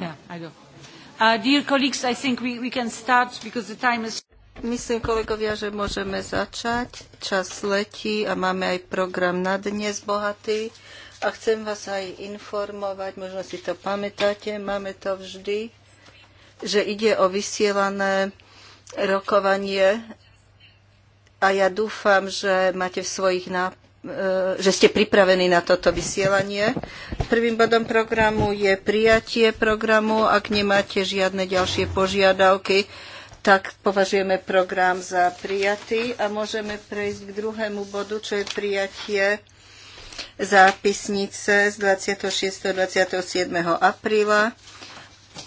Uh, Myslím, kolegovia, že môžeme začať. Čas letí a máme aj program na dnes bohatý. A chcem vás aj informovať, možno si to pamätáte, máme to vždy, že ide o vysielané rokovanie a ja dúfam, že máte v svojich nápadoch E, že ste pripravení na toto vysielanie. Prvým bodom programu je prijatie programu. Ak nemáte žiadne ďalšie požiadavky, tak považujeme program za prijatý a môžeme prejsť k druhému bodu, čo je prijatie zápisnice z 26. a 27. apríla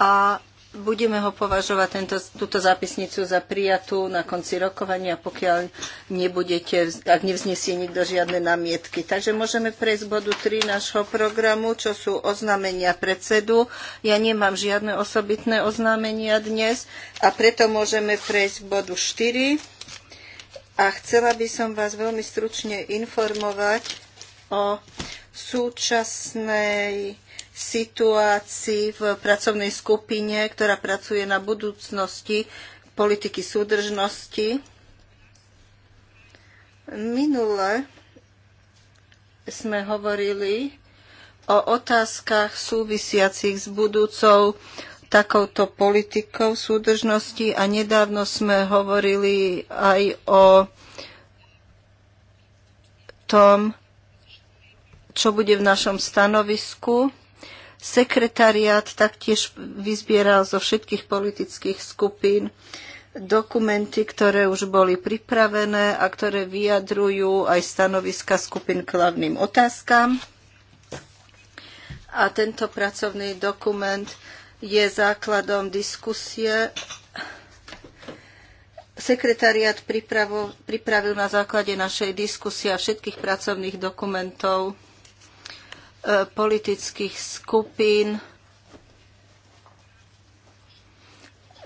a budeme ho považovať tento, túto zápisnicu za prijatú na konci rokovania, pokiaľ nebudete, ak nevznesie nikto žiadne namietky. Takže môžeme prejsť bodu 3 nášho programu, čo sú oznámenia predsedu. Ja nemám žiadne osobitné oznámenia dnes a preto môžeme prejsť k bodu 4. A chcela by som vás veľmi stručne informovať o súčasnej situácii v pracovnej skupine, ktorá pracuje na budúcnosti politiky súdržnosti. Minule sme hovorili o otázkach súvisiacich s budúcou takouto politikou súdržnosti a nedávno sme hovorili aj o tom, čo bude v našom stanovisku Sekretariát taktiež vyzbieral zo všetkých politických skupín dokumenty, ktoré už boli pripravené a ktoré vyjadrujú aj stanoviska skupín k hlavným otázkam. A tento pracovný dokument je základom diskusie. Sekretariat pripravil na základe našej diskusie a všetkých pracovných dokumentov E, politických skupín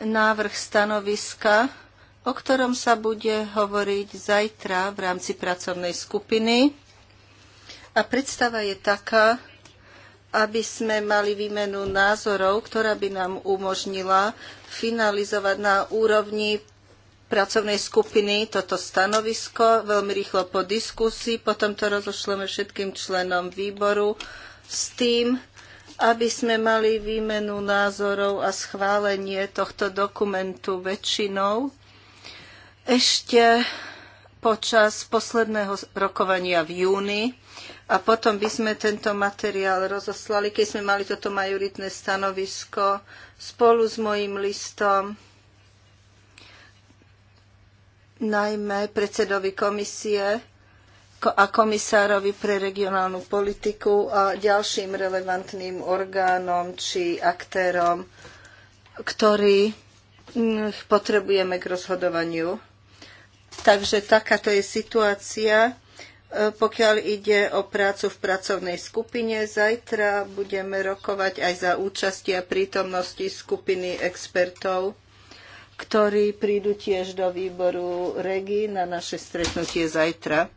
návrh stanoviska, o ktorom sa bude hovoriť zajtra v rámci pracovnej skupiny. A predstava je taká, aby sme mali výmenu názorov, ktorá by nám umožnila finalizovať na úrovni pracovnej skupiny toto stanovisko veľmi rýchlo po diskusii, potom to rozošleme všetkým členom výboru s tým, aby sme mali výmenu názorov a schválenie tohto dokumentu väčšinou ešte počas posledného rokovania v júni a potom by sme tento materiál rozoslali, keď sme mali toto majoritné stanovisko spolu s mojím listom najmä predsedovi komisie a komisárovi pre regionálnu politiku a ďalším relevantným orgánom či aktérom, ktorí mm, potrebujeme k rozhodovaniu. Takže takáto je situácia, e, pokiaľ ide o prácu v pracovnej skupine. Zajtra budeme rokovať aj za účasti a prítomnosti skupiny expertov ktorí prídu tiež do výboru REGI na naše stretnutie zajtra.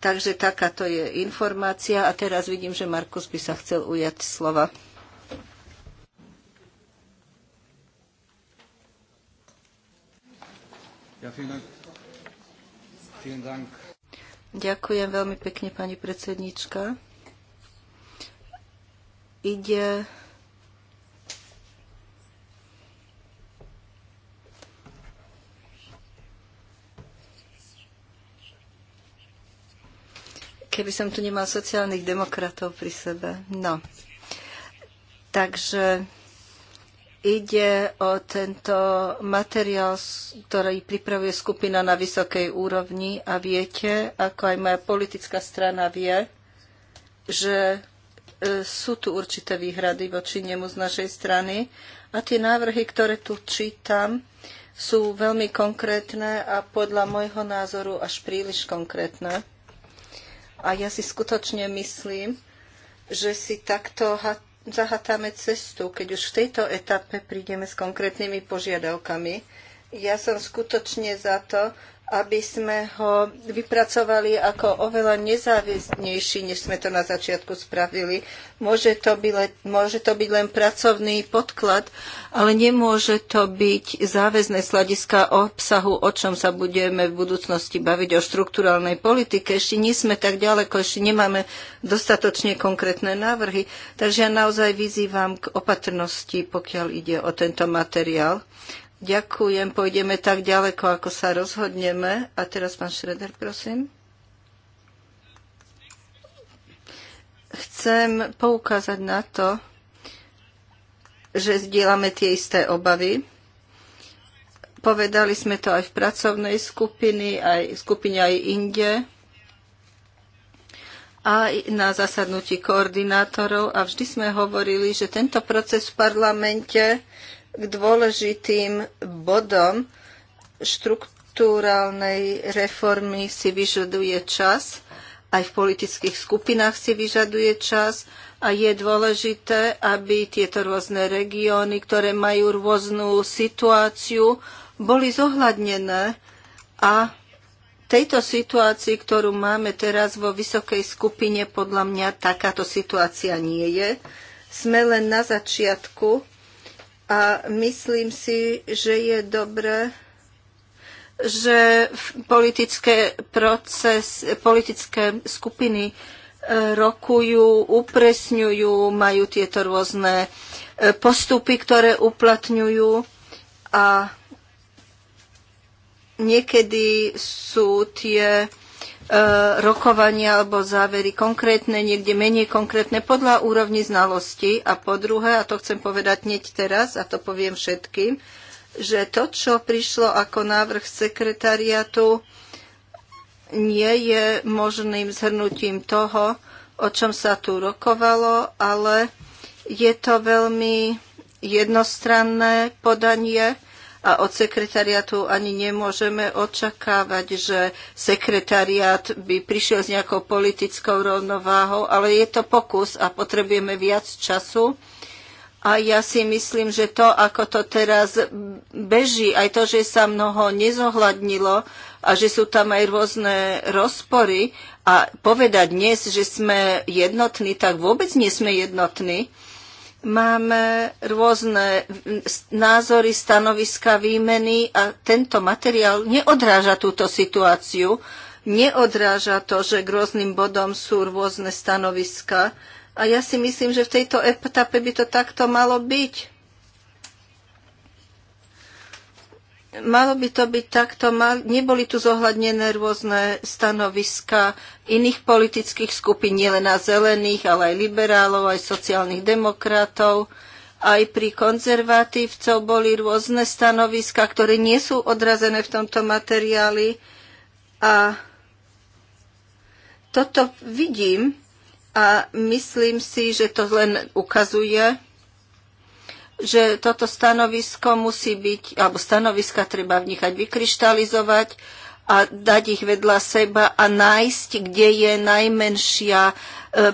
Takže takáto je informácia a teraz vidím, že Markus by sa chcel ujať slova. Ďakujem veľmi pekne, pani predsednička. Ide keby som tu nemal sociálnych demokratov pri sebe. No. Takže ide o tento materiál, ktorý pripravuje skupina na vysokej úrovni a viete, ako aj moja politická strana vie, že e, sú tu určité výhrady voči nemu z našej strany a tie návrhy, ktoré tu čítam, sú veľmi konkrétne a podľa môjho názoru až príliš konkrétne. A ja si skutočne myslím, že si takto zahatáme cestu, keď už v tejto etape prídeme s konkrétnymi požiadavkami. Ja som skutočne za to, aby sme ho vypracovali ako oveľa nezávislejší, než sme to na začiatku spravili. Môže to, byť len, môže to byť len pracovný podklad, ale nemôže to byť záväzné sladiska obsahu, o čom sa budeme v budúcnosti baviť o štruktúralnej politike. Ešte nie sme tak ďaleko, ešte nemáme dostatočne konkrétne návrhy. Takže ja naozaj vyzývam k opatrnosti, pokiaľ ide o tento materiál. Ďakujem, pôjdeme tak ďaleko, ako sa rozhodneme. A teraz pán Šreder, prosím. Chcem poukázať na to, že zdieľame tie isté obavy. Povedali sme to aj v pracovnej skupine, aj v skupine aj inde a na zasadnutí koordinátorov a vždy sme hovorili, že tento proces v parlamente k dôležitým bodom štruktúralnej reformy si vyžaduje čas, aj v politických skupinách si vyžaduje čas a je dôležité, aby tieto rôzne regióny, ktoré majú rôznu situáciu, boli zohľadnené a tejto situácii, ktorú máme teraz vo vysokej skupine, podľa mňa takáto situácia nie je. Sme len na začiatku a myslím si, že je dobré, že politické proces, politické skupiny e, rokujú, upresňujú, majú tieto rôzne e, postupy, ktoré uplatňujú a niekedy sú tie E, rokovania alebo závery konkrétne, niekde menej konkrétne, podľa úrovni znalosti. A po druhé, a to chcem povedať hneď teraz, a to poviem všetkým, že to, čo prišlo ako návrh sekretariatu, nie je možným zhrnutím toho, o čom sa tu rokovalo, ale je to veľmi jednostranné podanie a od sekretariatu ani nemôžeme očakávať, že sekretariat by prišiel s nejakou politickou rovnováhou, ale je to pokus a potrebujeme viac času. A ja si myslím, že to, ako to teraz beží, aj to, že sa mnoho nezohľadnilo a že sú tam aj rôzne rozpory a povedať dnes, že sme jednotní, tak vôbec nie sme jednotní máme rôzne názory, stanoviska, výmeny a tento materiál neodráža túto situáciu. Neodráža to, že k rôznym bodom sú rôzne stanoviska. A ja si myslím, že v tejto etape by to takto malo byť. Malo by to byť takto, mal, neboli tu zohľadnené rôzne stanoviska iných politických skupín, nielen na zelených, ale aj liberálov, aj sociálnych demokratov. Aj pri konzervatívcov boli rôzne stanoviska, ktoré nie sú odrazené v tomto materiáli. A toto vidím a myslím si, že to len ukazuje, že toto stanovisko musí byť, alebo stanoviska treba vníchať vykryštalizovať a dať ich vedľa seba a nájsť, kde je najmenšia e,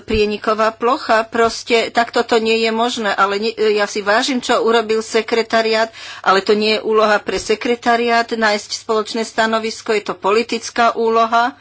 prieniková plocha. Proste takto to nie je možné, ale nie, e, ja si vážim, čo urobil sekretariat, ale to nie je úloha pre sekretariat, nájsť spoločné stanovisko, je to politická úloha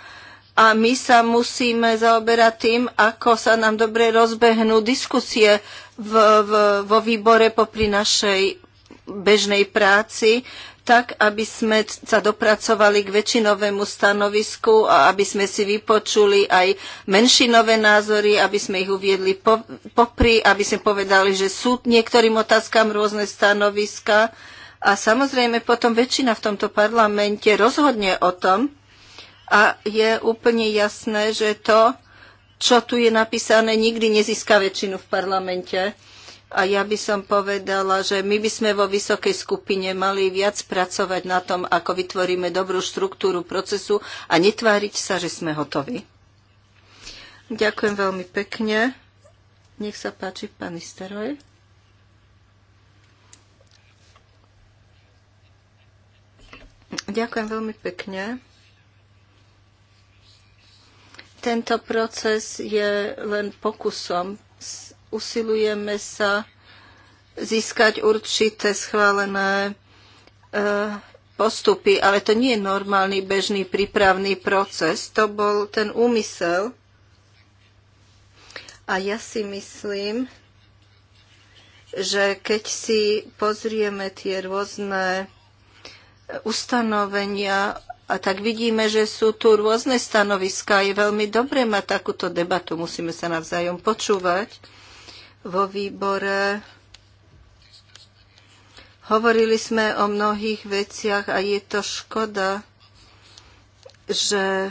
a my sa musíme zaoberať tým, ako sa nám dobre rozbehnú diskusie v, v, vo výbore popri našej bežnej práci, tak aby sme sa dopracovali k väčšinovému stanovisku a aby sme si vypočuli aj menšinové názory, aby sme ich uviedli po, popri, aby sme povedali, že sú niektorým otázkam rôzne stanoviska. A samozrejme potom väčšina v tomto parlamente rozhodne o tom a je úplne jasné, že to, čo tu je napísané, nikdy nezíska väčšinu v parlamente. A ja by som povedala, že my by sme vo vysokej skupine mali viac pracovať na tom, ako vytvoríme dobrú štruktúru procesu a netváriť sa, že sme hotoví. Ďakujem veľmi pekne. Nech sa páči, pani Steroj. Ďakujem veľmi pekne. Tento proces je len pokusom. Usilujeme sa získať určité schválené eh, postupy, ale to nie je normálny bežný prípravný proces. To bol ten úmysel. A ja si myslím, že keď si pozrieme tie rôzne ustanovenia a tak vidíme, že sú tu rôzne stanoviská. Je veľmi dobré mať takúto debatu. Musíme sa navzájom počúvať. Vo výbore hovorili sme o mnohých veciach a je to škoda, že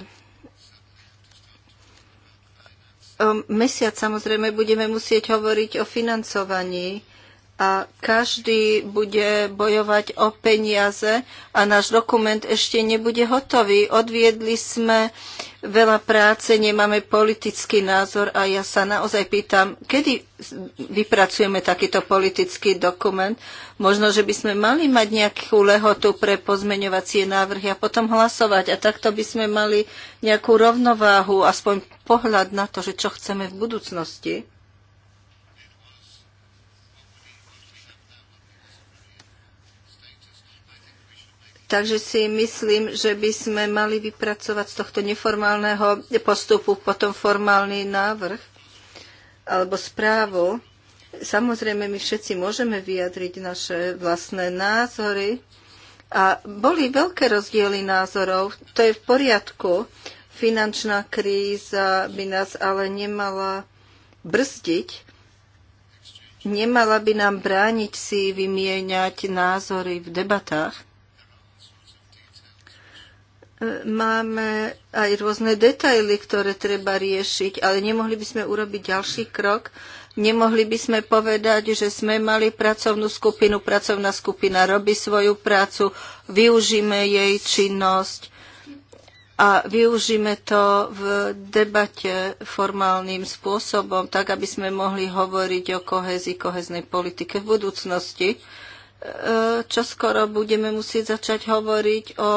um, mesiac samozrejme budeme musieť hovoriť o financovaní a každý bude bojovať o peniaze a náš dokument ešte nebude hotový. Odviedli sme veľa práce, nemáme politický názor a ja sa naozaj pýtam, kedy vypracujeme takýto politický dokument. Možno, že by sme mali mať nejakú lehotu pre pozmeňovacie návrhy a potom hlasovať. A takto by sme mali nejakú rovnováhu, aspoň pohľad na to, že čo chceme v budúcnosti. Takže si myslím, že by sme mali vypracovať z tohto neformálneho postupu potom formálny návrh alebo správu. Samozrejme, my všetci môžeme vyjadriť naše vlastné názory. A boli veľké rozdiely názorov, to je v poriadku. Finančná kríza by nás ale nemala brzdiť, nemala by nám brániť si vymieňať názory v debatách. Máme aj rôzne detaily, ktoré treba riešiť, ale nemohli by sme urobiť ďalší krok. Nemohli by sme povedať, že sme mali pracovnú skupinu, pracovná skupina robí svoju prácu, využíme jej činnosť a využíme to v debate formálnym spôsobom, tak aby sme mohli hovoriť o kohezii, koheznej politike v budúcnosti. E, čo skoro budeme musieť začať hovoriť o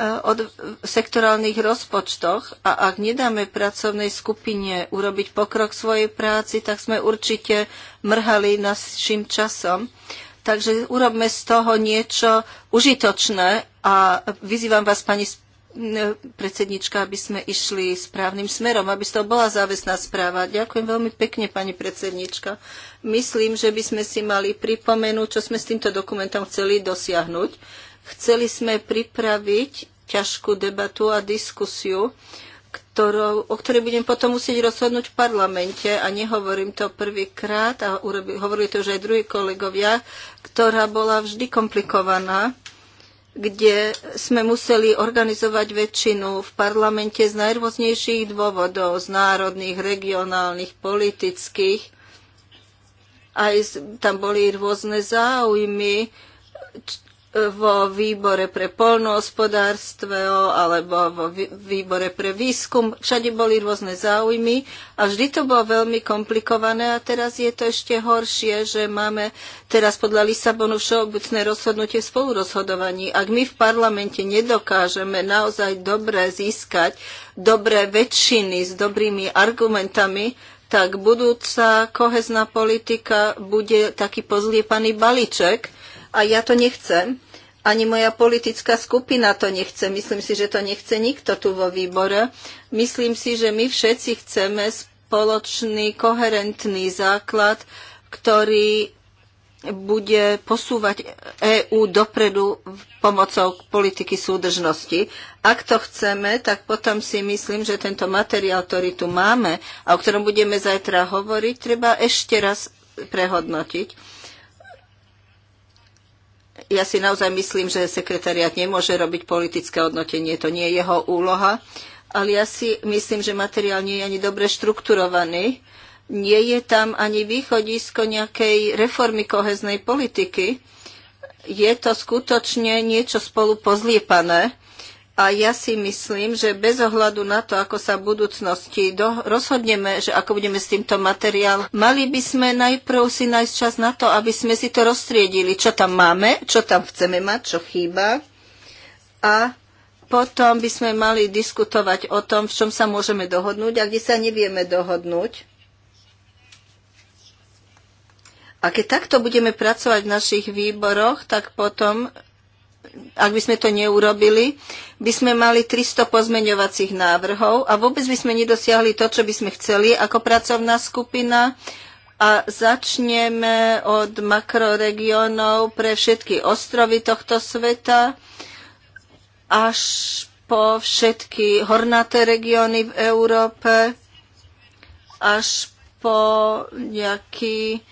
Eh, od sektorálnych rozpočtoch a ak nedáme pracovnej skupine urobiť pokrok svojej práci, tak sme určite mrhali našim časom. Takže urobme z toho niečo užitočné a vyzývam vás, pani predsednička, aby sme išli správnym smerom, aby to bola záväzná správa. Ďakujem veľmi pekne, pani predsednička. Myslím, že by sme si mali pripomenúť, čo sme s týmto dokumentom chceli dosiahnuť Chceli sme pripraviť ťažkú debatu a diskusiu, ktorou, o ktorej budem potom musieť rozhodnúť v parlamente a nehovorím to prvýkrát a urobi, hovorili to už aj druhí kolegovia, ktorá bola vždy komplikovaná kde sme museli organizovať väčšinu v parlamente z najrôznejších dôvodov, z národných, regionálnych, politických. Aj tam boli rôzne záujmy, vo výbore pre polnohospodárstvo alebo vo výbore pre výskum. Všade boli rôzne záujmy a vždy to bolo veľmi komplikované a teraz je to ešte horšie, že máme teraz podľa Lisabonu všeobecné rozhodnutie spolurozhodovaní. Ak my v parlamente nedokážeme naozaj dobre získať dobré väčšiny s dobrými argumentami, tak budúca kohezná politika bude taký pozliepaný balíček, a ja to nechcem. Ani moja politická skupina to nechce. Myslím si, že to nechce nikto tu vo výbore. Myslím si, že my všetci chceme spoločný, koherentný základ, ktorý bude posúvať EÚ dopredu pomocou politiky súdržnosti. Ak to chceme, tak potom si myslím, že tento materiál, ktorý tu máme a o ktorom budeme zajtra hovoriť, treba ešte raz prehodnotiť ja si naozaj myslím, že sekretariat nemôže robiť politické hodnotenie, to nie je jeho úloha, ale ja si myslím, že materiál nie je ani dobre štrukturovaný, nie je tam ani východisko nejakej reformy koheznej politiky. Je to skutočne niečo spolu pozliepané a ja si myslím, že bez ohľadu na to, ako sa v budúcnosti do, rozhodneme, že ako budeme s týmto materiál, mali by sme najprv si nájsť čas na to, aby sme si to rozstriedili, čo tam máme, čo tam chceme mať, čo chýba. A potom by sme mali diskutovať o tom, v čom sa môžeme dohodnúť a kde sa nevieme dohodnúť. A keď takto budeme pracovať v našich výboroch, tak potom ak by sme to neurobili, by sme mali 300 pozmeňovacích návrhov a vôbec by sme nedosiahli to, čo by sme chceli ako pracovná skupina. A začneme od makroregiónov pre všetky ostrovy tohto sveta až po všetky hornaté regióny v Európe, až po nejaký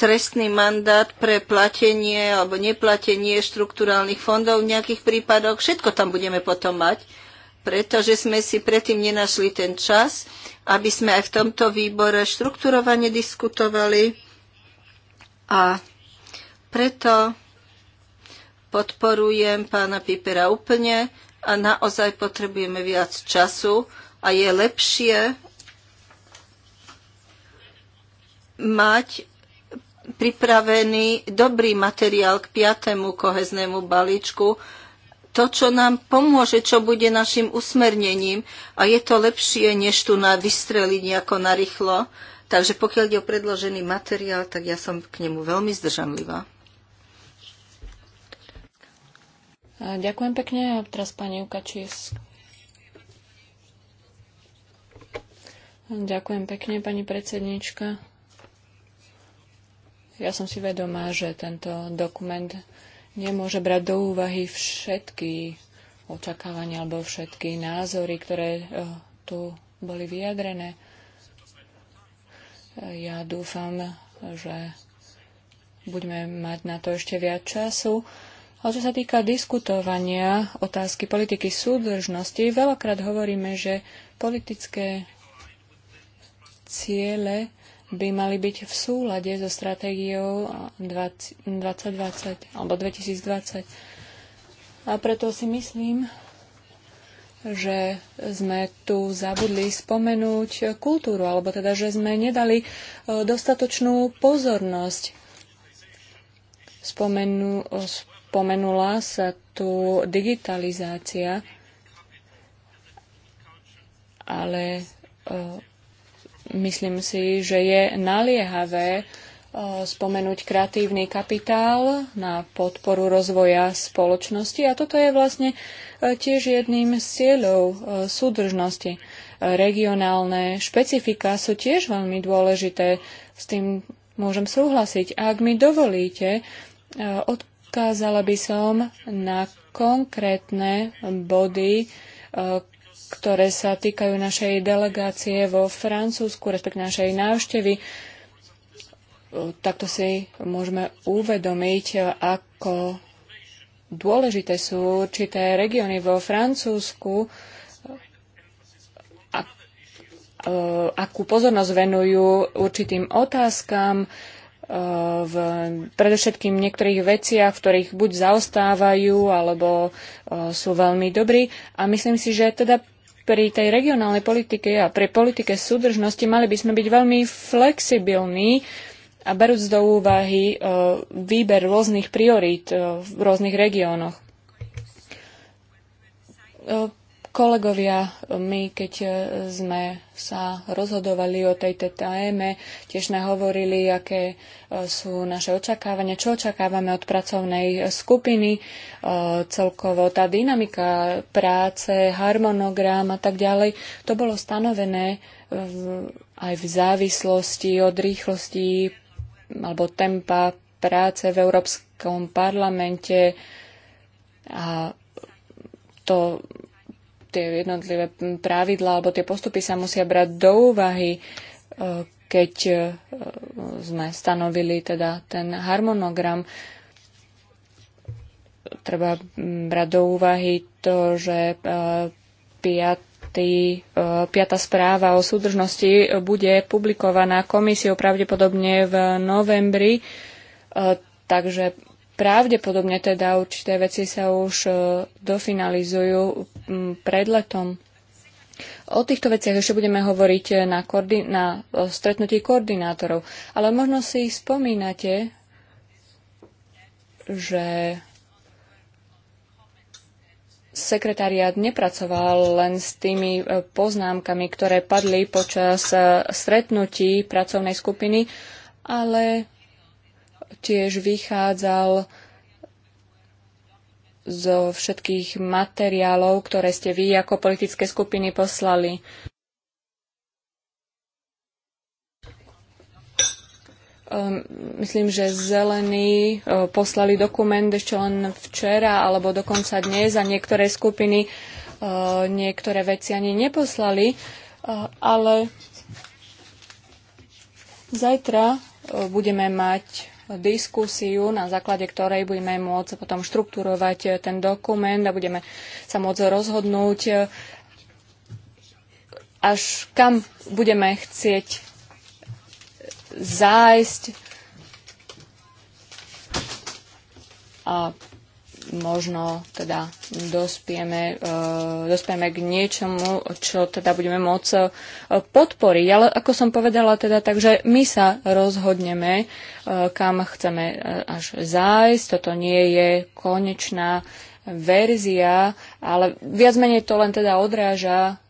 trestný mandát pre platenie alebo neplatenie štruktúrálnych fondov v nejakých prípadoch. Všetko tam budeme potom mať, pretože sme si predtým nenašli ten čas, aby sme aj v tomto výbore štrukturovane diskutovali a preto podporujem pána Pipera úplne a naozaj potrebujeme viac času a je lepšie mať pripravený dobrý materiál k piatému koheznému balíčku, to, čo nám pomôže, čo bude našim usmernením a je to lepšie, než tu na vystreliť nejako narýchlo. Takže pokiaľ je o predložený materiál, tak ja som k nemu veľmi zdržanlivá. Ďakujem pekne. A teraz pani Ukačis. Ďakujem pekne, pani predsednička. Ja som si vedomá, že tento dokument nemôže brať do úvahy všetky očakávania alebo všetky názory, ktoré e, tu boli vyjadrené. Ja dúfam, že budeme mať na to ešte viac času. Ale čo sa týka diskutovania otázky politiky súdržnosti, veľakrát hovoríme, že politické ciele by mali byť v súlade so stratégiou 2020 alebo 2020. A preto si myslím, že sme tu zabudli spomenúť kultúru, alebo teda, že sme nedali e, dostatočnú pozornosť. Spomenu, spomenula sa tu digitalizácia, ale e, Myslím si, že je naliehavé e, spomenúť kreatívny kapitál na podporu rozvoja spoločnosti a toto je vlastne e, tiež jedným z cieľov e, súdržnosti. Regionálne špecifika sú tiež veľmi dôležité, s tým môžem súhlasiť. Ak mi dovolíte, odkázala by som na konkrétne body, ktoré sa týkajú našej delegácie vo Francúzsku, respektíve našej návštevy. Takto si môžeme uvedomiť, ako dôležité sú určité regióny vo Francúzsku, e, akú pozornosť venujú určitým otázkam, e, v predovšetkým niektorých veciach, v ktorých buď zaostávajú, alebo e, sú veľmi dobrí. A myslím si, že teda pri tej regionálnej politike a pri politike súdržnosti mali by sme byť veľmi flexibilní a berúc do úvahy e, výber rôznych priorít e, v rôznych regiónoch e, Kolegovia, my keď e, sme sa rozhodovali o tejto téme, tiež sme hovorili, aké e, sú naše očakávania, čo očakávame od pracovnej skupiny, e, celkovo tá dynamika práce, harmonogram a tak ďalej. To bolo stanovené aj v závislosti od rýchlosti alebo tempa práce v Európskom parlamente a to tie jednotlivé pravidla alebo tie postupy sa musia brať do úvahy, e, keď e, sme stanovili teda ten harmonogram. Treba brať do úvahy to, že e, piat tý, piata správa o súdržnosti bude publikovaná komisiou pravdepodobne v novembri, takže pravdepodobne teda určité veci sa už e, dofinalizujú pred letom. O týchto veciach ešte budeme hovoriť e, na, koordi- na e, stretnutí koordinátorov, ale možno si spomínate, že sekretariát nepracoval len s tými poznámkami, ktoré padli počas stretnutí pracovnej skupiny, ale tiež vychádzal zo všetkých materiálov, ktoré ste vy ako politické skupiny poslali. Ehm, myslím, že zelení e, poslali dokument ešte len včera alebo dokonca dnes a niektoré skupiny e, niektoré veci ani neposlali, e, ale zajtra budeme mať diskusiu, na základe ktorej budeme môcť potom štruktúrovať ten dokument a budeme sa môcť rozhodnúť, až kam budeme chcieť zájsť. A možno teda dospieme, e, dospieme k niečomu, čo teda budeme môcť e, podporiť. Ale ako som povedala, teda, takže my sa rozhodneme, e, kam chceme e, až zájsť. Toto nie je konečná verzia, ale viac menej to len teda odráža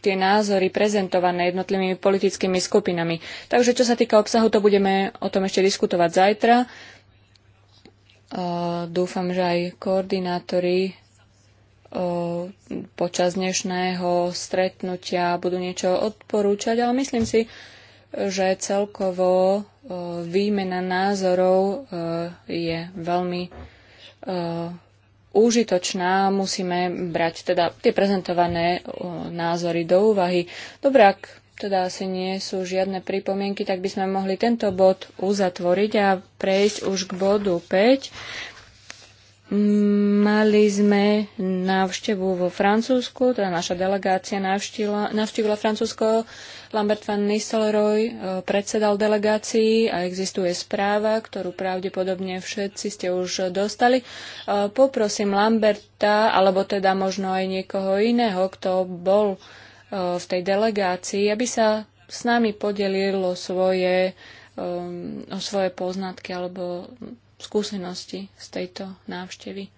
tie názory prezentované jednotlivými politickými skupinami. Takže čo sa týka obsahu, to budeme o tom ešte diskutovať zajtra Dúfam, že aj koordinátori e, počas dnešného stretnutia budú niečo odporúčať, ale myslím si, že celkovo e, výmena názorov e, je veľmi úžitočná, musíme brať teda tie prezentované názory do úvahy. Dobre, ak teda asi nie sú žiadne pripomienky, tak by sme mohli tento bod uzatvoriť a prejsť už k bodu 5. Mali sme návštevu vo Francúzsku, teda naša delegácia navštívila, navštívila Francúzsko. Lambert van Nistelrooy e, predsedal delegácii a existuje správa, ktorú pravdepodobne všetci ste už dostali. E, poprosím Lamberta, alebo teda možno aj niekoho iného, kto bol uh, E, v tej delegácii, aby sa s nami podelilo svoje, e, o svoje poznatky alebo skúsenosti z tejto návštevy.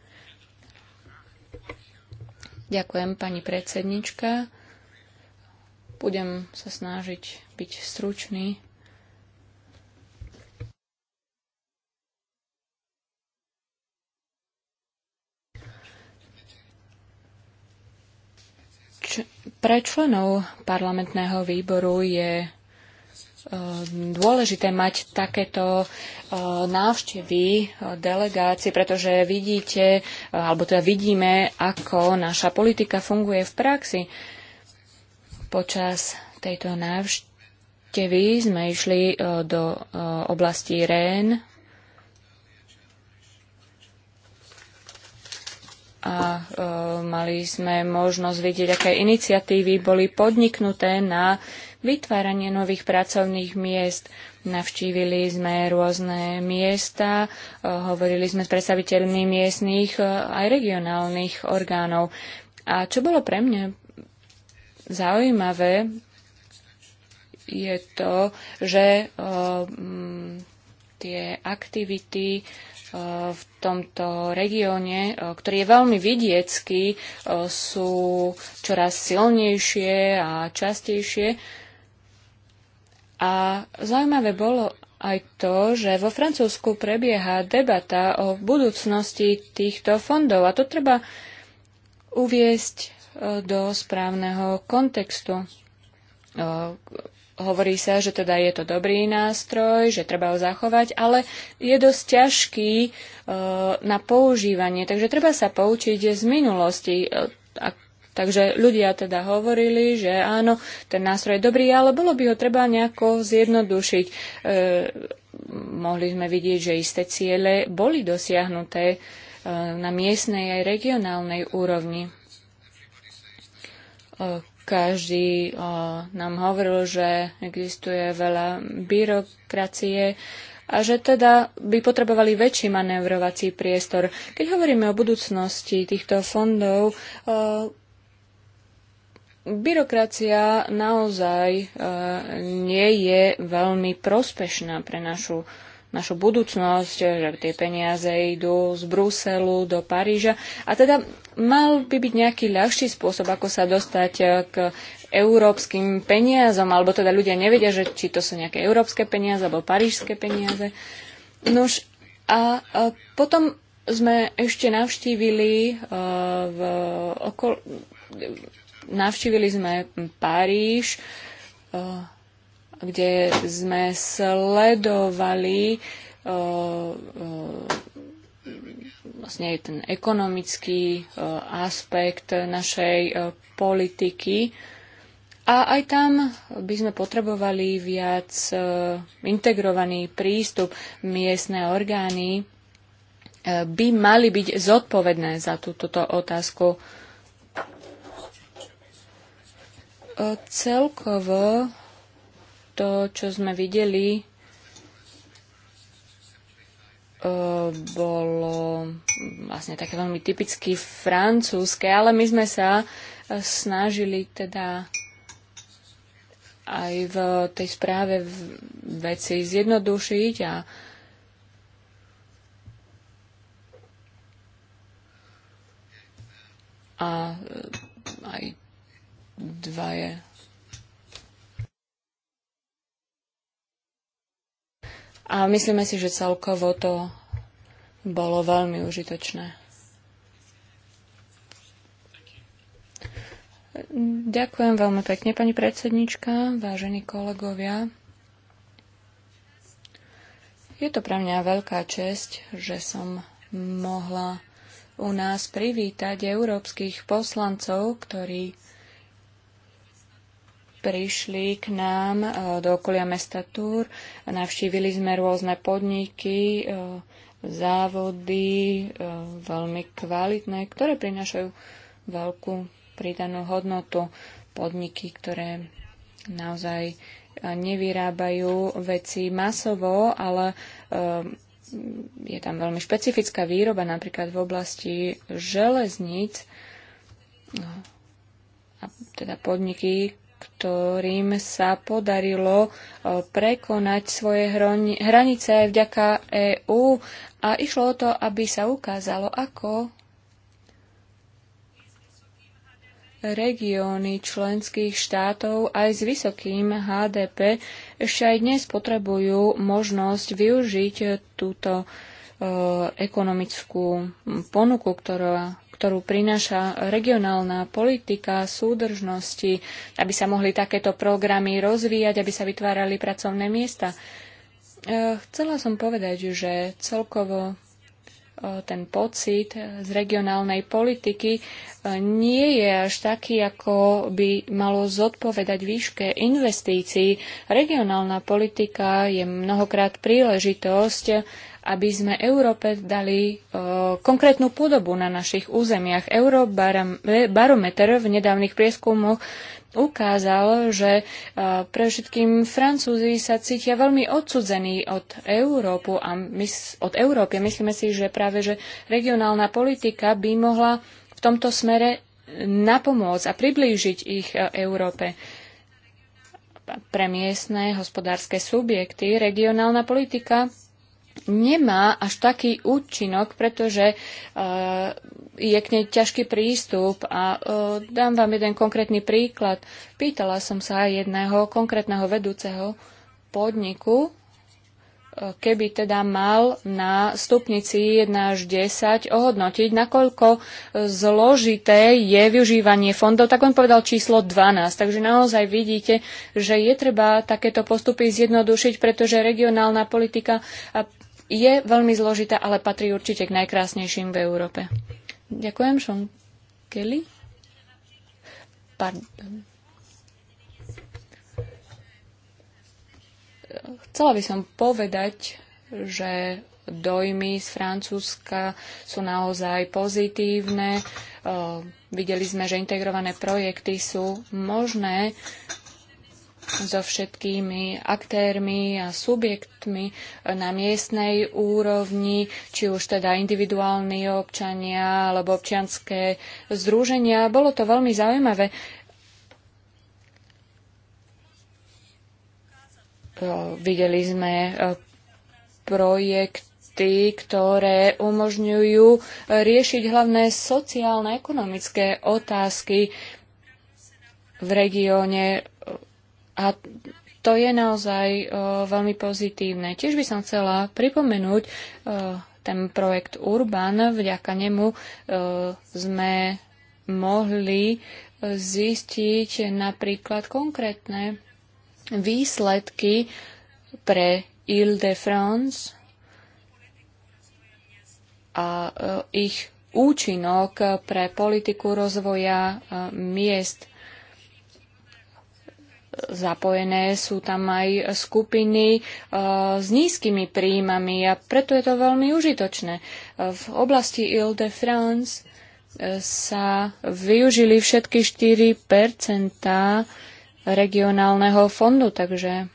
Ďakujem, pani predsednička. Budem sa snažiť byť stručný. Pre členov parlamentného výboru je e, dôležité mať takéto e, návštevy e, delegácie, pretože vidíte, alebo teda vidíme, ako naša politika funguje v praxi. Počas tejto návštevy sme išli do oblasti REN. a e, mali sme možnosť vidieť, aké iniciatívy boli podniknuté na vytváranie nových pracovných miest. Navštívili sme rôzne miesta, e, hovorili sme s predstaviteľmi miestných e, aj regionálnych orgánov. A čo bolo pre mňa zaujímavé, je to, že e, tie aktivity e, v tomto regióne, e, ktorý je veľmi vidiecký, e, sú čoraz silnejšie a častejšie. A zaujímavé bolo aj to, že vo Francúzsku prebieha debata o budúcnosti týchto fondov a to treba uviesť e, do správneho kontextu Hovorí sa, že teda je to dobrý nástroj, že treba ho zachovať, ale je dosť ťažký e, na používanie, takže treba sa poučiť z minulosti. E, a, takže ľudia teda hovorili, že áno, ten nástroj je dobrý, ale bolo by ho treba nejako zjednodušiť. E, mohli sme vidieť, že isté ciele boli dosiahnuté e, na miestnej aj regionálnej úrovni. E, každý o, nám hovoril, že existuje veľa byrokracie a že teda by potrebovali väčší manévrovací priestor. Keď hovoríme o budúcnosti týchto fondov, o, byrokracia naozaj o, nie je veľmi prospešná pre našu našu budúcnosť, že tie peniaze idú z Bruselu do Paríža. A teda mal by byť nejaký ľahší spôsob, ako sa dostať eh, k európskym peniazom, alebo teda ľudia nevedia, že či to sú nejaké európske peniaze alebo parížské peniaze. Nož a, a eh, potom sme ešte navštívili uh, v okol... navštívili sme Paríž, uh, kde sme sledovali uh, vlastne ten ekonomický e, aspekt našej e, politiky. A aj tam by sme potrebovali viac e, integrovaný prístup. Miestne orgány by mali byť zodpovedné za túto otázku. Celkovo to, čo sme videli E, bolo vlastne také veľmi typicky francúzske, ale my sme sa e, snažili teda aj v tej správe veci zjednodušiť a a e, aj je myslíme si, že celkovo to bolo veľmi užitočné. Ďakujem veľmi pekne, pani predsednička, vážení kolegovia. Je to pre mňa veľká čest, že som mohla u nás privítať európskych poslancov, ktorí prišli k nám e, do okolia mesta Túr. Navštívili sme rôzne podniky, e, závody, e, veľmi kvalitné, ktoré prinášajú veľkú pridanú hodnotu. Podniky, ktoré naozaj nevyrábajú veci masovo, ale je tam veľmi špecifická výroba, napríklad v oblasti železníc no. teda podniky, ktorým sa podarilo e, prekonať svoje hranice aj vďaka EÚ a išlo o to, aby sa ukázalo, ako regióny členských štátov aj s vysokým HDP ešte aj dnes potrebujú možnosť využiť túto e, ekonomickú ponuku, ktorá ktorú prináša regionálna politika súdržnosti, aby sa mohli takéto programy rozvíjať, aby sa vytvárali pracovné miesta. E, chcela som povedať, že celkovo e, ten pocit z regionálnej politiky e, nie je až taký, ako by malo zodpovedať výške investícií. Regionálna politika je mnohokrát príležitosť aby sme Európe dali e, konkrétnu podobu na našich územiach. Eurobarometer e, v nedávnych prieskumoch ukázal, že e, pre všetkým Francúzi sa cítia veľmi odsudzení od, Európu a my, od Európy. Myslíme si, že práve že regionálna politika by mohla v tomto smere e, napomôcť a priblížiť ich e, Európe pre miestne hospodárske subjekty regionálna politika nemá až taký účinok, pretože uh, je k nej ťažký prístup. A uh, dám vám jeden konkrétny príklad. Pýtala som sa jedného konkrétneho vedúceho podniku, uh, keby teda mal na stupnici 1 až 10 ohodnotiť, nakoľko zložité je využívanie fondov, tak on povedal číslo 12. Takže naozaj vidíte, že je treba takéto postupy zjednodušiť, pretože regionálna politika je veľmi zložitá, ale patrí určite k najkrásnejším v Európe. Ďakujem, Sean Kelly. Pardon. Chcela by som povedať, že dojmy z Francúzska sú naozaj pozitívne. Videli sme, že integrované projekty sú možné so všetkými aktérmi a subjektmi na miestnej úrovni, či už teda individuálni občania alebo občianské združenia. Bolo to veľmi zaujímavé. E, videli sme e, projekty, ktoré umožňujú riešiť hlavné sociálne, ekonomické otázky v regióne a to je naozaj e, veľmi pozitívne. Tiež by som chcela pripomenúť e, ten projekt Urban. Vďaka nemu e, sme mohli zistiť napríklad konkrétne výsledky pre Ile-de-France a ich účinok pre politiku rozvoja miest zapojené, sú tam aj skupiny eh, s nízkymi príjmami a preto je to veľmi užitočné. Eh, v oblasti Ile-de-France eh, sa využili všetky 4 regionálneho fondu, takže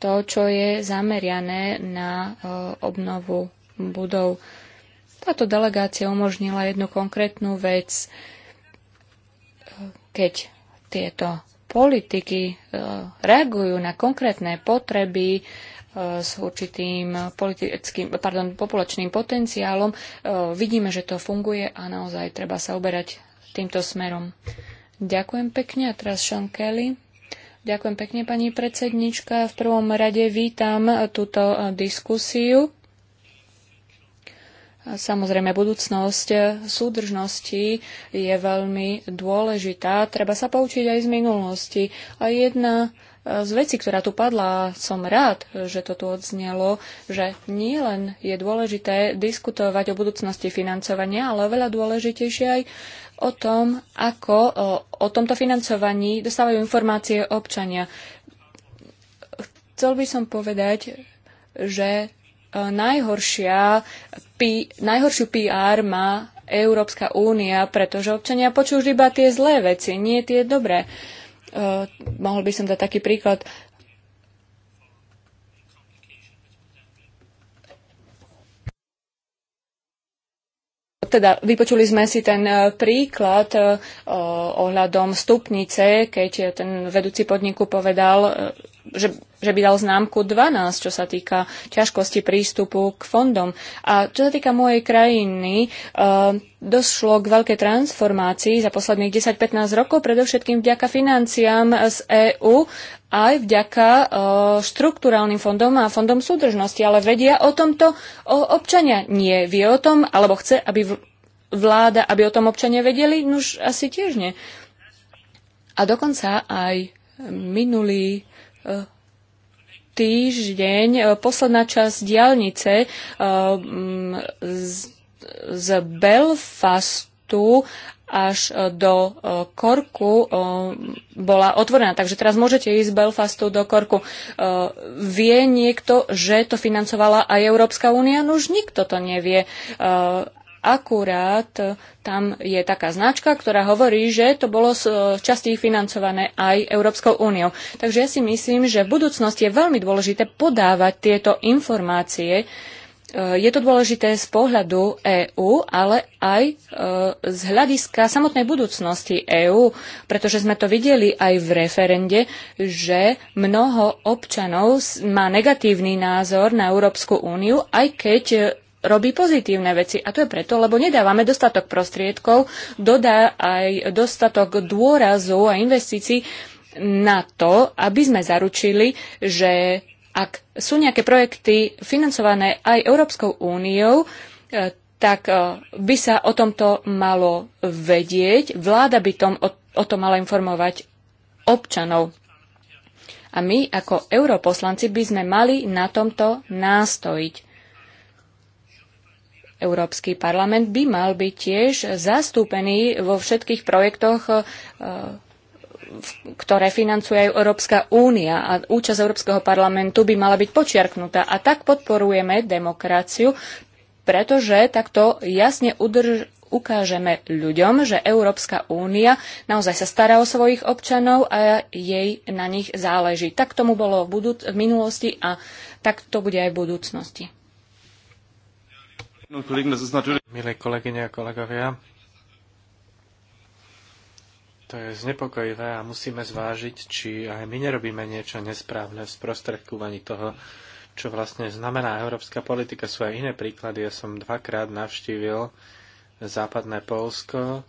to, čo je zameriané na obnovu budov. Táto delegácia umožnila jednu konkrétnu vec, keď tieto politiky e, reagujú na konkrétne potreby e, s určitým politickým, pardon, populačným potenciálom. E, vidíme, že to funguje a naozaj treba sa uberať týmto smerom. Ďakujem pekne a teraz Sean Kelly. Ďakujem pekne, pani predsednička. V prvom rade vítam túto diskusiu. Samozrejme, budúcnosť súdržnosti je veľmi dôležitá. Treba sa poučiť aj z minulosti. A jedna z vecí, ktorá tu padla, som rád, že to tu odznelo, že nielen je dôležité diskutovať o budúcnosti financovania, ale veľa dôležitejšie aj o tom, ako o tomto financovaní dostávajú informácie občania. Chcel by som povedať, že najhoršia, najhoršiu PR má Európska únia, pretože občania počujú iba tie zlé veci, nie tie dobré. Uh, mohol by som dať taký príklad. Teda vypočuli sme si ten e, príklad e, ohľadom stupnice, keď ten vedúci podniku povedal, že že by dal známku 12, čo sa týka ťažkosti prístupu k fondom. A čo sa týka mojej krajiny, eh, došlo k veľkej transformácii za posledných 10-15 rokov, predovšetkým vďaka financiám z EÚ aj vďaka eh, štruktúrálnym fondom a fondom súdržnosti, ale vedia o tomto o občania. Nie vie o tom, alebo chce, aby vláda, aby o tom občania vedeli, nuž asi tiež nie. A dokonca aj minulý eh, týždeň e, posledná časť diálnice e, z, Belfastu až e, do Korku bola otvorená. Takže teraz môžete ísť z Belfastu do Korku. Vie niekto, že to financovala aj Európska únia? No už nikto to nevie akurát tam je taká značka, ktorá hovorí, že to bolo časti financované aj Európskou úniou. Takže ja si myslím, že v budúcnosti je veľmi dôležité podávať tieto informácie. E, je to dôležité z pohľadu EÚ, ale aj e, z hľadiska samotnej budúcnosti EÚ, pretože sme to videli aj v referende, že mnoho občanov má negatívny názor na Európsku úniu, aj keď robí pozitívne veci. A to je preto, lebo nedávame dostatok prostriedkov, dodá aj dostatok dôrazov a investícií na to, aby sme zaručili, že ak sú nejaké projekty financované aj Európskou úniou, eh, tak eh, by sa o tomto malo vedieť, vláda by tom, o, o tom mala informovať občanov. A my ako europoslanci by sme mali na tomto nástojiť. Európsky parlament by mal byť tiež zastúpený vo všetkých projektoch, e, ktoré financuje aj Európska únia a účasť Európskeho parlamentu by mala byť počiarknutá. A tak podporujeme demokraciu, pretože takto jasne udrž, ukážeme ľuďom, že Európska únia naozaj sa stará o svojich občanov a jej na nich záleží. Tak tomu bolo v, v minulosti a tak to bude aj v budúcnosti. Milé kolegyne a kolegovia, to je znepokojivé a musíme zvážiť, či aj my nerobíme niečo nesprávne v sprostredkovaní toho, čo vlastne znamená európska politika. Sú aj iné príklady. Ja som dvakrát navštívil západné Polsko,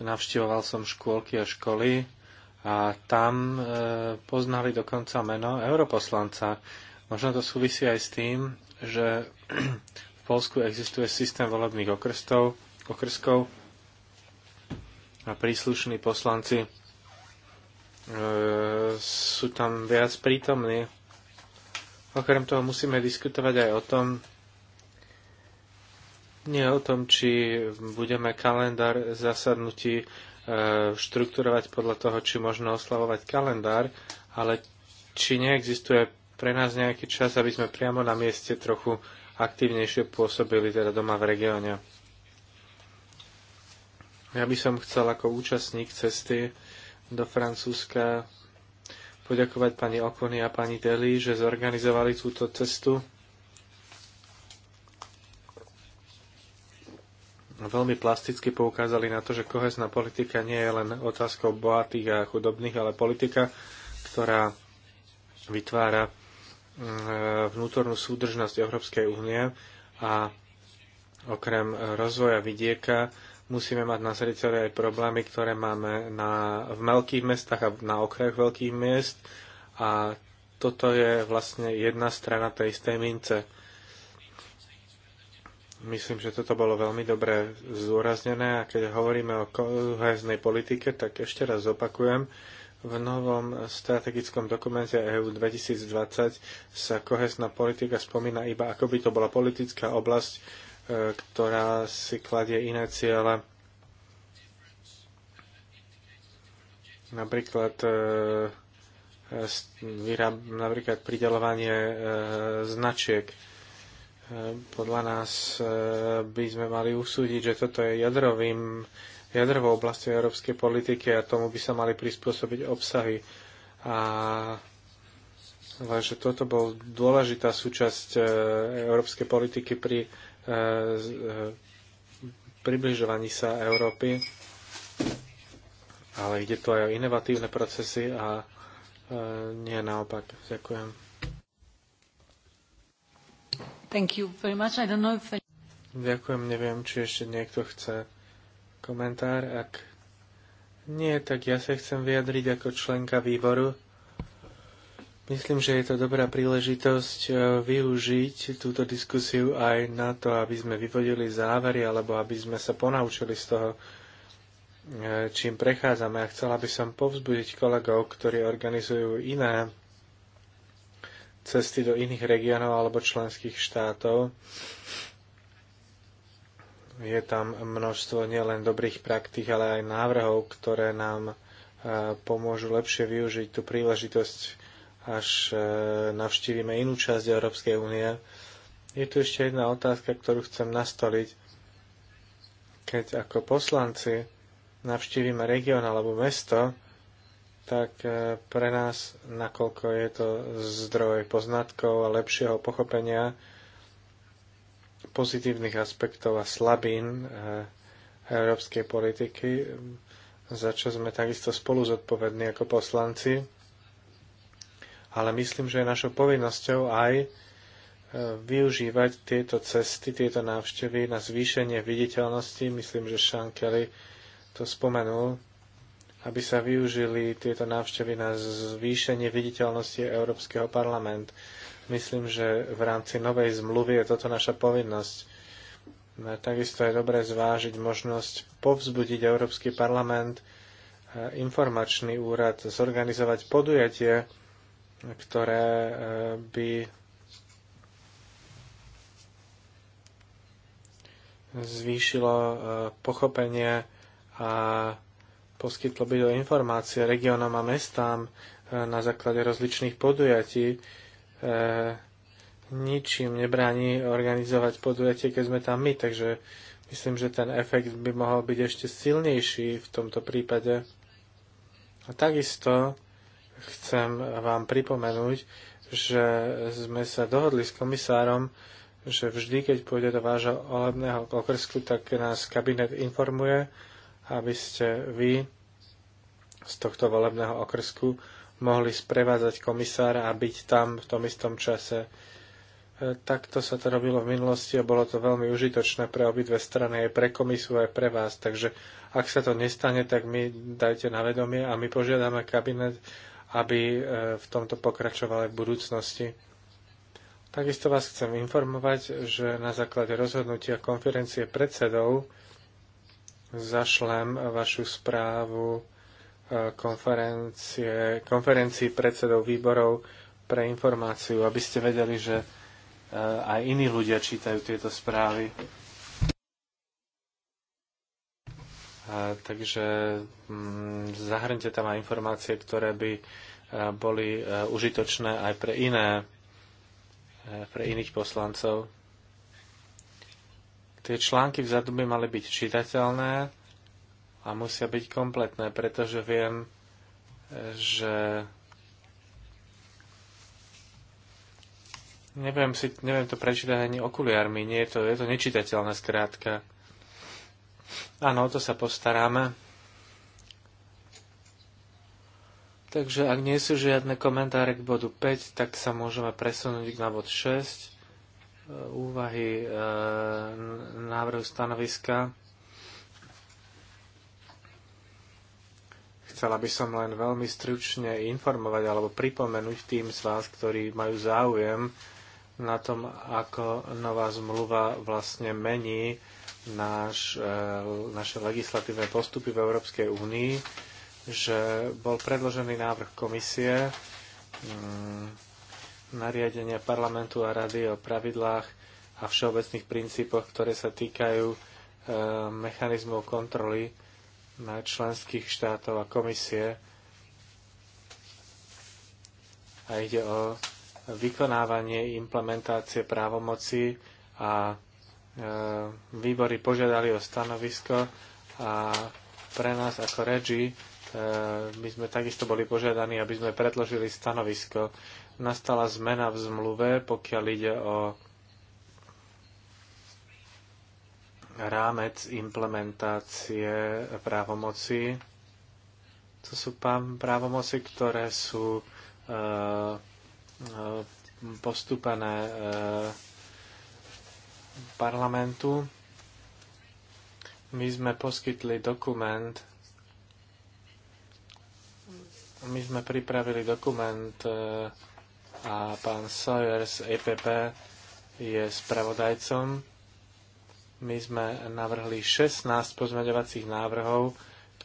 navštívoval som škôlky a školy a tam e, poznali dokonca meno europoslanca. Možno to súvisí aj s tým, že Polsku existuje systém volebných okrstov, okrskov a príslušní poslanci e, sú tam viac prítomní. Okrem toho musíme diskutovať aj o tom, nie o tom, či budeme kalendár zasadnutí e, štrukturovať podľa toho, či možno oslavovať kalendár, ale či neexistuje pre nás nejaký čas, aby sme priamo na mieste trochu aktívnejšie pôsobili teda doma v regióne. Ja by som chcel ako účastník cesty do Francúzska poďakovať pani Okony a pani Deli, že zorganizovali túto cestu. Veľmi plasticky poukázali na to, že kohezná politika nie je len otázkou bohatých a chudobných, ale politika, ktorá vytvára vnútornú súdržnosť Európskej únie a okrem rozvoja vidieka musíme mať na srdci aj problémy, ktoré máme na, v veľkých mestách a na okrajoch veľkých miest a toto je vlastne jedna strana tej istej mince. Myslím, že toto bolo veľmi dobre zdôraznené a keď hovoríme o kohéznej politike, tak ešte raz opakujem, v novom strategickom dokumente EU 2020 sa kohesná politika spomína iba ako by to bola politická oblasť, e, ktorá si kladie iné ciele. Napríklad e, napríklad pridelovanie e, značiek. Podľa nás by sme mali usúdiť, že toto je jadrovým jadrovou oblasťou európskej politiky a tomu by sa mali prispôsobiť obsahy. A že toto bol dôležitá súčasť e, európskej politiky pri e, e, približovaní sa Európy, ale ide tu aj o inovatívne procesy a nie naopak. Ďakujem. Thank you very much. I don't know if... Ďakujem, neviem, či ešte niekto chce komentár. Ak nie, tak ja sa chcem vyjadriť ako členka výboru. Myslím, že je to dobrá príležitosť e, využiť túto diskusiu aj na to, aby sme vyvodili závery alebo aby sme sa ponaučili z toho, e, čím prechádzame. A chcela by som povzbudiť kolegov, ktorí organizujú iné cesty do iných regiónov alebo členských štátov, je tam množstvo nielen dobrých praktík, ale aj návrhov, ktoré nám e, pomôžu lepšie využiť tú príležitosť, až e, navštívime inú časť Európskej únie. Je tu ešte jedna otázka, ktorú chcem nastoliť. Keď ako poslanci navštívime región alebo mesto, tak e, pre nás, nakoľko je to zdroj poznatkov a lepšieho pochopenia, pozitívnych aspektov a slabín eh, európskej politiky, za čo sme takisto spolu zodpovední ako poslanci. Ale myslím, že je našou povinnosťou aj eh, využívať tieto cesty, tieto návštevy na zvýšenie viditeľnosti. Myslím, že Sean Kelly to spomenul, aby sa využili tieto návštevy na zvýšenie viditeľnosti Európskeho parlamentu Myslím, že v rámci novej zmluvy je toto naša povinnosť. No, takisto je dobré zvážiť možnosť povzbudiť Európsky parlament, e, informačný úrad, zorganizovať podujatie, ktoré e, by zvýšilo e, pochopenie a poskytlo by do informácie regiónom a mestám na základe rozličných podujatí, E, ničím nebráni organizovať podujatie, keď sme tam my, takže myslím, že ten efekt by mohol byť ešte silnejší v tomto prípade. A takisto chcem vám pripomenúť, že sme sa dohodli s komisárom, že vždy, keď pôjde do vášho olebného okrsku, tak nás kabinet informuje, aby ste vy z tohto volebného okrsku mohli sprevádzať komisára a byť tam v tom istom čase. E, takto sa to robilo v minulosti a bolo to veľmi užitočné pre obidve strany, aj pre komisu aj pre vás. Takže ak sa to nestane, tak my dajte na vedomie a my požiadame kabinet, aby e, v tomto pokračoval aj v budúcnosti. Takisto vás chcem informovať, že na základe rozhodnutia konferencie predsedov zašlem vašu správu konferencie, konferencii predsedov výborov pre informáciu, aby ste vedeli, že e, aj iní ľudia čítajú tieto správy. A, e, takže m, mm, zahrňte tam aj informácie, ktoré by a, e, boli a, užitočné aj pre iné, pre iných poslancov. Tie články vzadu by mali byť čitateľné a musia byť kompletné, pretože viem, že neviem, si, neviem to prečítať ani okuliármi, nie je to, je to nečitateľné skrátka. Áno, o to sa postaráme. Takže ak nie sú žiadne komentáre k bodu 5, tak sa môžeme presunúť na bod 6. Úvahy e, návrhu stanoviska Chcela by som len veľmi stručne informovať alebo pripomenúť tým z vás, ktorí majú záujem na tom, ako nová zmluva vlastne mení náš, e, naše legislatívne postupy v Európskej únii, že bol predložený návrh komisie mm, nariadenia parlamentu a rady o pravidlách a všeobecných princípoch, ktoré sa týkajú e, mechanizmov kontroly na členských štátov a komisie a ide o vykonávanie implementácie právomoci a e, výbory požiadali o stanovisko a pre nás ako REGI e, my sme takisto boli požiadaní, aby sme predložili stanovisko. Nastala zmena v zmluve, pokiaľ ide o rámec implementácie právomoci. To sú právomoci, ktoré sú eh, eh, postupené eh, parlamentu. My sme poskytli dokument, my sme pripravili dokument a pán Sawyer z EPP je spravodajcom my sme navrhli 16 pozmeňovacích návrhov,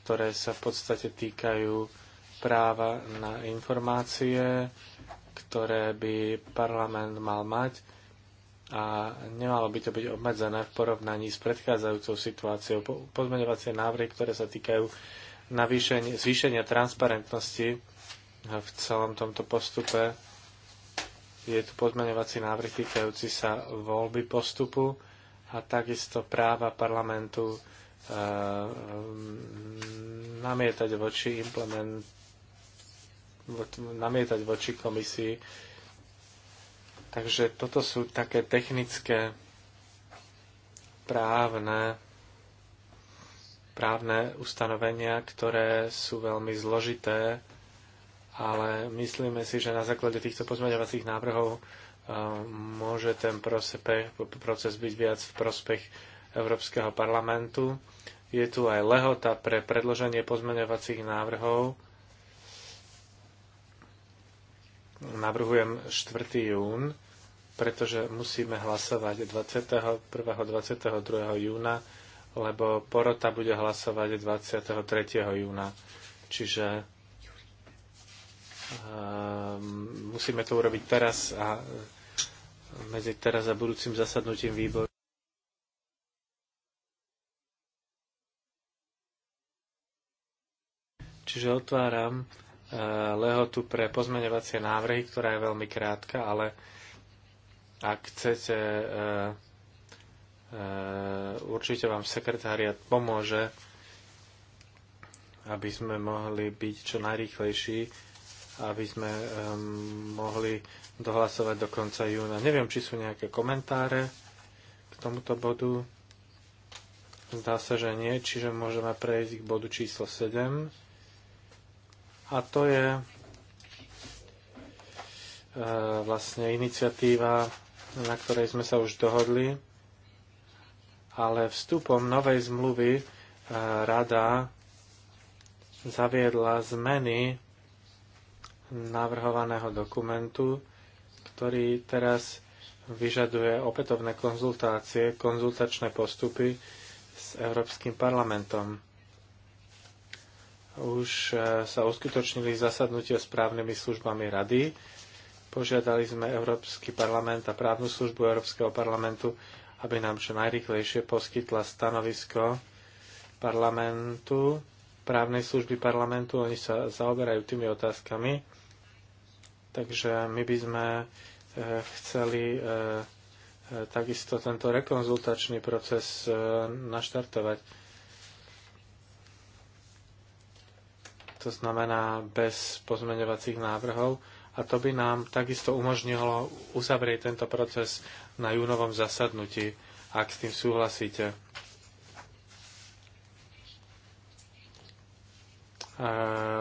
ktoré sa v podstate týkajú práva na informácie, ktoré by parlament mal mať a nemalo by to byť obmedzené v porovnaní s predchádzajúcou situáciou. Pozmeňovacie návrhy, ktoré sa týkajú zvýšenia transparentnosti v celom tomto postupe, je tu pozmeňovací návrh týkajúci sa voľby postupu a takisto práva parlamentu e, mm, namietať voči implement namietať voči komisii. Takže toto sú také technické právne právne ustanovenia, ktoré sú veľmi zložité, ale myslíme si, že na základe týchto pozmeňovacích návrhov môže ten proces byť viac v prospech Európskeho parlamentu. Je tu aj lehota pre predloženie pozmeňovacích návrhov. Navrhujem 4. jún, pretože musíme hlasovať 21. 22. júna, lebo porota bude hlasovať 23. júna. Čiže ehm, musíme to urobiť teraz a medzi teraz a budúcim zasadnutím výboru. Čiže otváram e, lehotu pre pozmeňovacie návrhy, ktorá je veľmi krátka, ale ak chcete, e, e, určite vám sekretariat pomôže, aby sme mohli byť čo najrýchlejší aby sme mohli dohlasovať do konca júna. Neviem, či sú nejaké komentáre k tomuto bodu. Zdá sa, že nie, čiže môžeme prejsť k bodu číslo 7. A to je e, vlastne iniciatíva, na ktorej sme sa už dohodli, ale vstupom novej zmluvy e, rada zaviedla zmeny navrhovaného dokumentu, ktorý teraz vyžaduje opätovné konzultácie, konzultačné postupy s Európskym parlamentom. Už e, sa uskutočnili zasadnutia s právnymi službami rady. Požiadali sme Európsky parlament a právnu službu Európskeho parlamentu, aby nám čo najrychlejšie poskytla stanovisko parlamentu, právnej služby parlamentu. Oni sa zaoberajú tými otázkami Takže my by sme e, chceli e, e, takisto tento rekonzultačný proces naštartovať. To znamená bez pozmeňovacích návrhov a to by nám takisto umožnilo uzavrieť tento proces na júnovom zasadnutí, ak s tým súhlasíte.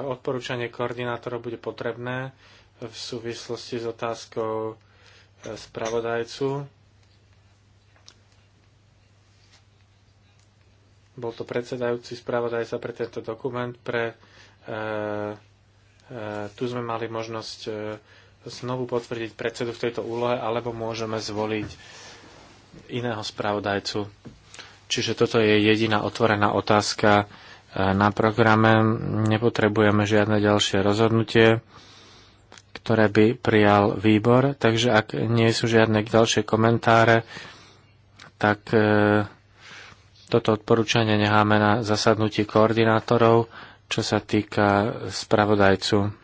Odporúčanie koordinátorov bude potrebné v súvislosti s otázkou e, spravodajcu. Bol to predsedajúci spravodajca pre tento dokument. Pre, e, e, tu sme mali možnosť e, znovu potvrdiť predsedu v tejto úlohe, alebo môžeme zvoliť iného spravodajcu. Čiže toto je jediná otvorená otázka e, na programe. Nepotrebujeme žiadne ďalšie rozhodnutie ktoré by prijal výbor. Takže ak nie sú žiadne ďalšie komentáre, tak e, toto odporúčanie necháme na zasadnutí koordinátorov, čo sa týka spravodajcu.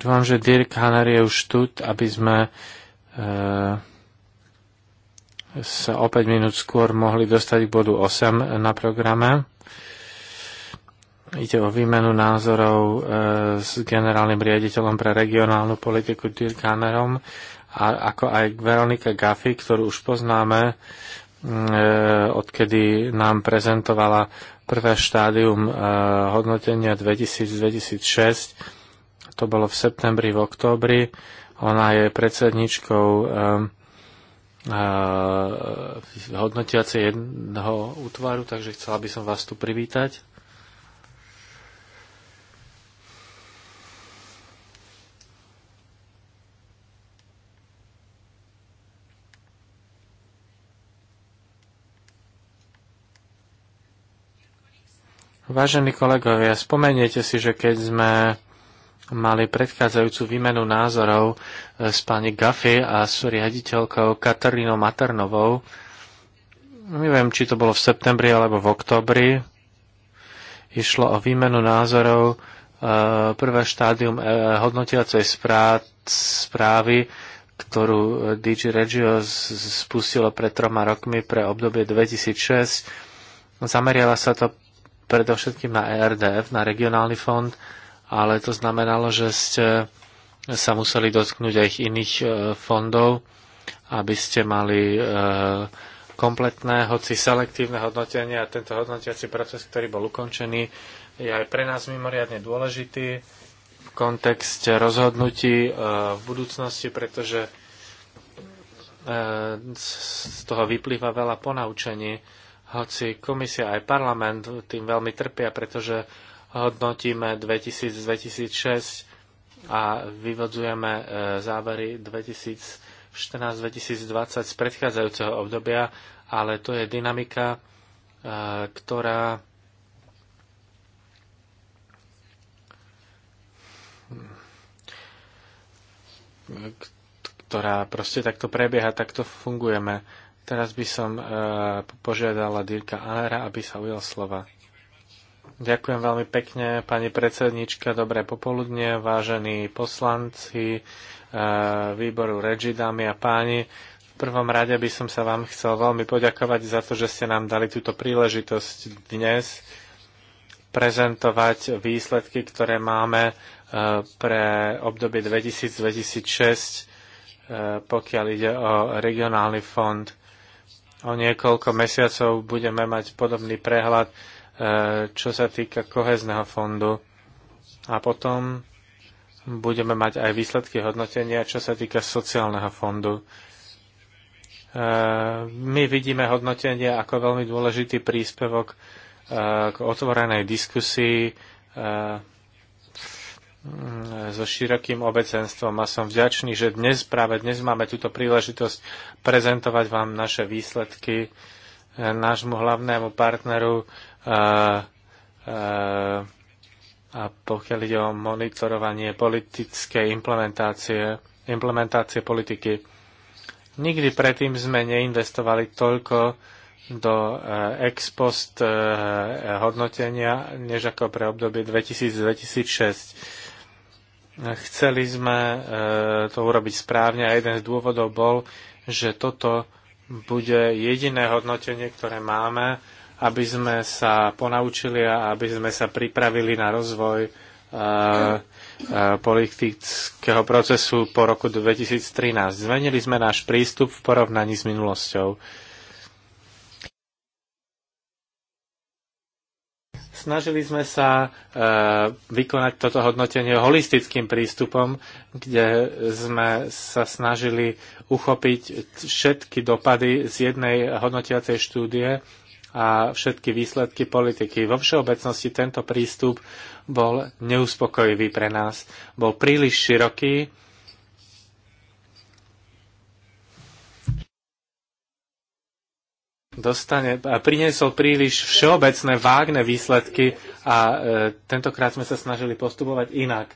Dúfam, že Dirk Hanner je už tu, aby sme e, sa o 5 minút skôr mohli dostať k bodu 8 na programe. Ide o výmenu názorov e, s generálnym riaditeľom pre regionálnu politiku Dirk Hannerom, a ako aj Veronika Gaffi, ktorú už poznáme, e, odkedy nám prezentovala prvé štádium e, hodnotenia 2000-2006. To bolo v septembri, v októbri. Ona je predsedničkou hodnotiacej jedného útvaru, takže chcela by som vás tu privítať. Vážení kolegovia, spomeniete si, že keď sme mali predchádzajúcu výmenu názorov eh, s pani Gaffy a s riaditeľkou Katarínou Maternovou. Neviem, či to bolo v septembri alebo v oktobri. Išlo o výmenu názorov eh, prvé štádium eh, hodnotiacej správy, ktorú DG Regio spustilo pred troma rokmi pre obdobie 2006. Zameriala sa to predovšetkým na ERDF, na regionálny fond, ale to znamenalo, že ste sa museli dotknúť aj iných e, fondov, aby ste mali e, kompletné, hoci selektívne hodnotenie a tento hodnotiaci proces, ktorý bol ukončený, je aj pre nás mimoriadne dôležitý v kontexte rozhodnutí e, v budúcnosti, pretože z toho vyplýva veľa ponaučení hoci komisia aj parlament tým veľmi trpia, pretože hodnotíme 2000-2006 a vyvodzujeme e, závery 2014-2020 z predchádzajúceho obdobia, ale to je dynamika, e, ktorá ktorá proste takto prebieha, takto fungujeme. Teraz by som e, požiadala Dirka Anera, aby sa ujal slova. Ďakujem veľmi pekne, pani predsednička, dobré popoludne, vážení poslanci e, výboru Regi, dámy a páni. V prvom rade by som sa vám chcel veľmi poďakovať za to, že ste nám dali túto príležitosť dnes prezentovať výsledky, ktoré máme e, pre obdobie 2000-2006, pokiaľ ide o regionálny fond. O niekoľko mesiacov budeme mať podobný prehľad, e, čo sa týka kohezného fondu. A potom budeme mať aj výsledky hodnotenia, čo sa týka sociálneho fondu. E, my vidíme hodnotenie ako veľmi dôležitý príspevok e, k otvorenej diskusii Mm, so širokým obecenstvom a som vďačný, že dnes, práve dnes máme túto príležitosť prezentovať vám naše výsledky e, nášmu hlavnému partneru a, e, a, e, a pokiaľ ide o monitorovanie politickej implementácie, implementácie politiky. Nikdy predtým sme neinvestovali toľko do ex post hodnotenia, než ako pre obdobie 2000-2006 Chceli sme e, to urobiť správne a jeden z dôvodov bol, že toto bude jediné hodnotenie, ktoré máme, aby sme sa ponaučili a aby sme sa pripravili na rozvoj e, e, politického procesu po roku 2013. Zmenili sme náš prístup v porovnaní s minulosťou. Snažili sme sa e, vykonať toto hodnotenie holistickým prístupom, kde sme sa snažili uchopiť všetky dopady z jednej hodnotiacej štúdie a všetky výsledky politiky. Vo všeobecnosti tento prístup bol neuspokojivý pre nás. Bol príliš široký, dostane a priniesol príliš všeobecné, vágne výsledky a e, tentokrát sme sa snažili postupovať inak.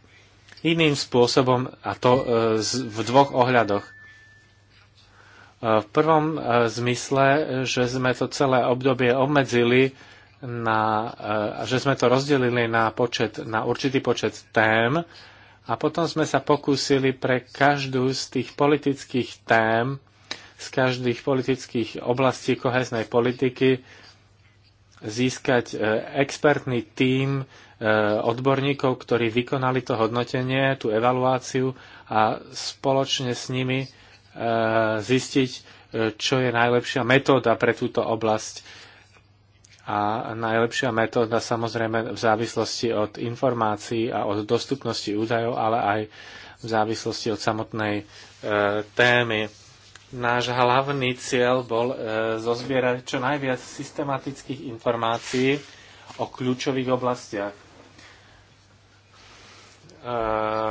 Iným spôsobom a to e, z, v dvoch ohľadoch. E, v prvom e, zmysle, že sme to celé obdobie obmedzili na, e, že sme to rozdelili na, počet, na určitý počet tém a potom sme sa pokúsili pre každú z tých politických tém z každých politických oblastí koheznej politiky získať e, expertný tím e, odborníkov, ktorí vykonali to hodnotenie, tú evaluáciu a spoločne s nimi e, zistiť, čo je najlepšia metóda pre túto oblasť. A najlepšia metóda samozrejme v závislosti od informácií a od dostupnosti údajov, ale aj v závislosti od samotnej e, témy náš hlavný cieľ bol e, zozbierať čo najviac systematických informácií o kľúčových oblastiach. E,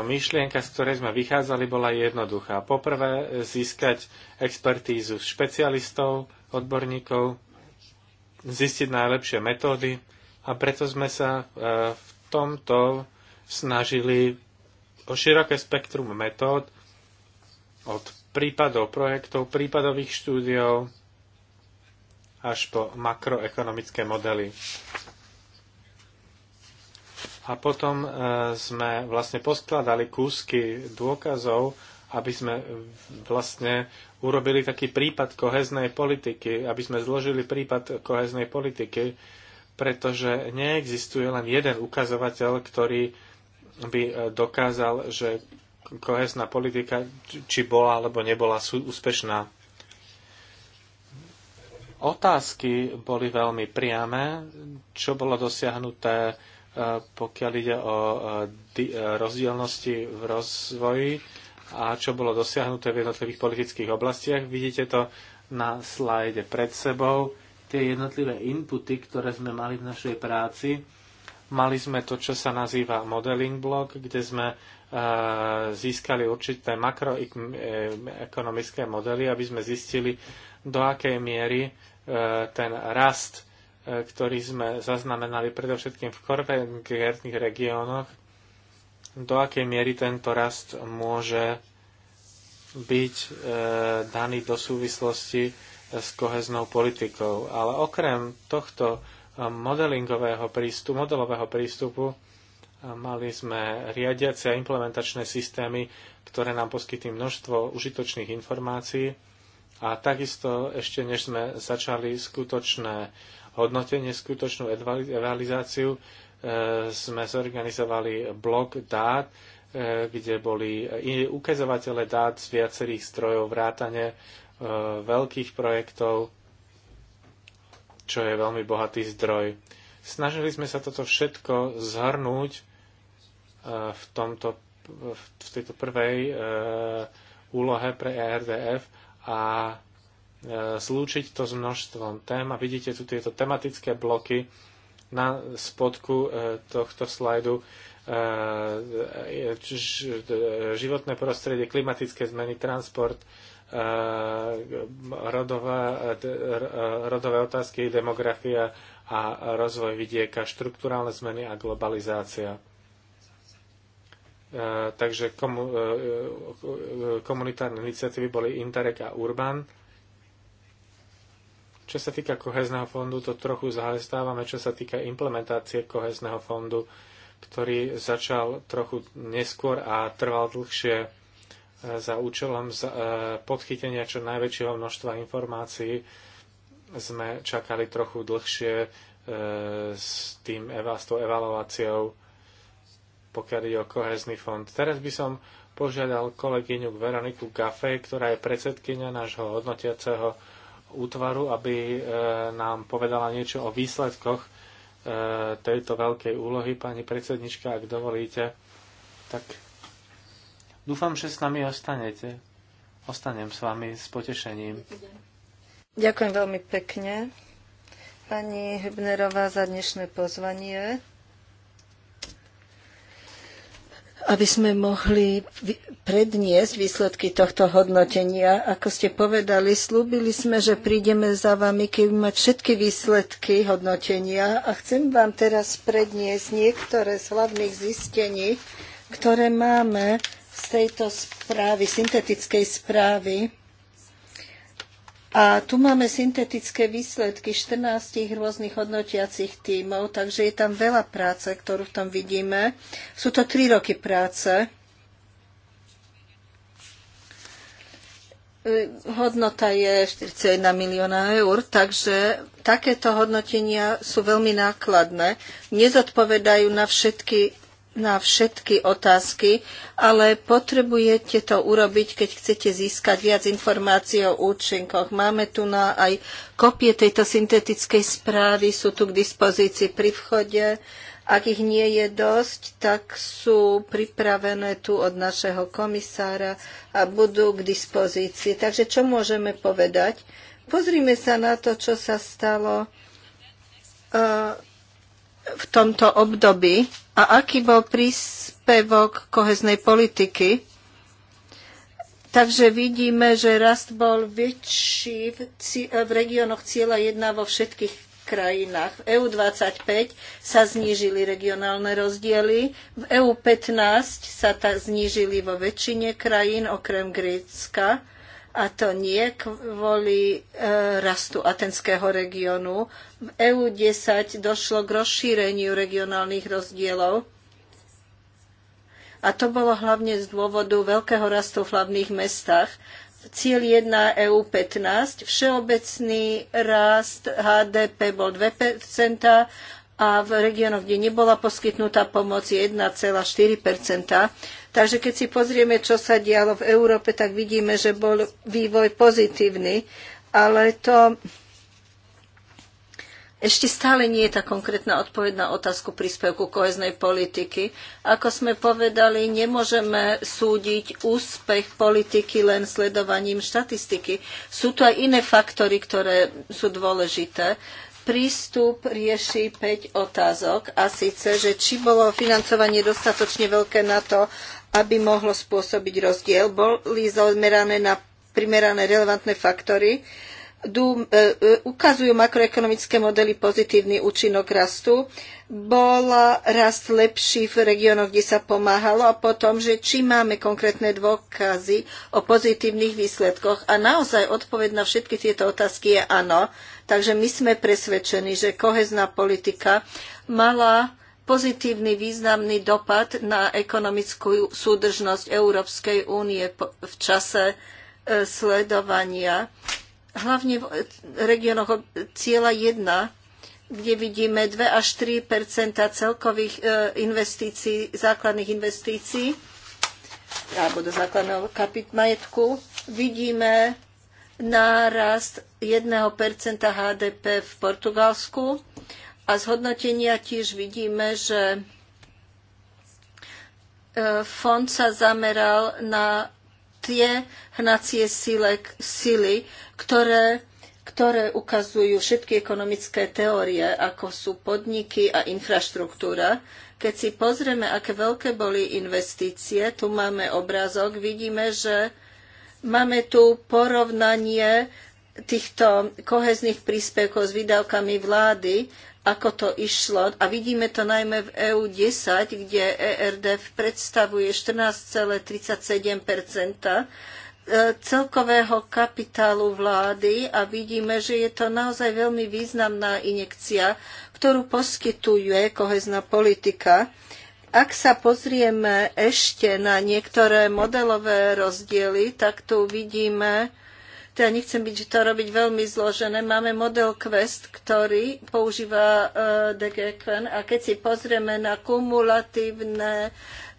myšlienka, z ktorej sme vychádzali, bola jednoduchá. Poprvé e, získať expertízu špecialistov, odborníkov, zistiť najlepšie metódy a preto sme sa v tomto snažili o široké spektrum metód od prípadov projektov, prípadových štúdiov až po makroekonomické modely. A potom e, sme vlastne poskladali kúsky dôkazov, aby sme vlastne urobili taký prípad koheznej politiky, aby sme zložili prípad koheznej politiky, pretože neexistuje len jeden ukazovateľ, ktorý by dokázal, že kohesná politika, či bola alebo nebola úspešná. Otázky boli veľmi priame, čo bolo dosiahnuté, e, pokiaľ ide o e, e, rozdielnosti v rozvoji a čo bolo dosiahnuté v jednotlivých politických oblastiach. Vidíte to na slajde pred sebou. Tie jednotlivé inputy, ktoré sme mali v našej práci, mali sme to, čo sa nazýva modeling blog, kde sme získali určité makroekonomické modely, aby sme zistili, do akej miery e, ten rast, e, ktorý sme zaznamenali predovšetkým v konvergentných regiónoch, do akej miery tento rast môže byť e, daný do súvislosti s koheznou politikou. Ale okrem tohto modelingového prístupu, modelového prístupu, Mali sme riadiace a implementačné systémy, ktoré nám poskytli množstvo užitočných informácií a takisto ešte než sme začali skutočné hodnotenie, skutočnú evalizáciu, e, sme zorganizovali blok dát, e, kde boli ukazovatele dát z viacerých strojov, vrátane e, veľkých projektov, čo je veľmi bohatý zdroj. Snažili sme sa toto všetko zhrnúť Eh, v, tomto, v tejto prvej eh, úlohe pre ERDF a eh, zlúčiť to s množstvom tém. A vidíte tu tieto tematické bloky na spodku tohto slajdu. Životné prostredie, klimatické zmeny, transport, rodová, rodové otázky, demografia a rozvoj vidieka, štruktúrálne zmeny a globalizácia. Eh, takže komu, eh, eh, komunitárne iniciatívy boli Interreg a Urban. Čo sa týka kohezného fondu, to trochu zahestávame, čo sa týka implementácie kohezného fondu, ktorý začal trochu neskôr a trval dlhšie za účelom podchytenia čo najväčšieho množstva informácií. Sme čakali trochu dlhšie s, tým, s tou evaluáciou pokiaľ ide o kohezný fond. Teraz by som požiadal kolegyňu Veroniku Gafe, ktorá je predsedkynia nášho hodnotiaceho útvaru, aby e, nám povedala niečo o výsledkoch e, tejto veľkej úlohy. Pani predsednička, ak dovolíte, tak dúfam, že s nami ostanete. Ostanem s vami s potešením. Ďakujem veľmi pekne pani Hübnerová za dnešné pozvanie. aby sme mohli predniesť výsledky tohto hodnotenia. Ako ste povedali, slúbili sme, že prídeme za vami, keď mať všetky výsledky hodnotenia a chcem vám teraz predniesť niektoré z hlavných zistení, ktoré máme z tejto správy, syntetickej správy a tu máme syntetické výsledky 14 rôznych hodnotiacich tímov, takže je tam veľa práce, ktorú tam vidíme. Sú to 3 roky práce. E, hodnota je 41 milióna eur, takže takéto hodnotenia sú veľmi nákladné, nezodpovedajú na všetky na všetky otázky, ale potrebujete to urobiť, keď chcete získať viac informácií o účinkoch. Máme tu na aj kopie tejto syntetickej správy, sú tu k dispozícii pri vchode. Ak ich nie je dosť, tak sú pripravené tu od našeho komisára a budú k dispozícii. Takže čo môžeme povedať? Pozrime sa na to, čo sa stalo. Uh, v tomto období a aký bol príspevok koheznej politiky. Takže vidíme, že rast bol väčší v, v regiónoch cieľa 1 vo všetkých krajinách. V EU25 sa znížili regionálne rozdiely, v EU15 sa ta znížili vo väčšine krajín okrem Grécka a to nie kvôli e, rastu atenského regiónu. V EU10 došlo k rozšíreniu regionálnych rozdielov a to bolo hlavne z dôvodu veľkého rastu v hlavných mestách. Cieľ 1 EU 15, všeobecný rast HDP bol 2% a v regiónoch, kde nebola poskytnutá pomoc, 1,4%. Takže keď si pozrieme, čo sa dialo v Európe, tak vidíme, že bol vývoj pozitívny, ale to ešte stále nie je tá konkrétna odpoveď na otázku príspevku koheznej politiky. Ako sme povedali, nemôžeme súdiť úspech politiky len sledovaním štatistiky. Sú tu aj iné faktory, ktoré sú dôležité. Prístup rieši 5 otázok a síce, že či bolo financovanie dostatočne veľké na to, aby mohlo spôsobiť rozdiel, boli zamerané na primerané relevantné faktory, dú, e, e, ukazujú makroekonomické modely pozitívny účinok rastu. Bola rast lepší v regiónoch, kde sa pomáhalo a potom, že či máme konkrétne dôkazy o pozitívnych výsledkoch. A naozaj odpoveď na všetky tieto otázky je áno. Takže my sme presvedčení, že kohezná politika mala pozitívny významný dopad na ekonomickú súdržnosť Európskej únie v čase e, sledovania, hlavne v regiónoch cieľa 1, kde vidíme 2 až 3 celkových e, investícií, základných investícií alebo do základného kapit majetku, vidíme nárast 1 HDP v Portugalsku a z hodnotenia tiež vidíme, že e, fond sa zameral na tie hnacie síle, síly, ktoré, ktoré ukazujú všetky ekonomické teórie, ako sú podniky a infraštruktúra. Keď si pozrieme, aké veľké boli investície, tu máme obrázok, vidíme, že máme tu porovnanie týchto kohezných príspevkov s výdavkami vlády ako to išlo. A vidíme to najmä v EU10, kde ERDF predstavuje 14,37 e, celkového kapitálu vlády a vidíme, že je to naozaj veľmi významná injekcia, ktorú poskytuje kohezná politika. Ak sa pozrieme ešte na niektoré modelové rozdiely, tak tu vidíme teda nechcem byť to robiť veľmi zložené. Máme model Quest, ktorý používa uh, eh, DGQN a keď si pozrieme na kumulatívne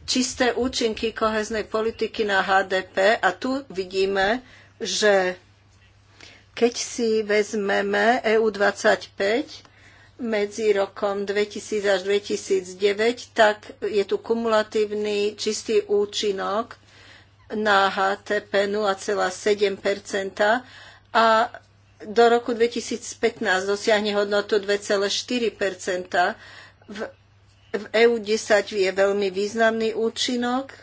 čisté účinky koheznej politiky na HDP a tu vidíme, že keď si vezmeme EU25 medzi rokom 2000 až 2009, tak je tu kumulatívny čistý účinok na HTP 0,7 a do roku 2015 dosiahne hodnotu 2,4 v, v EU10 je veľmi významný účinok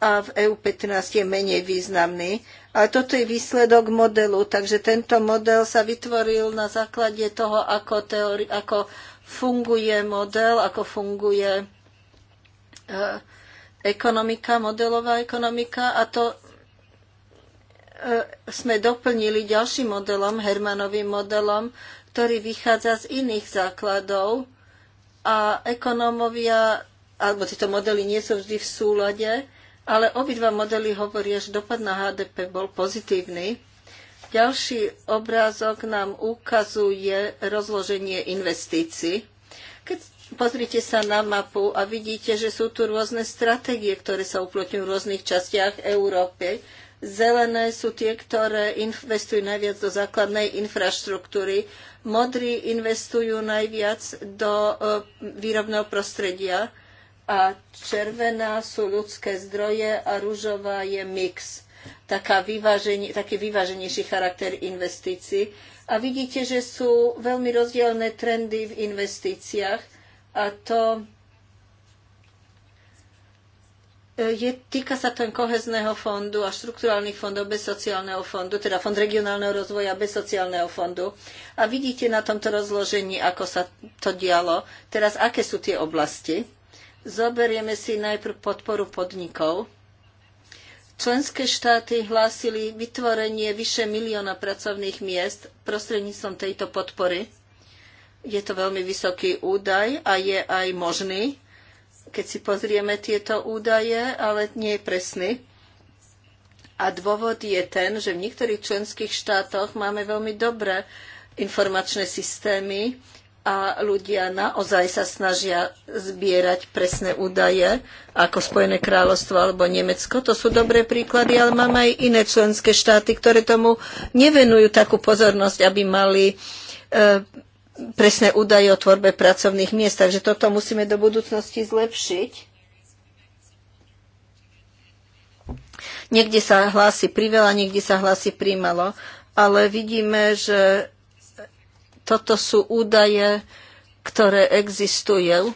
a v EU15 je menej významný. A toto je výsledok modelu, takže tento model sa vytvoril na základe toho, ako, teóri- ako funguje model, ako funguje e, ekonomika, modelová ekonomika a to e, sme doplnili ďalším modelom, Hermanovým modelom, ktorý vychádza z iných základov a ekonómovia, alebo tieto modely nie sú vždy v súlade, ale obidva modely hovoria, že dopad na HDP bol pozitívny. Ďalší obrázok nám ukazuje rozloženie investícií. Keď Pozrite sa na mapu a vidíte, že sú tu rôzne stratégie, ktoré sa uplatňujú v rôznych častiach Európy. Zelené sú tie, ktoré investujú najviac do základnej infraštruktúry. Modrí investujú najviac do e, výrobného prostredia. A červená sú ľudské zdroje a rúžová je mix. Taká vyváženie, taký vyváženejší charakter investícií. A vidíte, že sú veľmi rozdielne trendy v investíciách a to e, je, týka sa toho kohezného fondu a štrukturálnych fondov bez sociálneho fondu, teda fond regionálneho rozvoja bez sociálneho fondu. A vidíte na tomto rozložení, ako sa to dialo. Teraz, aké sú tie oblasti? Zoberieme si najprv podporu podnikov. Členské štáty hlásili vytvorenie vyše milióna pracovných miest prostredníctvom tejto podpory je to veľmi vysoký údaj a je aj možný, keď si pozrieme tieto údaje, ale nie je presný. A dôvod je ten, že v niektorých členských štátoch máme veľmi dobré informačné systémy a ľudia naozaj sa snažia zbierať presné údaje, ako Spojené kráľovstvo alebo Nemecko. To sú dobré príklady, ale máme aj iné členské štáty, ktoré tomu nevenujú takú pozornosť, aby mali eh, presné údaje o tvorbe pracovných miest, takže toto musíme do budúcnosti zlepšiť. Niekde sa hlási priveľa, niekde sa hlási prímalo, ale vidíme, že toto sú údaje, ktoré existujú.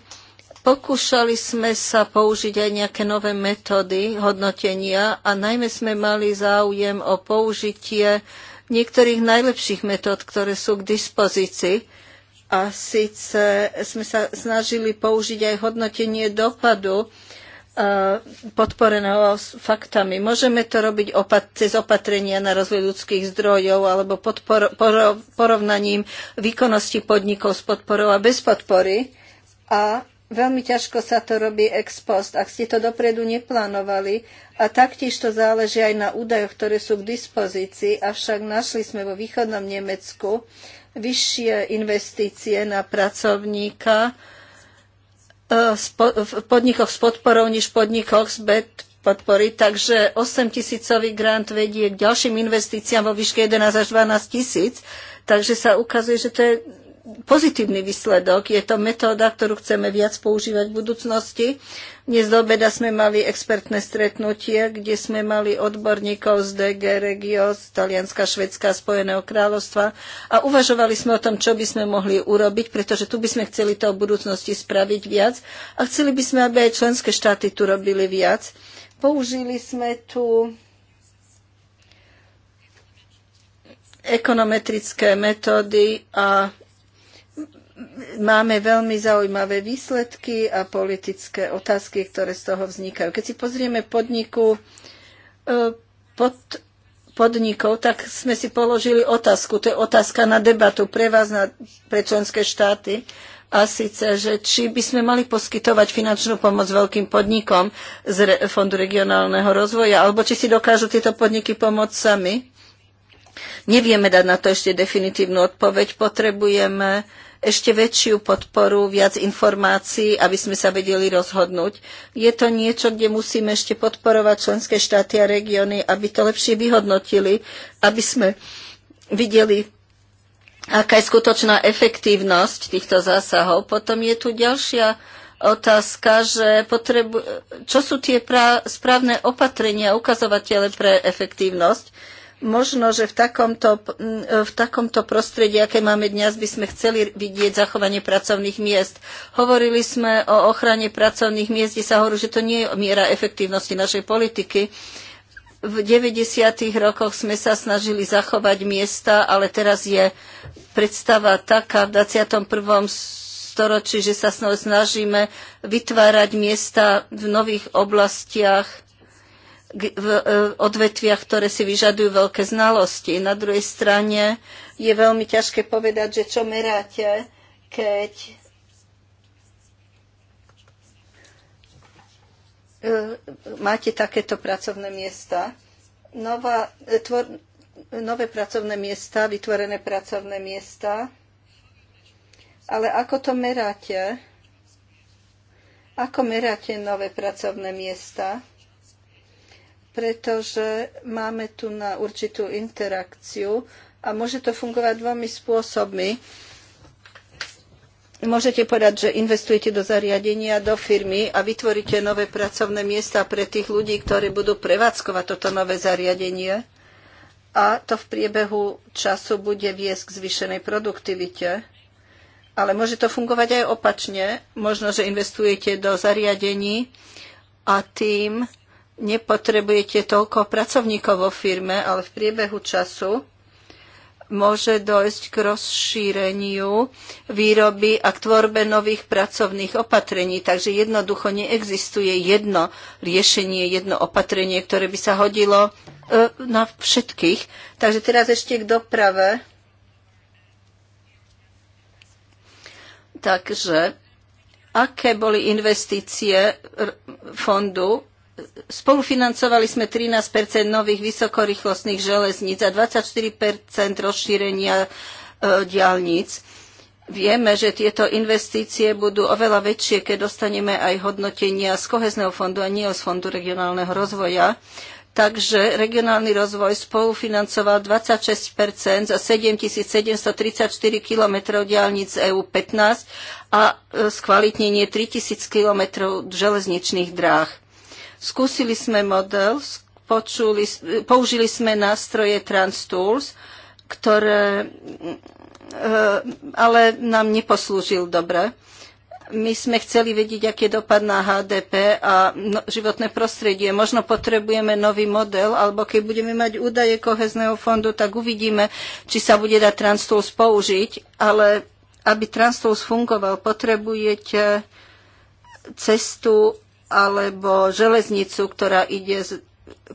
Pokúšali sme sa použiť aj nejaké nové metódy hodnotenia a najmä sme mali záujem o použitie niektorých najlepších metód, ktoré sú k dispozícii a síce sme sa snažili použiť aj hodnotenie dopadu e, podporeného faktami. Môžeme to robiť opat- cez opatrenia na rozvoj ľudských zdrojov alebo podpor- porov- porovnaním výkonnosti podnikov s podporou a bez podpory. A veľmi ťažko sa to robí ex post, ak ste to dopredu neplánovali. A taktiež to záleží aj na údajoch, ktoré sú k dispozícii. Avšak našli sme vo východnom Nemecku, uh, vyššie investície na pracovníka e, v podnikoch s podporou než v podnikoch s bez podpory, takže 8 tisícový grant vedie k ďalším investíciám vo výške 11 až 12 tisíc, takže sa ukazuje, že to je pozitívny výsledok. Je to metóda, ktorú chceme viac používať v budúcnosti. Dnes do obeda sme mali expertné stretnutie, kde sme mali odborníkov z DG Regio, z Talianska, Švedska, Spojeného kráľovstva a uvažovali sme o tom, čo by sme mohli urobiť, pretože tu by sme chceli to v budúcnosti spraviť viac a chceli by sme, aby aj členské štáty tu robili viac. Použili sme tu ekonometrické metódy a máme veľmi zaujímavé výsledky a politické otázky, ktoré z toho vznikajú. Keď si pozrieme podniku e, pod podnikov, tak sme si položili otázku. To je otázka na debatu pre vás, na, pre členské štáty. A síce, že či by sme mali poskytovať finančnú pomoc veľkým podnikom z Re- Fondu regionálneho rozvoja, alebo či si dokážu tieto podniky pomôcť sami. Nevieme dať na to ešte definitívnu odpoveď. Potrebujeme uh, ešte väčšiu podporu, viac informácií, aby sme sa vedeli rozhodnúť. Je to niečo, kde musíme ešte podporovať členské štáty a regióny, aby to lepšie vyhodnotili, aby sme videli, aká je skutočná efektívnosť týchto zásahov. Potom je tu ďalšia otázka, že potrebu- čo sú tie správne opatrenia, ukazovatele pre efektívnosť Možno, že v takomto, mm, v takomto prostredí, aké máme dnes, by sme chceli vidieť zachovanie pracovných miest. Hovorili sme o ochrane pracovných miest, kde sa hovorí, že to nie je miera efektívnosti našej politiky. V 90. rokoch sme sa snažili zachovať miesta, ale teraz je predstava taká v 21 storočí, že sa snažíme vytvárať miesta v nových oblastiach v e, odvetviach, ktoré si vyžadujú veľké znalosti. Na druhej strane je veľmi ťažké povedať, že čo meráte, keď e, máte takéto pracovné miesta. Nová, e, tvor, nové pracovné miesta, vytvorené pracovné miesta. Ale ako to meráte? Ako meráte nové pracovné miesta? pretože máme tu na určitú interakciu a môže to fungovať dvomi spôsobmi. Môžete povedať, že investujete do zariadenia, do firmy a vytvoríte nové pracovné miesta pre tých ľudí, ktorí budú prevádzkovať toto nové zariadenie a to v priebehu času bude viesť k zvýšenej produktivite. Ale môže to fungovať aj opačne. Možno, že investujete do zariadení a tým nepotrebujete toľko pracovníkov vo firme, ale v priebehu času môže dojsť k rozšíreniu výroby a k tvorbe nových pracovných opatrení. Takže jednoducho neexistuje jedno riešenie, jedno opatrenie, ktoré by sa hodilo e, na všetkých. Takže teraz ešte k doprave. Takže aké boli investície fondu spolufinancovali sme 13 nových vysokorýchlostných železníc a 24 rozšírenia e, diálnic. Vieme, že tieto investície budú oveľa väčšie, keď dostaneme aj hodnotenia z kohezného fondu a nie z fondu regionálneho rozvoja. Takže regionálny rozvoj spolufinancoval 26 za 7734 km diálnic EU15 a e, skvalitnenie 3000 km železničných dráh. Skúsili sme model, počuli, použili sme nástroje TransTools, ktoré eh, ale nám neposlúžil dobre. My sme chceli vedieť, aký je dopad na HDP a no, životné prostredie. Možno potrebujeme nový model, alebo keď budeme mať údaje kohezného fondu, tak uvidíme, či sa bude dať TransTools použiť, ale aby TransTools fungoval, potrebujete cestu alebo železnicu, ktorá ide z,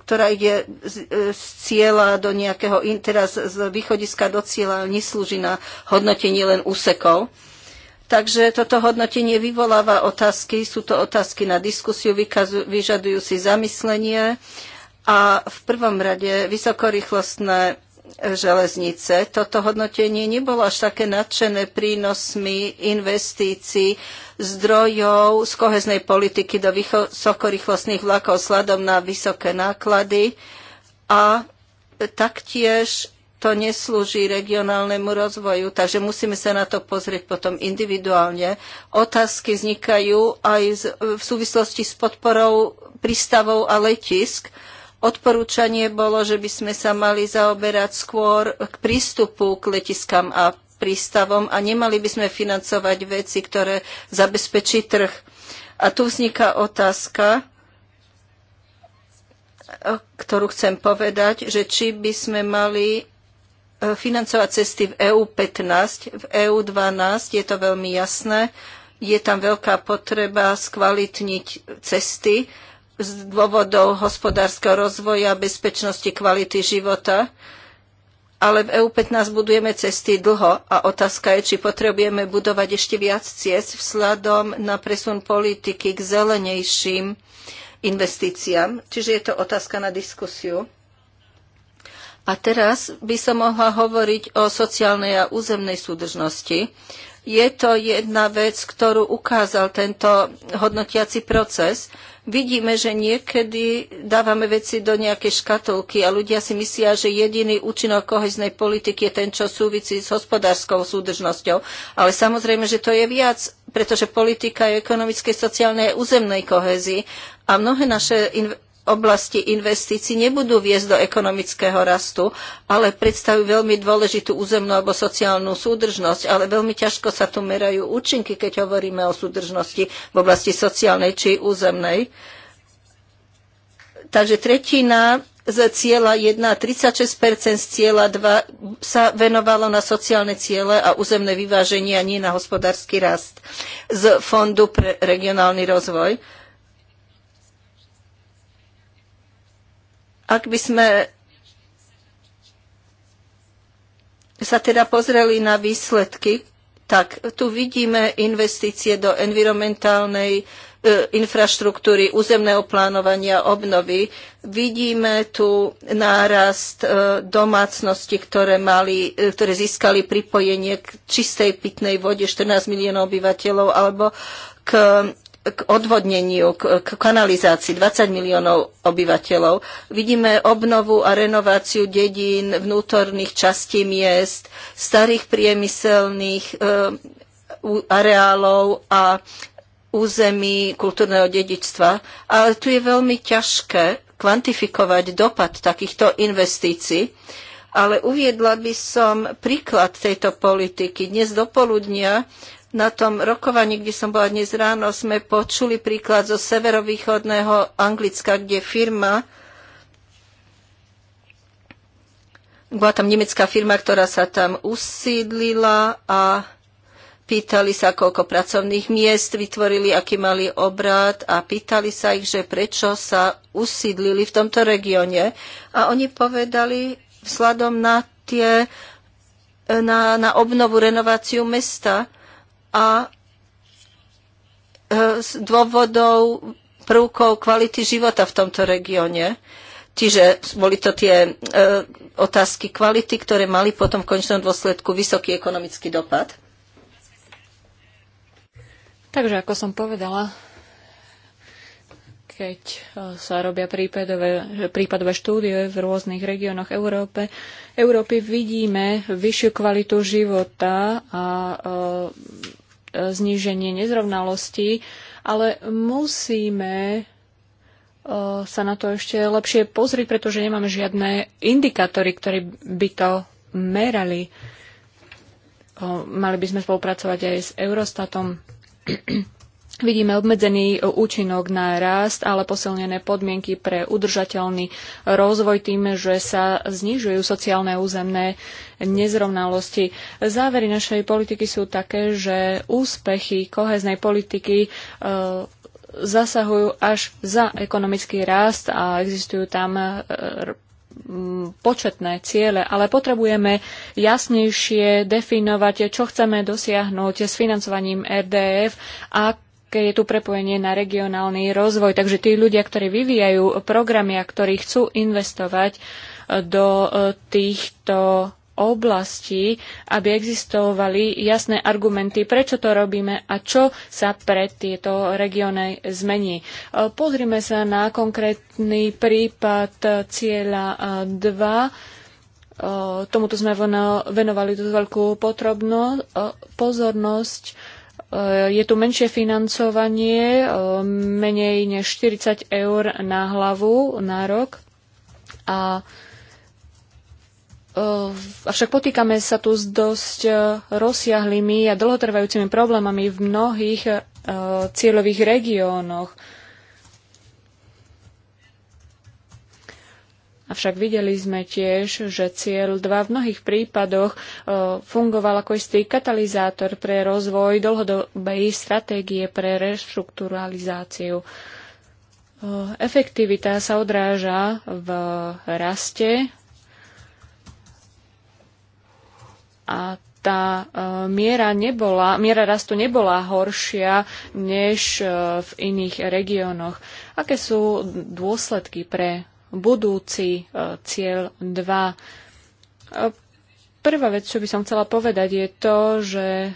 ktorá ide z, e, z cieľa do nejakého, teraz z východiska do cieľa, neslúži na hodnotenie len úsekov. Takže toto hodnotenie vyvoláva otázky, sú to otázky na diskusiu, vykazu, vyžadujú si zamyslenie a v prvom rade vysokorýchlostné železnice. Toto hodnotenie nebolo až také nadšené prínosmi investícií zdrojov z koheznej politiky do vysokorýchlostných vlakov sladom na vysoké náklady a taktiež to neslúži regionálnemu rozvoju, takže musíme sa na to pozrieť potom individuálne. Otázky vznikajú aj v súvislosti s podporou prístavov a letisk. Odporúčanie bolo, že by sme sa mali zaoberať skôr k prístupu k letiskám a prístavom a nemali by sme financovať veci, ktoré zabezpečí trh. A tu vzniká otázka, ktorú chcem povedať, že či by sme mali e, financovať cesty v EU 15, v EU 12, je to veľmi jasné, je tam veľká potreba skvalitniť cesty, z dôvodov hospodárskeho rozvoja, bezpečnosti, kvality života, ale v EU15 budujeme cesty dlho a otázka je, či potrebujeme budovať ešte viac ciest vzhľadom na presun politiky k zelenejším investíciám. Čiže je to otázka na diskusiu. A teraz by som mohla hovoriť o sociálnej a územnej súdržnosti. Je to jedna vec, ktorú ukázal tento hodnotiaci proces vidíme, že niekedy dávame veci do nejakej škatolky a ľudia si myslia, že jediný účinok koheznej politiky je ten, čo súvisí s hospodárskou súdržnosťou. Ale samozrejme, že to je viac, pretože politika je ekonomickej, sociálnej a územnej kohezii a mnohé naše oblasti investícií nebudú viesť do ekonomického rastu, ale predstavujú veľmi dôležitú územnú alebo sociálnu súdržnosť. Ale veľmi ťažko sa tu merajú účinky, keď hovoríme o súdržnosti v oblasti sociálnej či územnej. Takže tretina z cieľa 1, 36 z cieľa 2 sa venovalo na sociálne ciele a územné vyváženie a nie na hospodársky rast z Fondu pre regionálny rozvoj. Ak by sme sa teda pozreli na výsledky, tak tu vidíme investície do environmentálnej e, infraštruktúry, územného plánovania obnovy. Vidíme tu nárast e, domácnosti, ktoré, mali, e, ktoré získali pripojenie k čistej pitnej vode 14 miliónov obyvateľov alebo k k odvodneniu, k, k kanalizácii 20 miliónov obyvateľov. Vidíme obnovu a renováciu dedín, vnútorných častí miest, starých priemyselných e, areálov a území kultúrneho dedičstva. Ale tu je veľmi ťažké kvantifikovať dopad takýchto investícií. Ale uviedla by som príklad tejto politiky. Dnes dopoludnia na tom rokovaní, kde som bola dnes ráno, sme počuli príklad zo severovýchodného Anglicka, kde firma, bola tam nemecká firma, ktorá sa tam usídlila a pýtali sa, koľko pracovných miest vytvorili, aký mali obrad a pýtali sa ich, že prečo sa usídlili v tomto regióne. A oni povedali vzhľadom na tie na, na obnovu, renováciu mesta, a z e, dôvodov prvkov kvality života v tomto regióne. Čiže boli to tie e, otázky kvality, ktoré mali potom v končnom dôsledku vysoký ekonomický dopad. Takže ako som povedala, keď e, sa robia prípadové, prípadové štúdie v rôznych regiónoch Európe, Európy, vidíme vyššiu kvalitu života a e, zníženie nezrovnalostí, ale musíme e, sa na to ešte lepšie pozrieť, pretože nemáme žiadne indikátory, ktoré by to merali. E, mali by sme spolupracovať aj s Eurostatom. Vidíme obmedzený e, účinok na rast, ale posilnené podmienky pre udržateľný rozvoj tým, že sa znižujú sociálne územné nezrovnalosti. Závery našej politiky sú také, že úspechy koheznej politiky e, zasahujú až za ekonomický rast a existujú tam e, početné ciele, ale potrebujeme jasnejšie definovať, čo chceme dosiahnuť s financovaním RDF a aké je tu prepojenie na regionálny rozvoj. Takže tí ľudia, ktorí vyvíjajú programy a ktorí chcú investovať e, do e, týchto oblastí, aby existovali jasné argumenty, prečo to robíme a čo sa pre tieto regióny zmení. E, pozrime sa na konkrétny prípad cieľa 2 tomuto sme venovali dosť veľkú potrebno, pozornosť. Je tu menšie financovanie, menej než 40 eur na hlavu na rok. A e, Avšak potýkame sa tu s dosť e, rozsiahlými a dlhotrvajúcimi problémami v mnohých e, cieľových regiónoch. Avšak videli sme tiež, že cieľ 2 v mnohých prípadoch e, fungoval ako istý katalizátor pre rozvoj dlhodobej stratégie pre reštrukturalizáciu. E, efektivita sa odráža v raste a tá e, miera, nebola, miera rastu nebola horšia než v iných regiónoch. Aké sú dôsledky pre budúci e, cieľ 2. E, prvá vec, čo by som chcela povedať, je to, že e,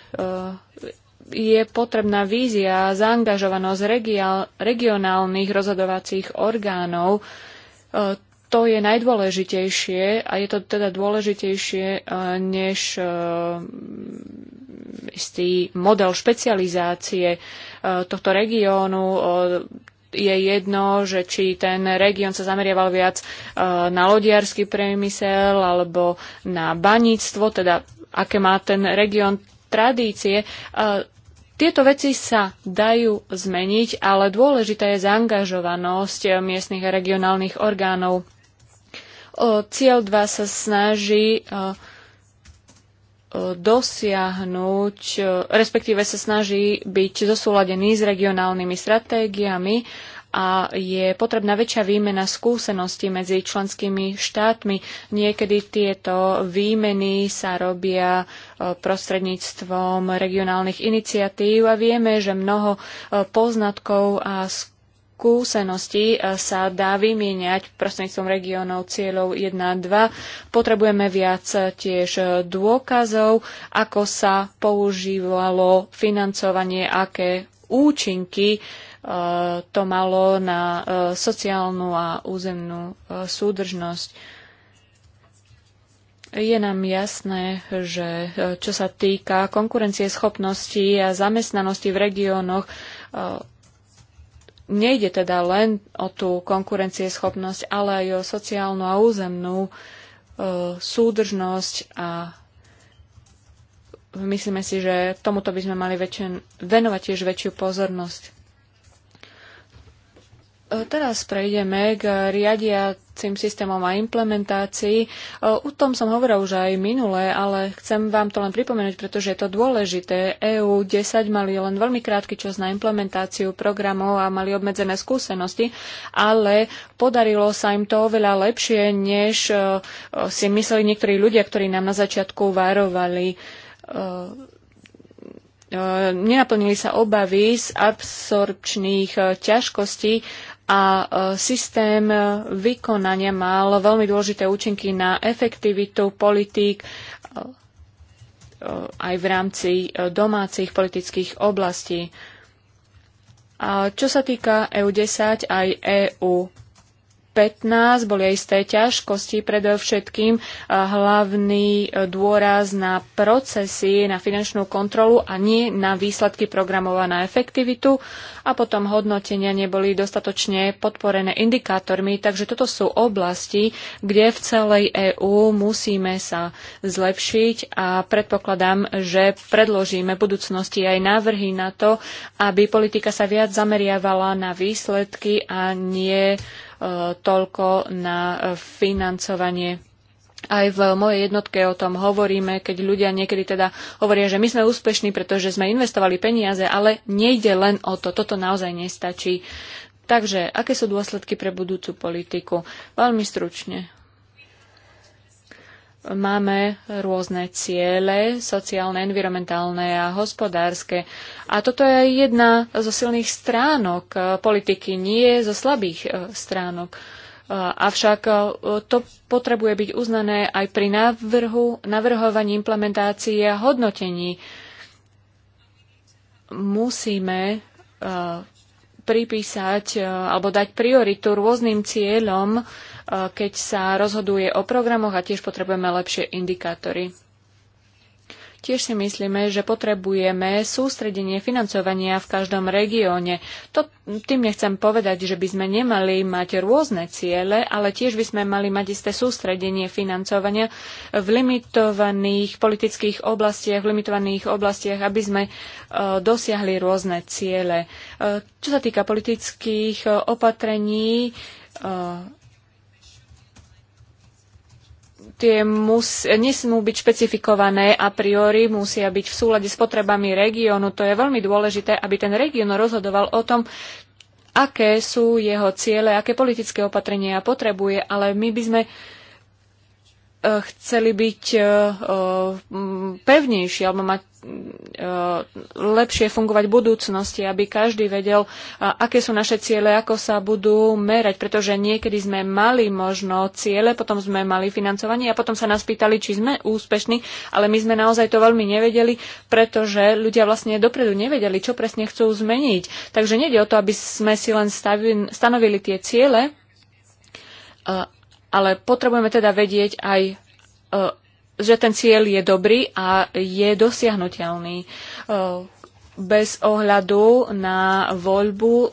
je potrebná vízia a zaangažovanosť regionálnych rozhodovacích orgánov. To je najdôležitejšie a je to teda dôležitejšie než istý model špecializácie tohto regiónu, je jedno, že či ten región sa zameriaval viac e, na lodiarský priemysel alebo na baníctvo, teda aké má ten región tradície. E, tieto veci sa dajú zmeniť, ale dôležitá je zaangažovanosť miestnych a regionálnych orgánov. E, cieľ 2 sa snaží uh, dosiahnuť, respektíve sa snaží byť zosúladený s regionálnymi stratégiami a je potrebná väčšia výmena skúseností medzi členskými štátmi. Niekedy tieto výmeny sa robia e, prostredníctvom regionálnych iniciatív a vieme, že mnoho e, poznatkov a skúseností skúsenosti e, sa dá vymieňať prostredníctvom regiónov cieľov 1 a 2. Potrebujeme viac e, tiež e, dôkazov, ako sa používalo financovanie, aké účinky to malo na sociálnu a územnú súdržnosť. Je nám jasné, že čo sa týka konkurencie schopnosti a zamestnanosti v regiónoch, nejde teda len o tú konkurencieschopnosť, ale aj o sociálnu a územnú e, súdržnosť a myslíme si, že tomuto by sme mali väčšen, venovať tiež väčšiu pozornosť. E, teraz prejdeme k riadiacim systémom a implementácii. U e, tom som hovoril už aj minule, ale chcem vám to len pripomenúť, pretože je to dôležité. EU 10 mali len veľmi krátky čas na implementáciu programov a mali obmedzené skúsenosti, ale podarilo sa im to oveľa lepšie, než e, si mysleli niektorí ľudia, ktorí nám na začiatku varovali nenaplnili sa obavy z absorpčných ťažkostí a e, systém vykonania mal veľmi dôležité účinky na efektivitu politík e, e, aj v rámci domácich politických oblastí. A čo sa týka EU10 aj EU 2015 boli aj isté ťažkosti, predovšetkým hlavný e, dôraz na procesy, na finančnú kontrolu a nie na výsledky programov a na efektivitu a potom hodnotenia neboli dostatočne podporené indikátormi, takže toto sú oblasti, kde v celej EÚ musíme sa zlepšiť a predpokladám, že predložíme v budúcnosti aj návrhy na to, aby politika sa viac zameriavala na výsledky a nie toľko na financovanie aj v mojej jednotke o tom hovoríme, keď ľudia niekedy teda hovoria, že my sme úspešní, pretože sme investovali peniaze, ale nejde len o to. Toto naozaj nestačí. Takže, aké sú dôsledky pre budúcu politiku? Veľmi stručne máme rôzne ciele, sociálne, environmentálne a hospodárske. A toto je jedna zo silných stránok e, politiky, nie zo slabých e, stránok. E, avšak to potrebuje byť uznané aj pri návrhu, navrhovaní implementácii a hodnotení. Musíme pripísať e, alebo dať prioritu rôznym cieľom, e, keď sa rozhoduje o programoch a tiež potrebujeme lepšie indikátory. Tiež si myslíme, že potrebujeme sústredenie financovania v každom regióne. To, tým nechcem povedať, že by sme nemali mať rôzne ciele, ale tiež by sme mali mať isté sústredenie financovania v limitovaných politických oblastiach, v limitovaných oblastiach, aby sme uh, dosiahli rôzne ciele. Uh, čo sa týka politických uh, opatrení, tie mus, nesmú byť špecifikované a priori, musia byť v súlade s potrebami regiónu. To je veľmi dôležité, aby ten región rozhodoval o tom, aké sú jeho ciele, aké politické opatrenia potrebuje, ale my by sme chceli byť e, e, pevnejší alebo mať e, lepšie fungovať v budúcnosti, aby každý vedel, aké sú naše ciele, ako sa budú merať, pretože niekedy sme mali možno ciele, potom sme mali financovanie a potom sa nás pýtali, či sme úspešní, ale my sme naozaj to veľmi nevedeli, pretože ľudia vlastne dopredu nevedeli, čo presne chcú zmeniť. Takže nejde o to, aby sme si len stavili, stanovili tie ciele, ale potrebujeme teda vedieť aj, e, že ten cieľ je dobrý a je dosiahnutelný. E, bez ohľadu na voľbu e,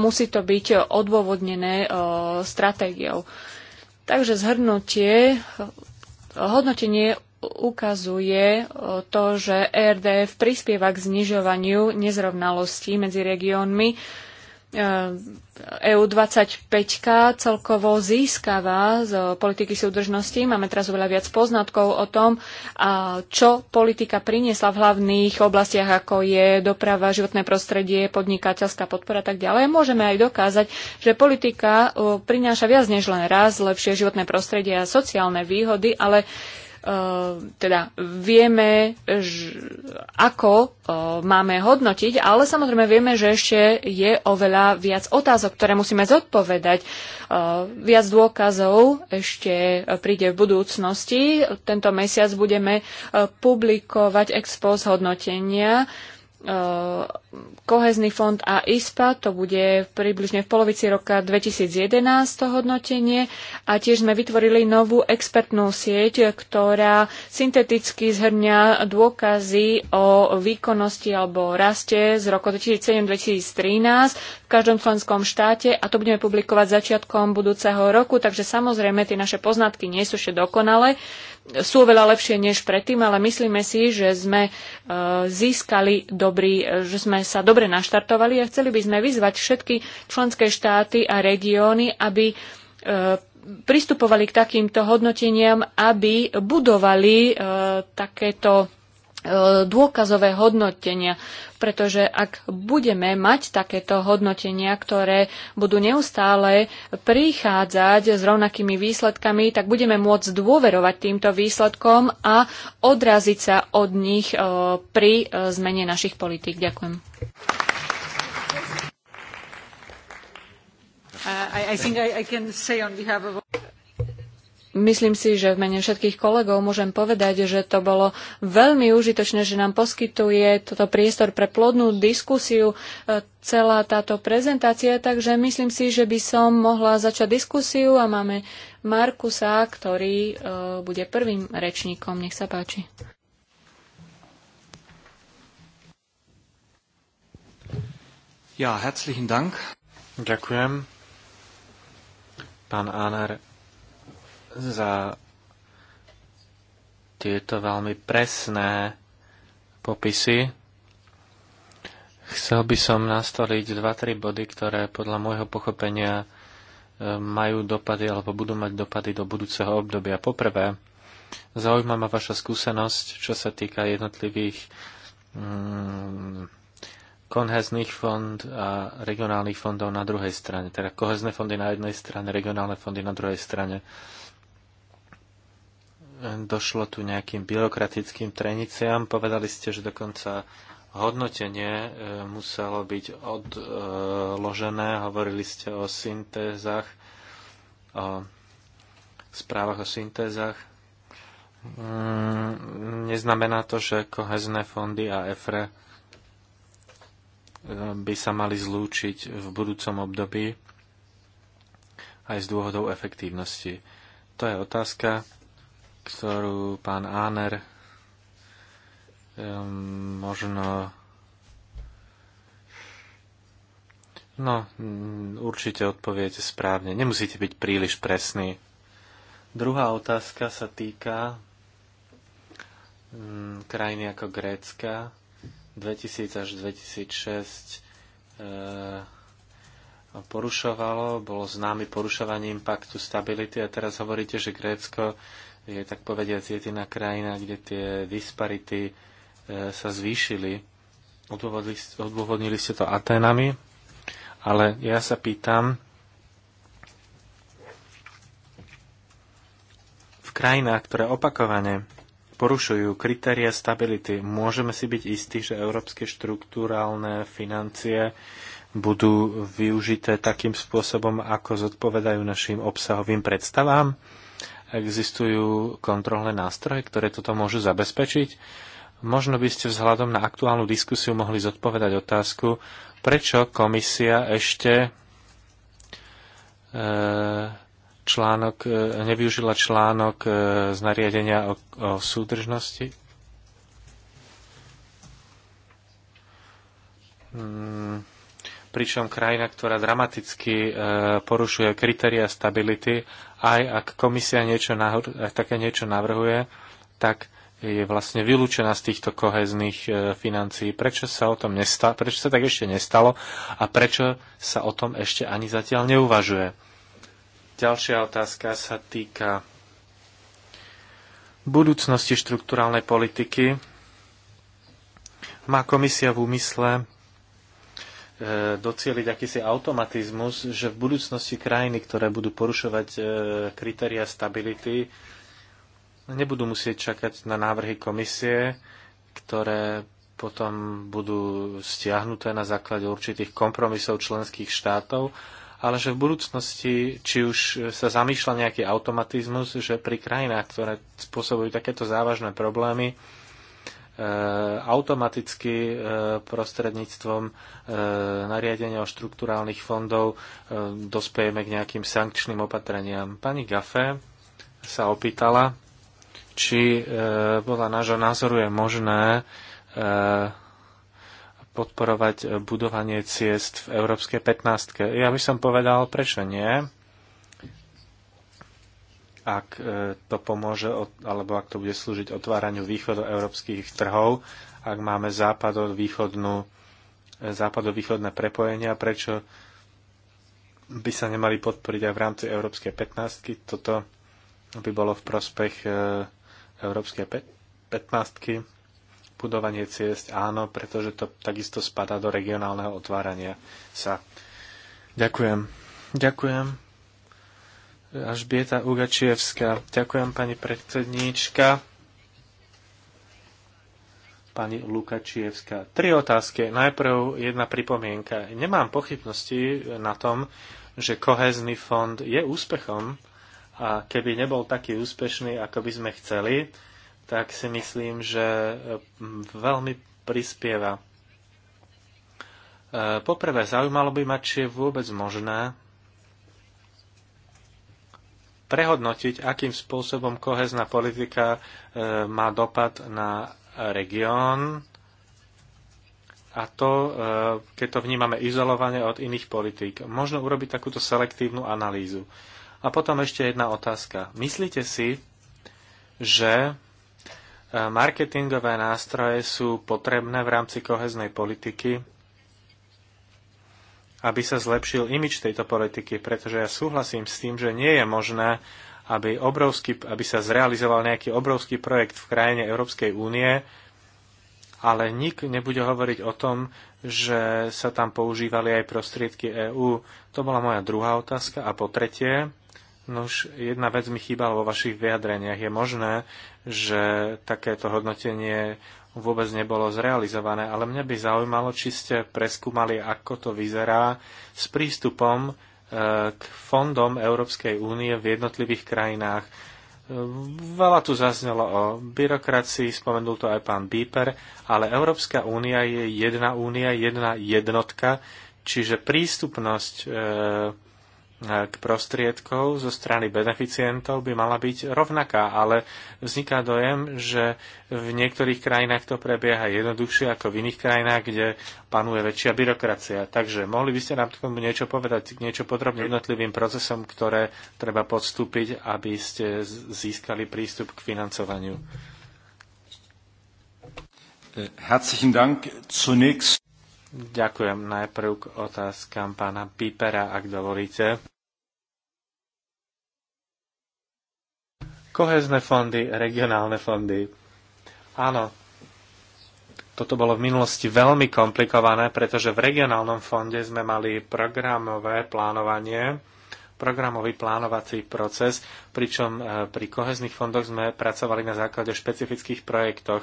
musí to byť odôvodnené stratégiou. Takže zhrnutie, hodnotenie ukazuje to, že RDF prispieva k znižovaniu nezrovnalostí medzi regiónmi EU25 e celkovo získava z politiky súdržnosti. Máme teraz oveľa viac poznatkov o tom, čo politika priniesla v hlavných oblastiach, ako je doprava, životné prostredie, podnikateľská podpora a tak ďalej. Môžeme aj dokázať, že politika e, prináša viac než len raz lepšie životné prostredie a sociálne výhody, ale Eh, teda vieme, ako eh, máme hodnotiť, ale samozrejme vieme, že ešte je oveľa viac otázok, ktoré musíme zodpovedať. Eh, viac dôkazov ešte príde v budúcnosti. Tento mesiac budeme publikovať expo hodnotenia E, kohezný fond a ISPA, to bude približne v polovici roka 2011 to hodnotenie a tiež sme vytvorili novú expertnú sieť, ktorá synteticky zhrňa dôkazy o výkonnosti alebo raste z roku 2007-2013 v každom členskom štáte a to budeme publikovať začiatkom budúceho roku, takže samozrejme tie naše poznatky nie sú ešte dokonalé sú oveľa lepšie než predtým, ale myslíme si, že sme e, získali dobrý, e, že sme sa dobre naštartovali a chceli by sme vyzvať všetky členské štáty a regióny, aby e, pristupovali k takýmto hodnoteniam, aby budovali takéto E, dôkazové hodnotenia, pretože ak budeme mať takéto hodnotenia, ktoré budú neustále prichádzať s rovnakými výsledkami, tak budeme môcť dôverovať týmto výsledkom a odraziť sa od nich e, pri e, zmene našich politík. Ďakujem. Uh, I, I Myslím si, že v mene všetkých kolegov môžem povedať, že to bolo veľmi užitočné, že nám poskytuje toto priestor pre plodnú diskusiu e, celá táto prezentácia, takže myslím si, že by som mohla začať diskusiu a máme Markusa, ktorý e, bude prvým rečníkom. Nech sa páči. Ja, herzlichen Dank. Ďakujem. Pán Áner za tieto veľmi presné popisy. Chcel by som nastoliť 2-3 body, ktoré podľa môjho pochopenia e, majú dopady alebo budú mať dopady do budúceho obdobia. Poprvé, zaujíma ma vaša skúsenosť, čo sa týka jednotlivých mm, konhezných fond a regionálnych fondov na druhej strane. Teda kohezné fondy na jednej strane, regionálne fondy na druhej strane. Uh, došlo tu nejakým byrokratickým treniciám. Povedali ste, že dokonca hodnotenie e, muselo byť odložené. Hovorili ste o syntézach, o správach o syntézach. Mm, neznamená to, že kohezné fondy a EFRE e, by sa mali zlúčiť v budúcom období aj z dôvodov efektívnosti. To je otázka, ktorú pán Áner ehm, možno No, mm, určite odpoviete správne. Nemusíte byť príliš presný. Druhá otázka sa týka mm, krajiny ako Grécka. 2000 až 2006 eh, porušovalo, bolo známy porušovaním paktu stability a teraz hovoríte, že Grécko je tak povediať jediná krajina, kde tie disparity e, sa zvýšili. Odôvodnili, ste to Atenami, ale ja sa pýtam, v krajinách, ktoré opakovane porušujú kritéria stability, môžeme si byť istí, že európske štruktúrálne financie budú využité takým spôsobom, ako zodpovedajú našim obsahovým predstavám? Existujú kontrolné nástroje, ktoré toto môžu zabezpečiť? Možno by ste vzhľadom na aktuálnu diskusiu mohli zodpovedať otázku, prečo komisia ešte e, článok, e, nevyužila článok e, z nariadenia o, o súdržnosti? Hmm. Pričom krajina, ktorá dramaticky porušuje kritéria stability aj ak komisia niečo ak také niečo navrhuje, tak je vlastne vylúčená z týchto kohezných e, financií. Prečo sa o tom nesta- prečo sa tak ešte nestalo a prečo sa o tom ešte ani zatiaľ neuvažuje? Ďalšia otázka sa týka budúcnosti štruktúralnej politiky. Má komisia v úmysle E, docieliť akýsi automatizmus, že v budúcnosti krajiny, ktoré budú porušovať e, kritéria stability, nebudú musieť čakať na návrhy komisie, ktoré potom budú stiahnuté na základe určitých kompromisov členských štátov, ale že v budúcnosti, či už sa zamýšľa nejaký automatizmus, že pri krajinách, ktoré spôsobujú takéto závažné problémy, Eh, automaticky eh, prostredníctvom eh, nariadenia o štruktúrálnych fondov dospejeme k nejakým sankčným opatreniam. Pani Gafe sa opýtala, či podľa nášho názoru je možné podporovať budovanie ciest v Európskej 15. Ja by som povedal, prečo nie ak e, to pomôže, alebo ak to bude slúžiť otváraniu európskych trhov, ak máme západovýchodnú, e, západovýchodné prepojenia, prečo by sa nemali podporiť aj v rámci Európskej 15. Toto by bolo v prospech e, Európskej 15. Budovanie ciest, áno, pretože to takisto spadá do regionálneho otvárania sa. Ďakujem. Ďakujem. Alžbieta Ugačievská. Ďakujem pani predsedníčka. Pani Lukačievská. Tri otázky. Najprv jedna pripomienka. Nemám pochybnosti na tom, že kohezný fond je úspechom a keby nebol taký úspešný, ako by sme chceli, tak si myslím, že veľmi prispieva. E, poprvé, zaujímalo by ma, či je vôbec možné prehodnotiť, akým spôsobom kohezná politika e, má dopad na región a to, e, keď to vnímame izolovane od iných politík. Možno urobiť takúto selektívnu analýzu. A potom ešte jedna otázka. Myslíte si, že e, marketingové nástroje sú potrebné v rámci koheznej politiky aby sa zlepšil imič tejto politiky, pretože ja súhlasím s tým, že nie je možné, aby, obrovský, aby sa zrealizoval nejaký obrovský projekt v krajine Európskej únie, ale nik nebude hovoriť o tom, že sa tam používali aj prostriedky EÚ. To bola moja druhá otázka. A po tretie, no už jedna vec mi chýbala vo vašich vyjadreniach. Je možné, že takéto hodnotenie vôbec nebolo zrealizované, ale mňa by zaujímalo, či ste preskúmali, ako to vyzerá s prístupom e, k fondom Európskej únie v jednotlivých krajinách. E, veľa tu zaznelo o byrokracii, spomenul to aj pán Bíper, ale Európska únia je jedna únia, jedna jednotka, čiže prístupnosť e, k prostriedkov zo strany beneficientov by mala byť rovnaká, ale vzniká dojem, že v niektorých krajinách to prebieha jednoduchšie ako v iných krajinách, kde panuje väčšia byrokracia. Takže mohli by ste nám k tomu niečo povedať, niečo podrobne jednotlivým procesom, ktoré treba podstúpiť, aby ste získali prístup k financovaniu. Eh, herzlichen Dank. Zunächst Ďakujem najprv k otázkam pána Pípera, ak dovolíte. Kohezné fondy, regionálne fondy. Áno, toto bolo v minulosti veľmi komplikované, pretože v regionálnom fonde sme mali programové plánovanie, programový plánovací proces, pričom e, pri kohezných fondoch sme pracovali na základe špecifických projektoch.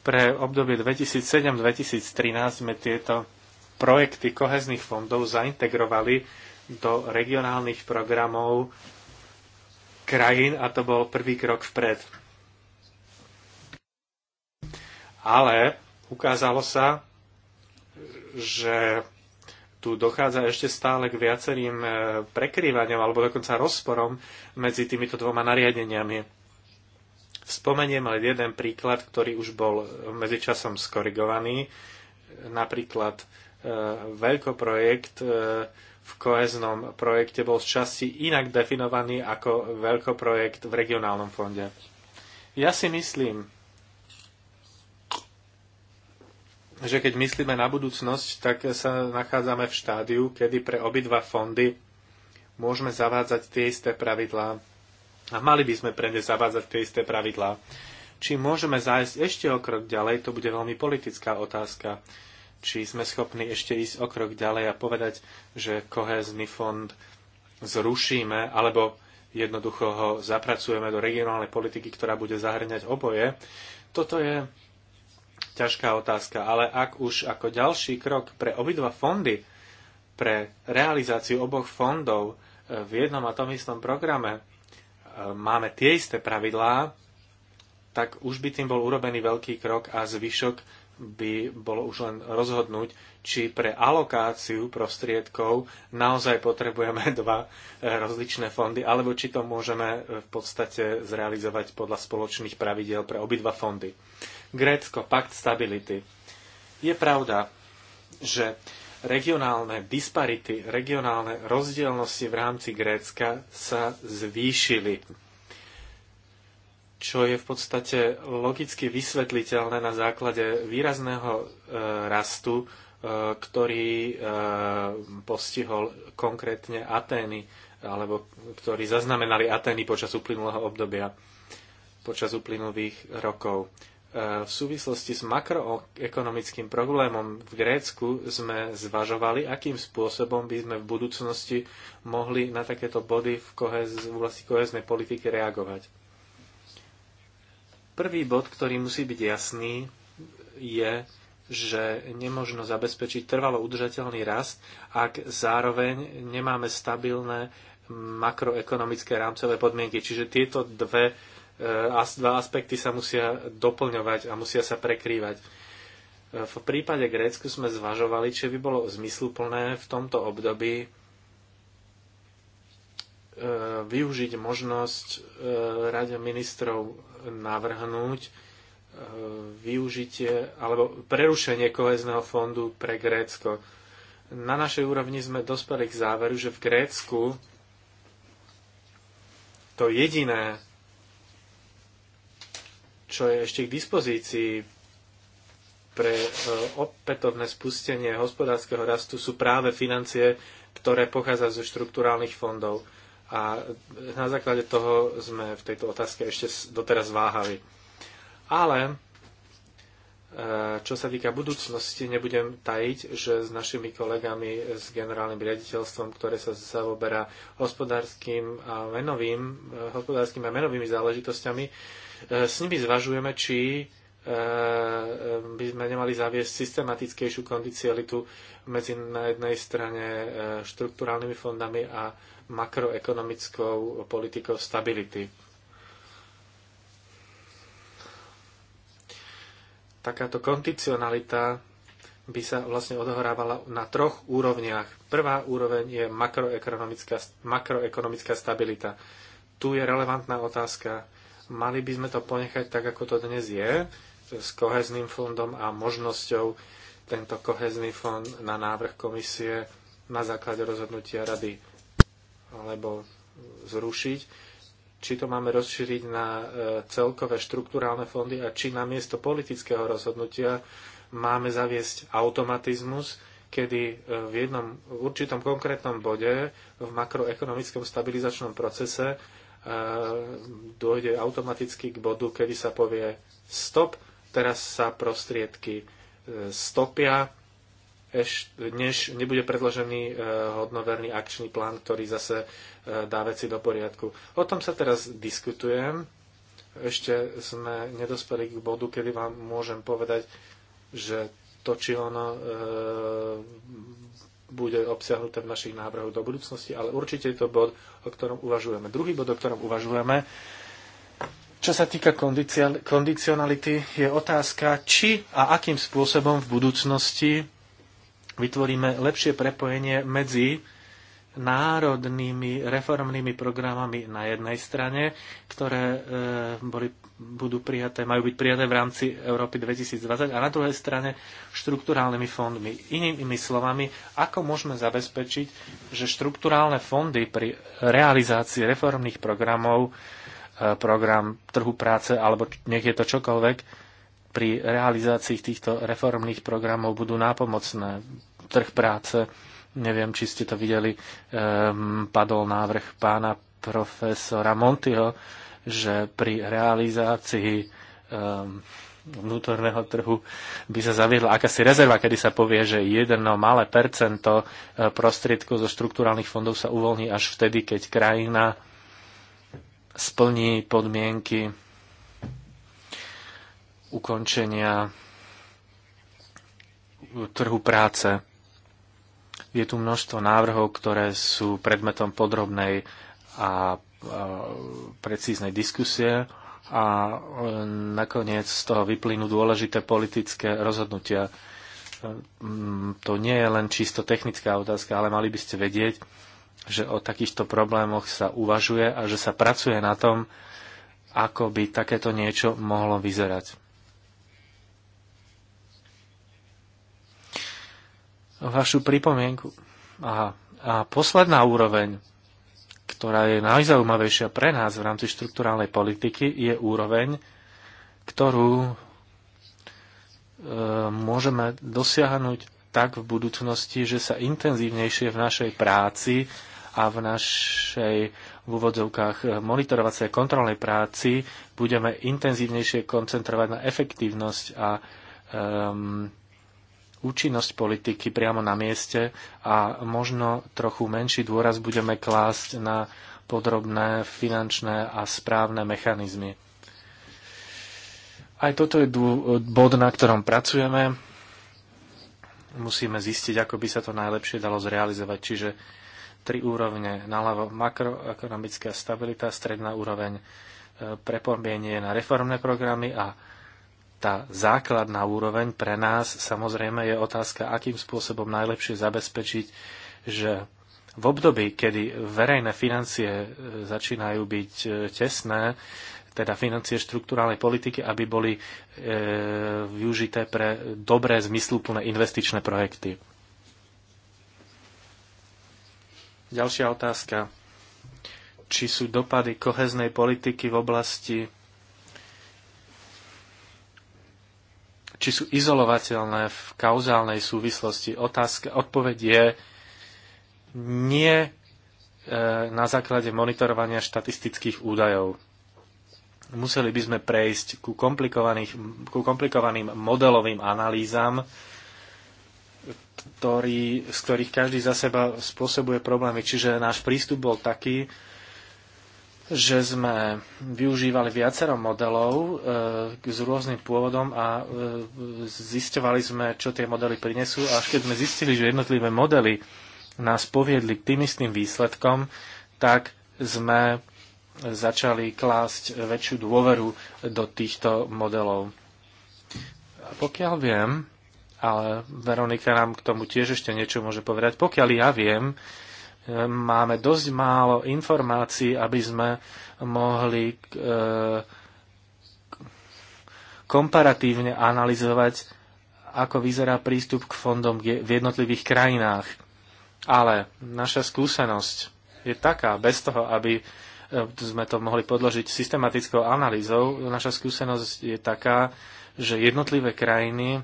Pre obdobie 2007-2013 sme tieto projekty kohezných fondov zaintegrovali do regionálnych programov krajín a to bol prvý krok vpred. Ale ukázalo sa, že tu dochádza ešte stále k viacerým e, prekrývaniam alebo dokonca rozporom medzi týmito dvoma nariadeniami. Spomeniem len jeden príklad, ktorý už bol medzičasom skorigovaný. Napríklad e, veľkoprojekt e, v koheznom projekte bol z časti inak definovaný ako veľkoprojekt v regionálnom fonde. Ja si myslím, že keď myslíme na budúcnosť, tak sa nachádzame v štádiu, kedy pre obidva fondy môžeme zavádzať tie isté pravidlá a mali by sme pre ne zavádzať tie isté pravidlá. Či môžeme zájsť ešte o krok ďalej, to bude veľmi politická otázka či sme schopní ešte ísť o krok ďalej a povedať, že kohézny fond zrušíme, alebo jednoducho ho zapracujeme do regionálnej politiky, ktorá bude zahrňať oboje. Toto je ťažká otázka, ale ak už ako ďalší krok pre obidva fondy, pre realizáciu oboch fondov e, v jednom a tom istom programe e, máme tie isté pravidlá, tak už by tým bol urobený veľký krok a zvyšok by bolo už len rozhodnúť, či pre alokáciu prostriedkov naozaj potrebujeme dva eh, rozličné fondy, alebo či to môžeme eh, v podstate zrealizovať podľa spoločných pravidel pre obidva fondy. Grécko, pakt stability. Je pravda, že regionálne disparity, regionálne rozdielnosti v rámci Grécka sa zvýšili čo je v podstate logicky vysvetliteľné na základe výrazného e, rastu, e, ktorý e, postihol konkrétne Atény, alebo ktorý zaznamenali Atény počas uplynulého obdobia, počas uplynulých rokov. V súvislosti s makroekonomickým problémom v Grécku sme zvažovali, akým spôsobom by sme v budúcnosti mohli na takéto body v, kohez, v oblasti koheznej politiky reagovať Prvý bod, ktorý musí byť jasný, je, že nemožno zabezpečiť trvalo udržateľný rast, ak zároveň nemáme stabilné makroekonomické rámcové podmienky. Čiže tieto dve, e, dva aspekty sa musia doplňovať a musia sa prekrývať. E, v prípade Grécku sme zvažovali, či by bolo zmysluplné v tomto období e, využiť možnosť Rade ministrov navrhnúť e, využitie alebo prerušenie kohezného fondu pre Grécko. Na našej úrovni sme dospeli k záveru, že v Grécku to jediné, čo je ešte k dispozícii pre e, opätovné spustenie hospodárskeho rastu sú práve financie, ktoré pochádza zo štrukturálnych fondov. A na základe toho sme v tejto otázke ešte doteraz váhali. Ale e, čo sa týka budúcnosti, nebudem tajiť, že s našimi kolegami s generálnym riaditeľstvom, ktoré sa zaoberá hospodárským a menovým, e, hospodárským a menovými záležitosťami, e, s nimi zvažujeme, či by sme nemali zaviesť systematickejšiu kondicialitu medzi na jednej strane štruktúrálnymi fondami a makroekonomickou politikou stability. Takáto kondicionalita by sa vlastne odohrávala na troch úrovniach. Prvá úroveň je makroekonomická, makroekonomická stabilita. Tu je relevantná otázka. Mali by sme to ponechať tak, ako to dnes je, s kohezným fondom a možnosťou tento kohezný fond na návrh komisie na základe rozhodnutia rady alebo zrušiť, či to máme rozšíriť na e, celkové štruktúrálne fondy a či namiesto politického rozhodnutia máme zaviesť automatizmus, kedy e, v jednom určitom konkrétnom bode v makroekonomickom stabilizačnom procese e, dôjde automaticky k bodu, kedy sa povie stop, teraz sa prostriedky stopia, eš, než nebude predložený e, hodnoverný akčný plán, ktorý zase e, dá veci do poriadku. O tom sa teraz diskutujem. Ešte sme nedospeli k bodu, kedy vám môžem povedať, že to, či ono e, bude obsiahnuté v našich návrhoch do budúcnosti, ale určite je to bod, o ktorom uvažujeme. Druhý bod, o ktorom uvažujeme, čo sa týka kondicionality, je otázka, či a akým spôsobom v budúcnosti vytvoríme lepšie prepojenie medzi národnými reformnými programami na jednej strane, ktoré e, boli, budú prijaté, majú byť prijaté v rámci Európy 2020 a na druhej strane štruktúrálnymi fondmi. Inými slovami, ako môžeme zabezpečiť, že štruktúrálne fondy pri realizácii reformných programov, e, program trhu práce alebo nech je to čokoľvek, pri realizácii týchto reformných programov budú nápomocné. Trh práce, neviem, či ste to videli, um, padol návrh pána profesora Montyho, že pri realizácii um, vnútorného trhu by sa zaviedla akási rezerva, kedy sa povie, že jedno malé percento e, prostriedkov zo štruktúrálnych fondov sa uvoľní až vtedy, keď krajina splní podmienky ukončenia trhu práce. Je tu množstvo návrhov, ktoré sú predmetom podrobnej a precíznej diskusie a e, nakoniec z toho vyplynú dôležité politické rozhodnutia. E, to nie je len čisto technická otázka, ale mali by ste vedieť, že o takýchto problémoch sa uvažuje a že sa pracuje na tom, ako by takéto niečo mohlo vyzerať. vašu pripomienku. Aha. A posledná úroveň, ktorá je najzaujímavejšia pre nás v rámci štruktúrálnej politiky, je úroveň, ktorú e, môžeme dosiahnuť tak v budúcnosti, že sa intenzívnejšie v našej práci a v našej v úvodzovkách e, monitorovacej kontrolnej práci budeme intenzívnejšie koncentrovať na efektívnosť a ehm, účinnosť politiky priamo na mieste a možno trochu menší dôraz budeme klásť na podrobné finančné a správne mechanizmy. Aj toto je bod, na ktorom pracujeme. Musíme zistiť, ako by sa to najlepšie dalo zrealizovať. Čiže tri úrovne. Naľavo makroekonomická stabilita, stredná úroveň e, prepombienie na reformné programy a tá základná úroveň pre nás samozrejme je otázka, akým spôsobom najlepšie zabezpečiť, že v období, kedy verejné financie e, začínajú byť e, tesné, teda financie štruktúrálnej politiky, aby boli e, využité pre dobré, zmysluplné investičné projekty. Ďalšia otázka. Či sú dopady koheznej politiky v oblasti či sú izolovateľné v kauzálnej súvislosti. Otázka, odpoveď je nie e, na základe monitorovania štatistických údajov. Museli by sme prejsť ku, ku komplikovaným modelovým analýzam, ktorý, z ktorých každý za seba spôsobuje problémy. Čiže náš prístup bol taký, že sme využívali viacero modelov e, s rôznym pôvodom a e, zisťovali sme, čo tie modely prinesú. A až keď sme zistili, že jednotlivé modely nás poviedli k tým istým výsledkom, tak sme začali klásť väčšiu dôveru do týchto modelov. A pokiaľ viem, ale Veronika nám k tomu tiež ešte niečo môže povedať, pokiaľ ja viem, máme dosť málo informácií, aby sme mohli e, komparatívne analyzovať, ako vyzerá prístup k fondom v jednotlivých krajinách. Ale naša skúsenosť je taká, bez toho, aby e, sme to mohli podložiť systematickou analýzou, naša skúsenosť je taká, že jednotlivé krajiny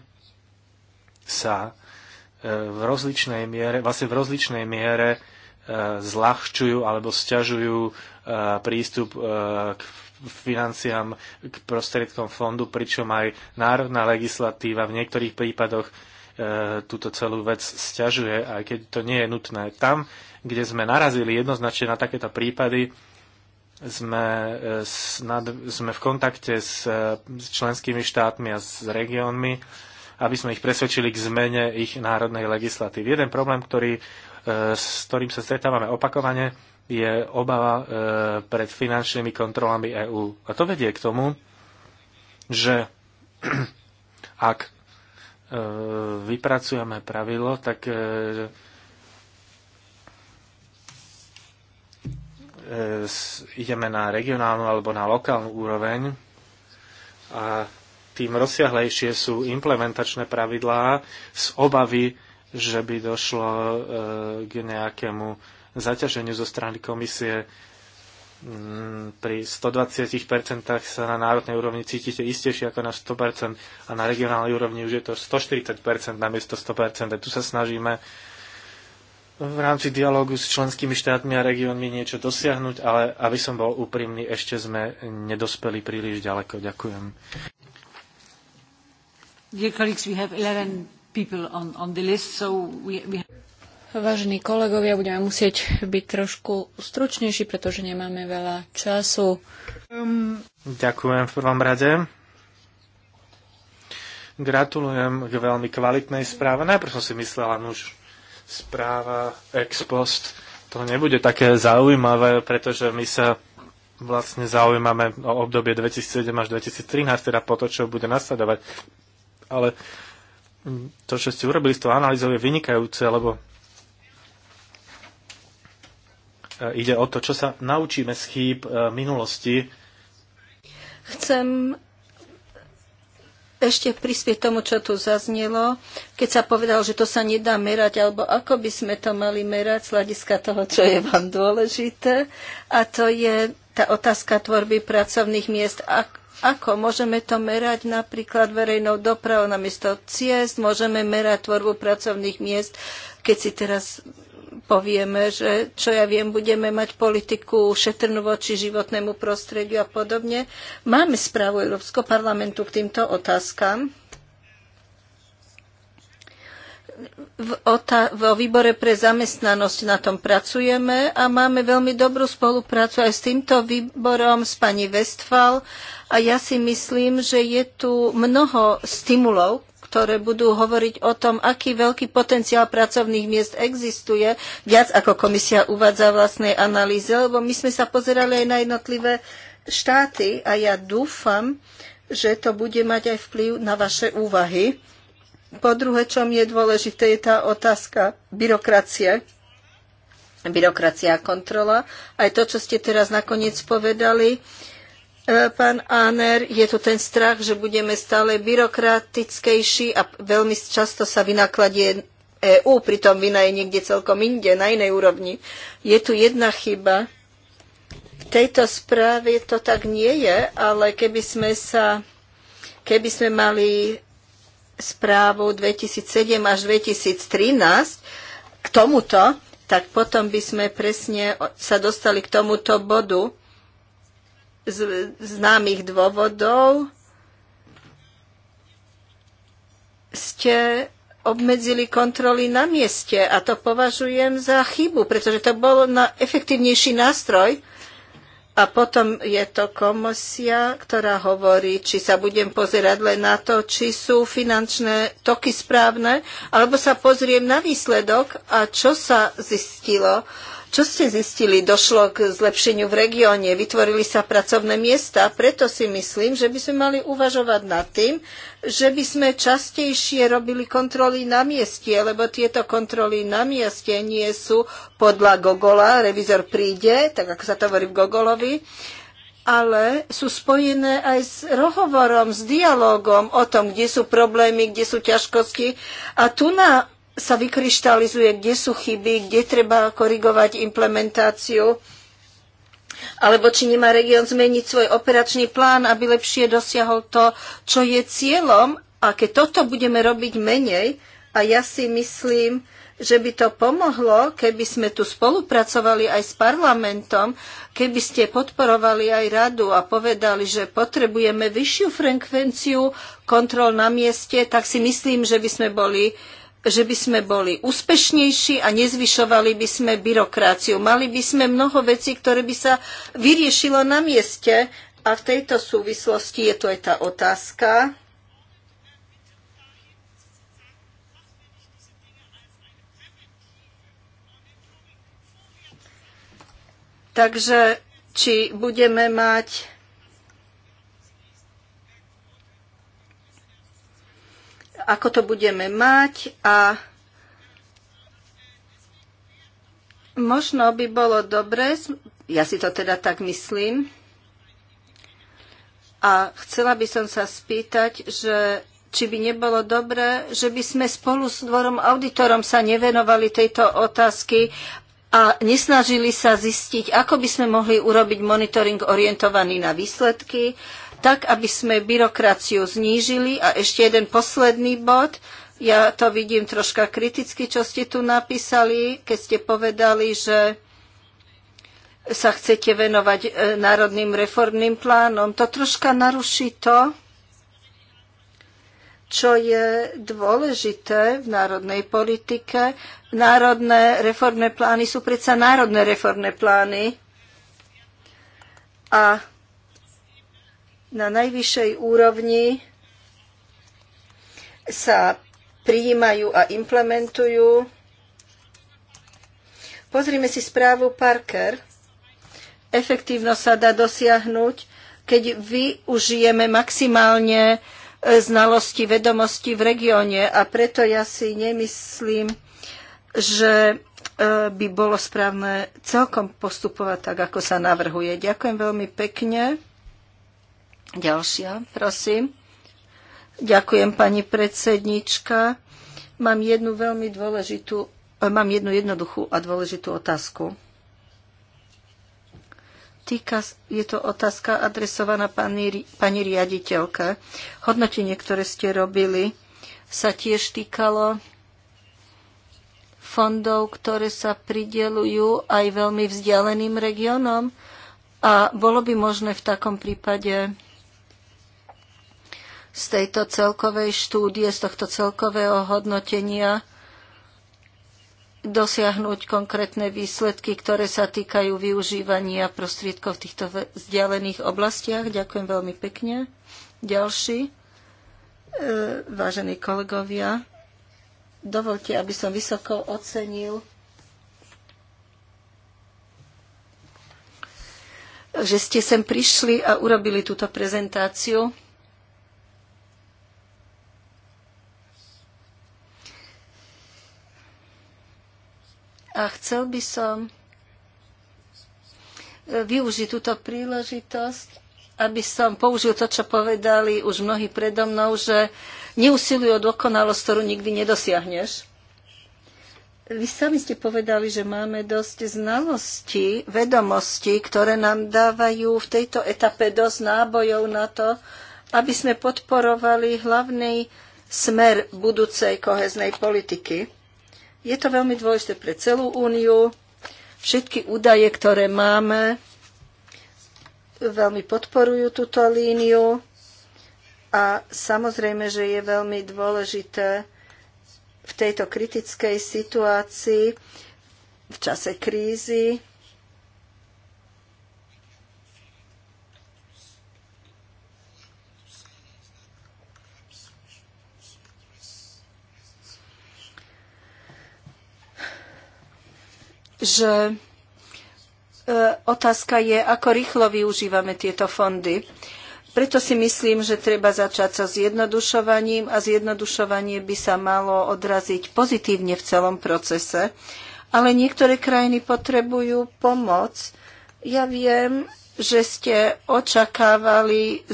sa e, v rozličnej miere, vlastne v rozličnej miere zľahčujú alebo stiažujú e, prístup e, k financiám, k prostriedkom fondu, pričom aj národná legislatíva v niektorých prípadoch e, túto celú vec stiažuje, aj keď to nie je nutné. Tam, kde sme narazili jednoznačne na takéto prípady, sme, sme v kontakte s členskými štátmi a s regiónmi, aby sme ich presvedčili k zmene ich národnej legislatívy. Jeden problém, ktorý E, s ktorým sa stretávame opakovane, je obava e, pred finančnými kontrolami EÚ. A to vedie k tomu, že ak e, vypracujeme pravidlo, tak ideme na regionálnu alebo na lokálnu úroveň a tým rozsiahlejšie sú implementačné pravidlá z obavy že by došlo e, k nejakému zaťaženiu zo strany komisie. Mm, pri 120% sa na národnej úrovni cítite istejšie ako na 100% a na regionálnej úrovni už je to 140% namiesto 100%. A tu sa snažíme v rámci dialogu s členskými štátmi a regiónmi niečo dosiahnuť, ale aby som bol úprimný, ešte sme nedospeli príliš ďaleko. Ďakujem. Dear colleagues, we have 11 Vážení kolegovia, budeme musieť byť trošku stručnejší, pretože nemáme veľa času. Um, ďakujem v prvom rade. Gratulujem k veľmi kvalitnej správe. Najprv som si myslela, už správa ex post, to nebude také zaujímavé, pretože my sa vlastne zaujímame o obdobie 2007 až 2013, teda po to, čo bude nasledovať. Ale to, čo ste urobili s tou analýzou, je vynikajúce, lebo e, ide o to, čo sa naučíme z chýb e, minulosti. Chcem ešte prispieť tomu, čo tu zaznelo, keď sa povedal, že to sa nedá merať, alebo ako by sme to mali merať z hľadiska toho, čo je vám dôležité. A to je tá otázka tvorby pracovných miest. Ak, ako? Môžeme to merať napríklad verejnou dopravou na miesto ciest, môžeme merať tvorbu pracovných miest, keď si teraz povieme, že čo ja viem, budeme mať politiku šetrnú voči životnému prostrediu a podobne. Máme správu Európskeho parlamentu k týmto otázkam vo výbore pre zamestnanosť na tom pracujeme a máme veľmi dobrú spoluprácu aj s týmto výborom, s pani Westfal. A ja si myslím, že je tu mnoho stimulov, ktoré budú hovoriť o tom, aký veľký potenciál pracovných miest existuje, viac ako komisia uvádza vlastnej analýze, lebo my sme sa pozerali aj na jednotlivé štáty a ja dúfam, že to bude mať aj vplyv na vaše úvahy po druhé, čo mi je dôležité, je tá otázka byrokracie. Byrokracia a kontrola. Aj to, čo ste teraz nakoniec povedali, e, pán Áner, je tu ten strach, že budeme stále byrokratickejší a veľmi často sa vynakladie EÚ, pritom vina je niekde celkom inde, na inej úrovni. Je tu jedna chyba. V tejto správe to tak nie je, ale keby sme sa keby sme mali správu 2007 až 2013 k tomuto, tak potom by sme presne sa dostali k tomuto bodu z známych dôvodov. Ste obmedzili kontroly na mieste a to považujem za chybu, pretože to bol na efektívnejší nástroj, a potom je to komisia, ktorá hovorí, či sa budem pozerať len na to, či sú finančné toky správne, alebo sa pozriem na výsledok a čo sa zistilo. Čo ste zistili? Došlo k zlepšeniu v regióne, vytvorili sa pracovné miesta, preto si myslím, že by sme mali uvažovať nad tým, že by sme častejšie robili kontroly na mieste, lebo tieto kontroly na mieste nie sú podľa Gogola, revizor príde, tak ako sa to hovorí v Gogolovi, ale sú spojené aj s rozhovorom, s dialogom o tom, kde sú problémy, kde sú ťažkosti. A tu na sa vykryštalizuje, kde sú chyby, kde treba korigovať implementáciu, alebo či nemá región zmeniť svoj operačný plán, aby lepšie dosiahol to, čo je cieľom. A keď toto budeme robiť menej, a ja si myslím, že by to pomohlo, keby sme tu spolupracovali aj s parlamentom, keby ste podporovali aj radu a povedali, že potrebujeme vyššiu frekvenciu kontrol na mieste, tak si myslím, že by sme boli uh, že by sme boli úspešnejší a nezvyšovali by sme byrokraciu. Mali by sme mnoho vecí, ktoré by sa vyriešilo na mieste a v tejto súvislosti je to aj tá otázka, Takže či budeme mať ako to budeme mať a možno by bolo dobre, ja si to teda tak myslím, a chcela by som sa spýtať, že či by nebolo dobré, že by sme spolu s dvorom auditorom sa nevenovali tejto otázky a nesnažili sa zistiť, ako by sme mohli urobiť monitoring orientovaný na výsledky, tak aby sme byrokraciu znížili. A ešte jeden posledný bod. Ja to vidím troška kriticky, čo ste tu napísali, keď ste povedali, že sa chcete venovať e, národným reformným plánom. To troška naruší to, čo je dôležité v národnej politike. Národné reformné plány sú predsa národné reformné plány. A na najvyššej úrovni sa prijímajú a implementujú. Pozrime si správu Parker. Efektívno sa dá dosiahnuť, keď využijeme maximálne e, znalosti, vedomosti v regióne a preto ja si nemyslím, že e, by bolo správne celkom postupovať tak, ako sa navrhuje. Ďakujem veľmi pekne. Ďalšia, prosím. Ďakujem, pani predsednička. Mám jednu veľmi dôležitú, eh, mám jednu jednoduchú a dôležitú otázku. Týka, je to otázka adresovaná pani, pani riaditeľke. Hodnotenie, ktoré ste robili, sa tiež týkalo fondov, ktoré sa pridelujú aj veľmi vzdialeným regiónom. A bolo by možné v takom prípade z tejto celkovej štúdie, z tohto celkového hodnotenia dosiahnuť konkrétne výsledky, ktoré sa týkajú využívania prostriedkov v týchto vzdialených oblastiach. Ďakujem veľmi pekne. Ďalší, e, vážení kolegovia, dovolte, aby som vysoko ocenil, že ste sem prišli a urobili túto prezentáciu. A chcel by som e, využiť túto príležitosť, aby som použil to, čo povedali už mnohí predo mnou, že neusiluj o dokonalosť, ktorú nikdy nedosiahneš. Vy sami ste povedali, že máme dosť znalostí, vedomostí, ktoré nám dávajú v tejto etape dosť nábojov na to, aby sme podporovali hlavný smer budúcej koheznej politiky. Je to veľmi dôležité pre celú úniu. Všetky údaje, ktoré máme, veľmi podporujú túto líniu. A samozrejme, že je veľmi dôležité v tejto kritickej situácii, v čase krízy, že e, otázka je, ako rýchlo využívame tieto fondy. Preto si myslím, že treba začať so zjednodušovaním a zjednodušovanie by sa malo odraziť pozitívne v celom procese. Ale niektoré krajiny potrebujú pomoc. Ja viem, že ste očakávali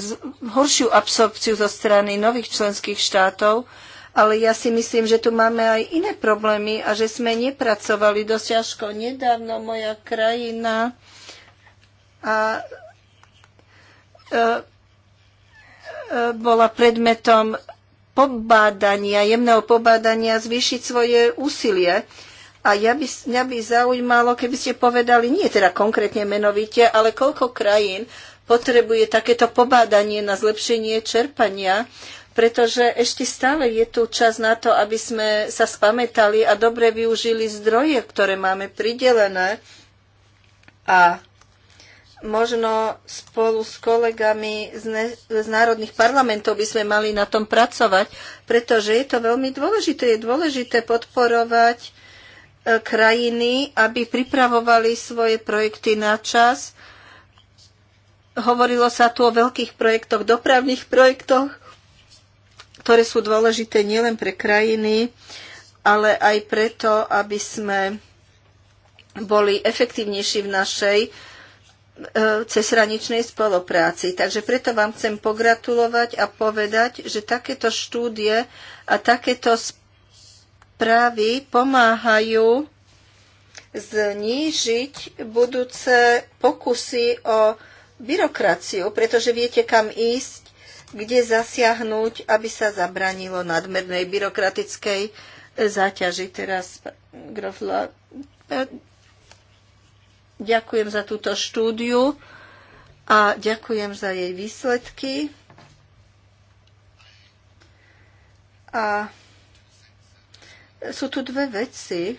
horšiu absorpciu zo strany nových členských štátov, ale ja si myslím, že tu máme aj iné problémy a že sme nepracovali dosť ťažko. Nedávno moja krajina a, e, e, bola predmetom pobádania, jemného pobádania zvýšiť svoje úsilie. A ja by, mňa by zaujímalo, keby ste povedali, nie teda konkrétne menovite, ale koľko krajín potrebuje takéto pobádanie na zlepšenie čerpania pretože ešte stále je tu čas na to, aby sme sa spametali a dobre využili zdroje, ktoré máme pridelené. A možno spolu s kolegami z, ne- z národných parlamentov by sme mali na tom pracovať, pretože je to veľmi dôležité. Je dôležité podporovať e, krajiny, aby pripravovali svoje projekty na čas. Hovorilo sa tu o veľkých projektoch, dopravných projektoch, ktoré sú dôležité nielen pre krajiny, ale aj preto, aby sme boli efektívnejší v našej e, cezhraničnej spolupráci. Takže preto vám chcem pogratulovať a povedať, že takéto štúdie a takéto správy pomáhajú znížiť budúce pokusy o byrokraciu, pretože viete, kam ísť kde zasiahnuť, aby sa zabranilo nadmernej byrokratickej e, záťaži. Teraz, Grofla, e, ďakujem za túto štúdiu a ďakujem za jej výsledky. A sú tu dve veci,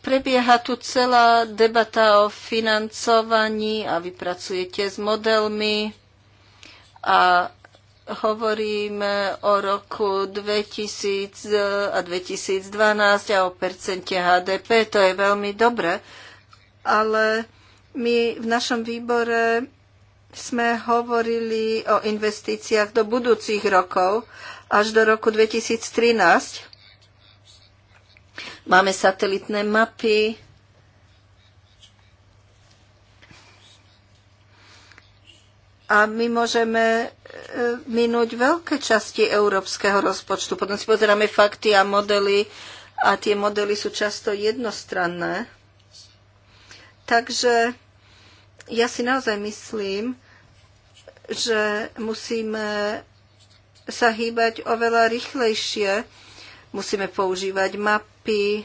Prebieha tu celá debata o financovaní a vypracujete s modelmi a hovoríme o roku 2000 a 2012 a o percente HDP, to je veľmi dobre, ale my v našom výbore sme hovorili o investíciách do budúcich rokov až do roku 2013 Máme satelitné mapy. A my môžeme e, minúť veľké časti európskeho rozpočtu. Potom si pozeráme fakty a modely a tie modely sú často jednostranné. Takže ja si naozaj myslím, že musíme sa hýbať oveľa rýchlejšie, Musíme používať mapy,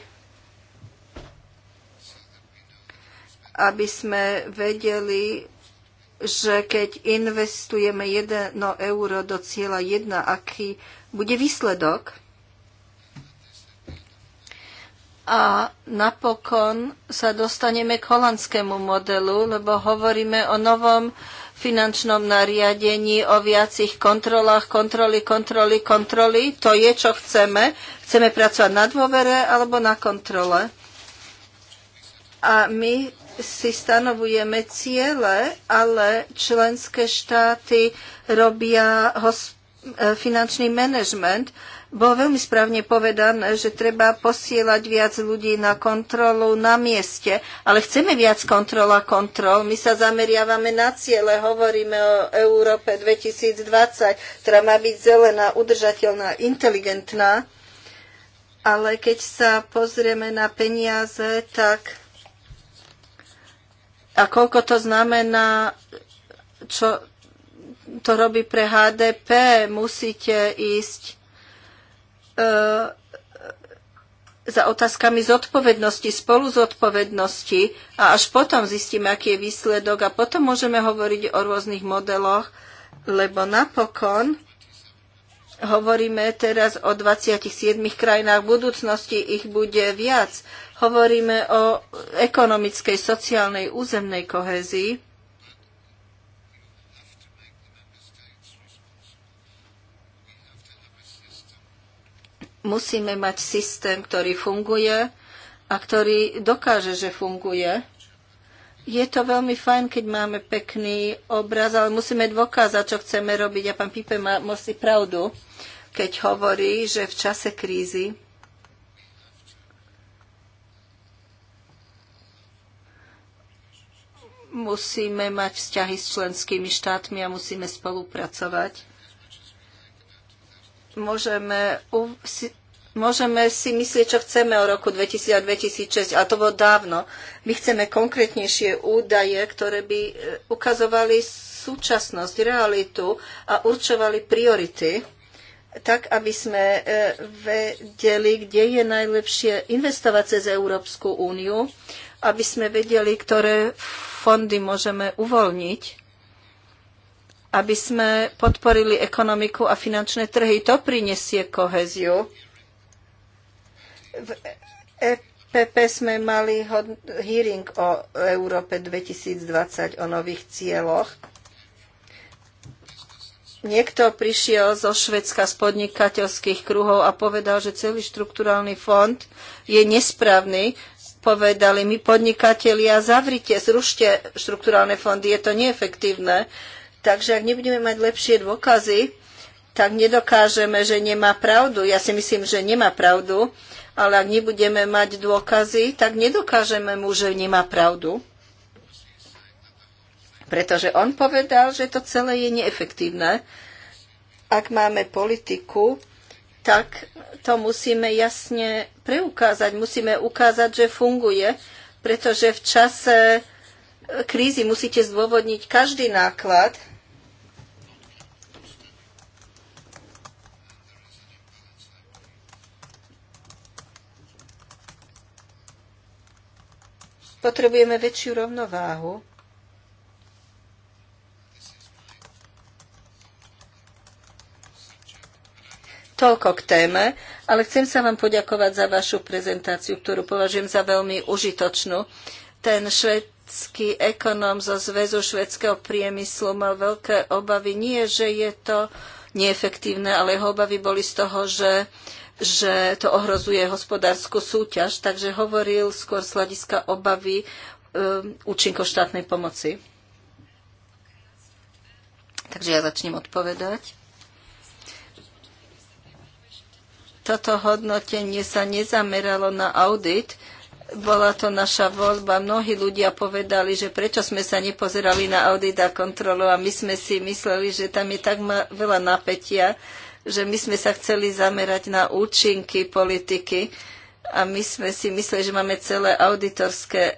aby sme vedeli, že keď investujeme 1 euro do cieľa 1, aký bude výsledok. A napokon sa dostaneme k holandskému modelu, lebo hovoríme o novom finančnom nariadení, o viacich kontrolách, kontroly, kontroly, kontroly. To je, čo chceme. Chceme pracovať na dôvere alebo na kontrole. A my si stanovujeme ciele, ale členské štáty robia eh, finančný manažment bolo veľmi správne povedané, že treba posielať viac ľudí na kontrolu na mieste, ale chceme viac kontrol a kontrol. My sa zameriavame na ciele, hovoríme o Európe 2020, ktorá má byť zelená, udržateľná, inteligentná. Ale keď sa pozrieme na peniaze, tak a koľko to znamená, čo to robí pre HDP, musíte ísť E, e, za otázkami zodpovednosti, spolu zodpovednosti a až potom zistíme, aký je výsledok a potom môžeme hovoriť o rôznych modeloch, lebo napokon hovoríme teraz o 27 krajinách, v budúcnosti ich bude viac. Hovoríme o ekonomickej, sociálnej, územnej kohézii Musíme mať systém, ktorý funguje a ktorý dokáže, že funguje. Je to veľmi fajn, keď máme pekný obraz, ale musíme dôkázať, čo chceme robiť. A pán Pipe má si pravdu, keď hovorí, že v čase krízy musíme mať vzťahy s členskými štátmi a musíme spolupracovať. Môžeme Môžeme si myslieť, čo chceme o roku 2000 a 2006, ale to bolo dávno. My chceme konkrétnejšie údaje, ktoré by e, ukazovali súčasnosť, realitu a určovali priority, tak aby sme e, vedeli, kde je najlepšie investovať cez Európsku úniu, aby sme vedeli, ktoré fondy môžeme uvoľniť aby sme podporili ekonomiku a finančné trhy. To prinesie koheziu. V EPP sme mali hearing o Európe 2020, o nových cieľoch. Niekto prišiel zo Švedska z podnikateľských kruhov a povedal, že celý štrukturálny fond je nesprávny. Povedali mi podnikatelia, zavrite, zrušte štrukturálne fondy, je to neefektívne. Takže ak nebudeme mať lepšie dôkazy, tak nedokážeme, že nemá pravdu. Ja si myslím, že nemá pravdu, ale ak nebudeme mať dôkazy, tak nedokážeme mu, že nemá pravdu. Pretože on povedal, že to celé je neefektívne. Ak máme politiku, tak to musíme jasne preukázať. Musíme ukázať, že funguje, pretože v čase krízy musíte zdôvodniť každý náklad, Potrebujeme väčšiu rovnováhu. Toľko k téme, ale chcem sa vám poďakovať za vašu prezentáciu, ktorú považujem za veľmi užitočnú. Ten švedský ekonóm zo Zväzu švedského priemyslu mal veľké obavy. Nie, že je to neefektívne, ale jeho obavy boli z toho, že že to ohrozuje hospodárskú súťaž, takže hovoril skôr z hľadiska obavy um, účinkov štátnej pomoci. Takže ja začnem odpovedať. Toto hodnotenie sa nezameralo na audit, bola to naša voľba. Mnohí ľudia povedali, že prečo sme sa nepozerali na audit a kontrolu a my sme si mysleli, že tam je tak veľa napätia, že my sme sa chceli zamerať na účinky politiky a my sme si mysleli, že máme celé auditorské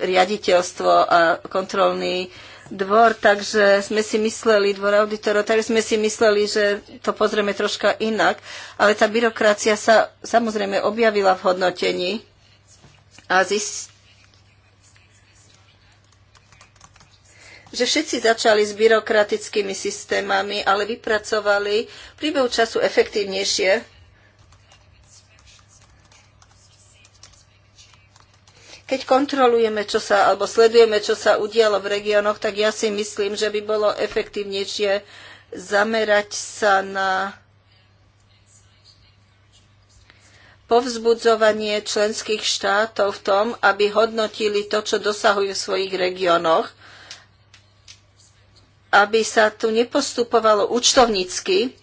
riaditeľstvo a kontrolný dvor, takže sme si mysleli, dvor auditorov, takže sme si mysleli, že to pozrieme troška inak, ale tá byrokracia sa samozrejme objavila v hodnotení a zistila, že všetci začali s byrokratickými systémami, ale vypracovali príbehu času efektívnejšie. Keď kontrolujeme, čo sa, alebo sledujeme, čo sa udialo v regiónoch, tak ja si myslím, že by bolo efektívnejšie zamerať sa na povzbudzovanie členských štátov v tom, aby hodnotili to, čo dosahujú v svojich regiónoch aby sa tu nepostupovalo účtovnícky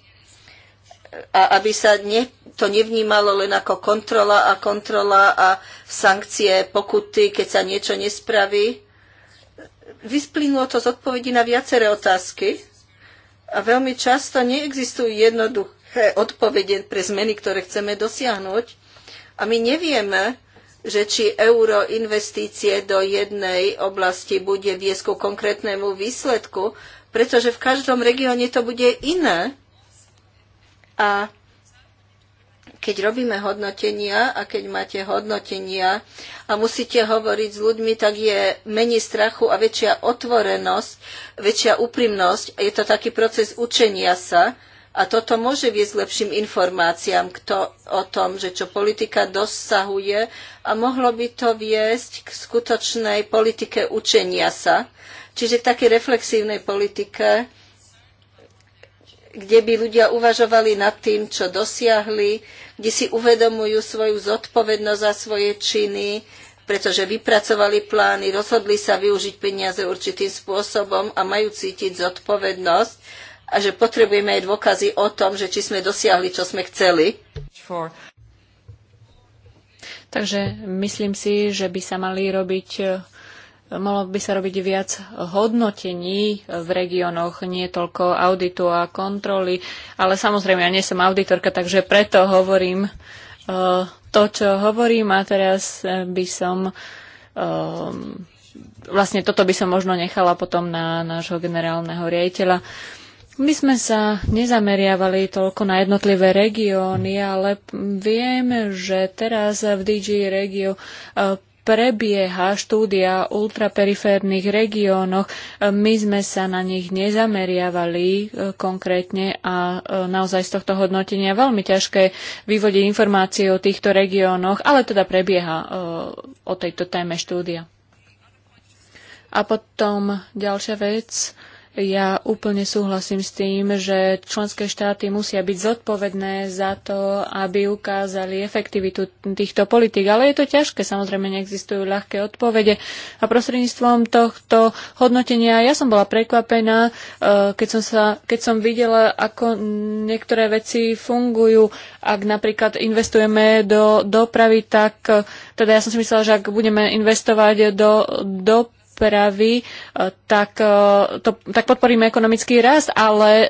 a aby sa ne, to nevnímalo len ako kontrola a kontrola a sankcie, pokuty, keď sa niečo nespraví. Vysplynulo to z odpovedí na viaceré otázky a veľmi často neexistujú jednoduché odpovede pre zmeny, ktoré chceme dosiahnuť. A my nevieme, že či euro investície do jednej oblasti bude viesť ku konkrétnemu výsledku, pretože v každom regióne to bude iné. A keď robíme hodnotenia a keď máte hodnotenia a musíte hovoriť s ľuďmi, tak je menej strachu a väčšia otvorenosť, väčšia úprimnosť. Je to taký proces učenia sa, a toto môže viesť k lepším informáciám kto, o tom, že čo politika dosahuje a mohlo by to viesť k skutočnej politike učenia sa, čiže k takej reflexívnej politike, kde by ľudia uvažovali nad tým, čo dosiahli, kde si uvedomujú svoju zodpovednosť za svoje činy, pretože vypracovali plány, rozhodli sa využiť peniaze určitým spôsobom a majú cítiť zodpovednosť a že potrebujeme aj dôkazy o tom, že či sme dosiahli, čo sme chceli. Takže myslím si, že by sa mali robiť eh, Malo by sa robiť viac hodnotení v regiónoch, nie toľko auditu a kontroly, ale samozrejme ja nie som auditorka, takže preto hovorím uh, to, čo hovorím a teraz eh, by som uh, vlastne toto by som možno nechala potom na nášho generálneho riaditeľa. Uh, my sme sa nezameriavali toľko na jednotlivé regióny, ale viem, že teraz v DG Regio e, prebieha štúdia o ultraperiférnych regiónoch. E, my sme sa na nich nezameriavali e, konkrétne a naozaj z tohto hodnotenia veľmi ťažké vyvodiť informácie o týchto regiónoch, ale teda prebieha o tejto téme štúdia. A potom ďalšia vec ja úplne súhlasím s tým, že členské štáty musia byť zodpovedné za to, aby ukázali efektivitu týchto politik. Ale je to ťažké, samozrejme neexistujú ľahké odpovede. A prostredníctvom tohto hodnotenia ja som bola prekvapená, e, keď som, sa, keď som videla, ako niektoré veci fungujú. Ak napríklad investujeme do dopravy, tak e, teda ja som si myslela, že ak budeme investovať do dopravy, dopravy, e, tak, e, to, tak podporíme ekonomický rast, ale e,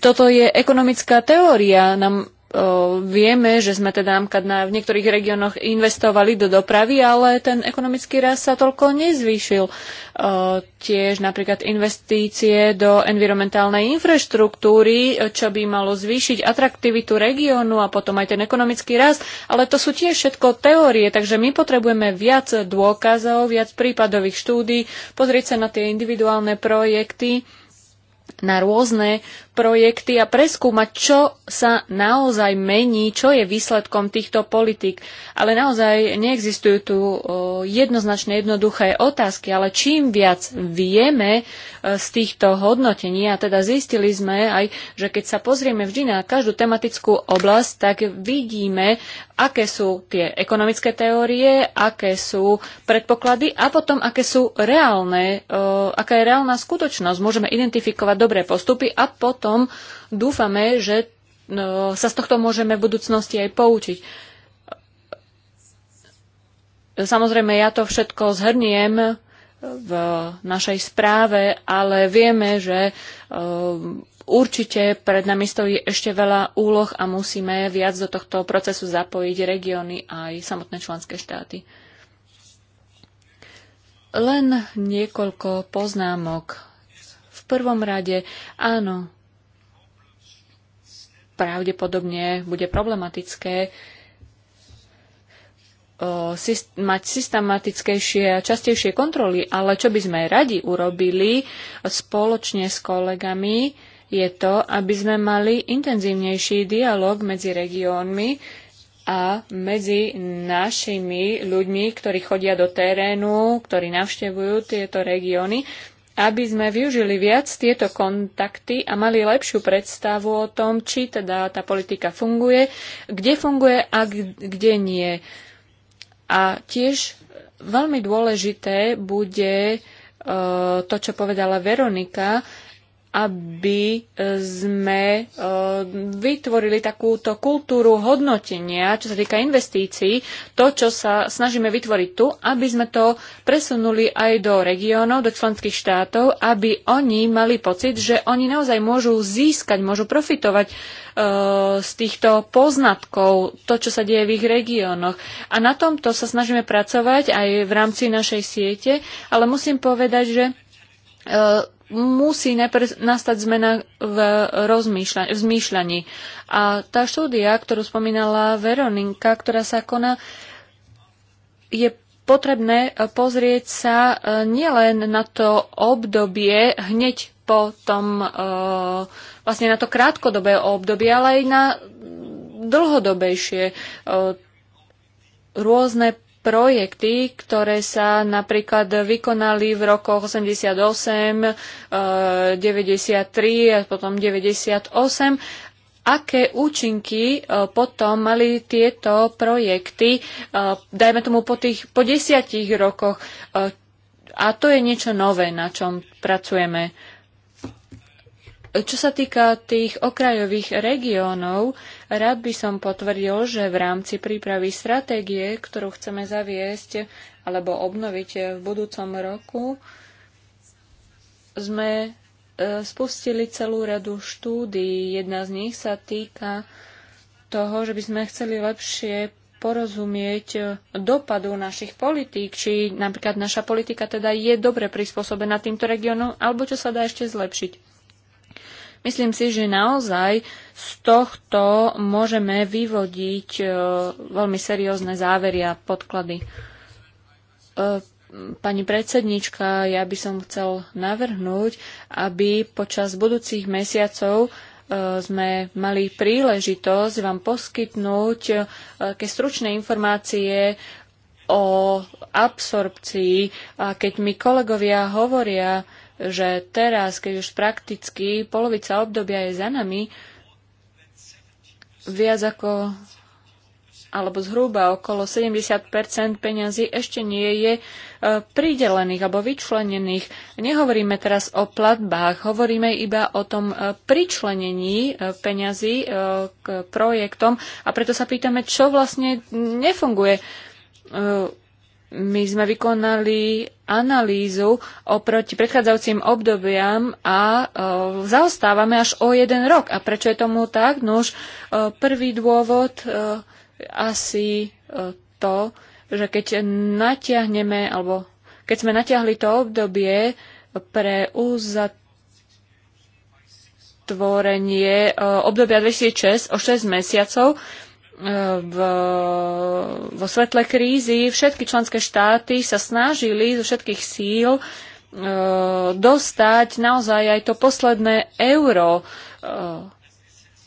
toto je ekonomická teória. Nám vieme, že sme teda napríklad v niektorých regiónoch investovali do dopravy, ale ten ekonomický rast sa toľko nezvýšil. Tiež napríklad investície do environmentálnej infraštruktúry, čo by malo zvýšiť atraktivitu regiónu a potom aj ten ekonomický rast, ale to sú tiež všetko teórie, takže my potrebujeme viac dôkazov, viac prípadových štúdí, pozrieť sa na tie individuálne projekty na rôzne projekty a preskúmať, čo sa naozaj mení, čo je výsledkom týchto politik. Ale naozaj neexistujú tu jednoznačne jednoduché otázky, ale čím viac vieme e, z týchto hodnotení, a teda zistili sme aj, že keď sa pozrieme vždy na každú tematickú oblasť, tak vidíme, aké sú tie ekonomické teórie, aké sú predpoklady a potom, aké sú reálne, aká je reálna skutočnosť. Môžeme identifikovať dobré postupy a potom potom dúfame, že no, sa z tohto môžeme v budúcnosti aj poučiť. Samozrejme, ja to všetko zhrniem v našej správe, ale vieme, že um, určite pred nami stojí ešte veľa úloh a musíme viac do tohto procesu zapojiť regióny aj samotné členské štáty. Len niekoľko poznámok. V prvom rade, áno, pravdepodobne bude problematické mať systematickejšie a častejšie kontroly, ale čo by sme radi urobili spoločne s kolegami, je to, aby sme mali intenzívnejší dialog medzi regiónmi a medzi našimi ľuďmi, ktorí chodia do terénu, ktorí navštevujú tieto regióny, aby sme využili viac tieto kontakty a mali lepšiu predstavu o tom, či teda tá politika funguje, kde funguje a kde nie. A tiež veľmi dôležité bude e, to, čo povedala Veronika, aby e, sme e, vytvorili takúto kultúru hodnotenia, čo sa týka investícií, to, čo sa snažíme vytvoriť tu, aby sme to presunuli aj do regiónov, do členských štátov, aby oni mali pocit, že oni naozaj môžu získať, môžu profitovať e, z týchto poznatkov, to, čo sa deje v ich regiónoch. A na tomto sa snažíme pracovať aj v rámci našej siete, ale musím povedať, že musí najprv nastať zmena v, rozmýšľa- v zmýšľaní. A tá štúdia, ktorú spomínala Veronika, ktorá sa koná, je potrebné pozrieť sa e, nielen na to obdobie hneď po tom, e, vlastne na to krátkodobé obdobie, ale aj na dlhodobejšie e, rôzne projekty, ktoré sa napríklad vykonali v rokoch 88, 93 eh, a potom 98. Aké účinky eh, potom mali tieto projekty, eh, dajme tomu po, tých, po desiatich rokoch? A to je niečo nové, na čom pracujeme. Čo sa týka tých okrajových regiónov, Rád by som potvrdil, že v rámci prípravy stratégie, ktorú chceme zaviesť alebo obnoviť v budúcom roku, sme e, spustili celú radu štúdií. Jedna z nich sa týka toho, že by sme chceli lepšie porozumieť dopadu našich politík, či napríklad naša politika teda je dobre prispôsobená týmto regiónom, alebo čo sa dá ešte zlepšiť. Myslím si, že naozaj z tohto môžeme vyvodiť e, veľmi seriózne závery a podklady. E, pani predsednička, ja by som chcel navrhnúť, aby počas budúcich mesiacov e, sme mali príležitosť vám poskytnúť také stručné informácie o absorpcii. A keď mi kolegovia hovoria, že teraz, keď už prakticky polovica obdobia je za nami, viac ako alebo zhruba okolo 70 peňazí ešte nie je e, pridelených alebo vyčlenených. Nehovoríme teraz o platbách, hovoríme iba o tom e, pričlenení e, peňazí k projektom a preto sa pýtame, čo vlastne nefunguje my sme vykonali analýzu oproti predchádzajúcim obdobiam a e, zaostávame až o jeden rok. A prečo je tomu tak? No už e, prvý dôvod e, asi e, to, že keď natiahneme, alebo keď sme natiahli to obdobie pre uzatvorenie e, obdobia 2006 o 6 mesiacov, v, vo svetle krízy všetky členské štáty sa snažili zo všetkých síl e, dostať naozaj aj to posledné euro. E,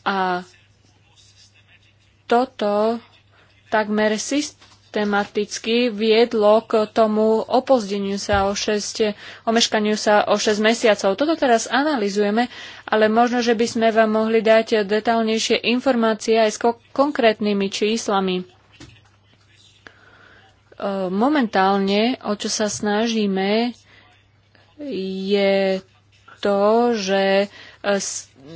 a toto takmer systém tematicky viedlo k tomu opozdeniu sa o 6, omeškaniu sa o 6 mesiacov. Toto teraz analizujeme, ale možno, že by sme vám mohli dať detálnejšie informácie aj s konkrétnymi číslami. E, momentálne, o čo sa snažíme, je to, že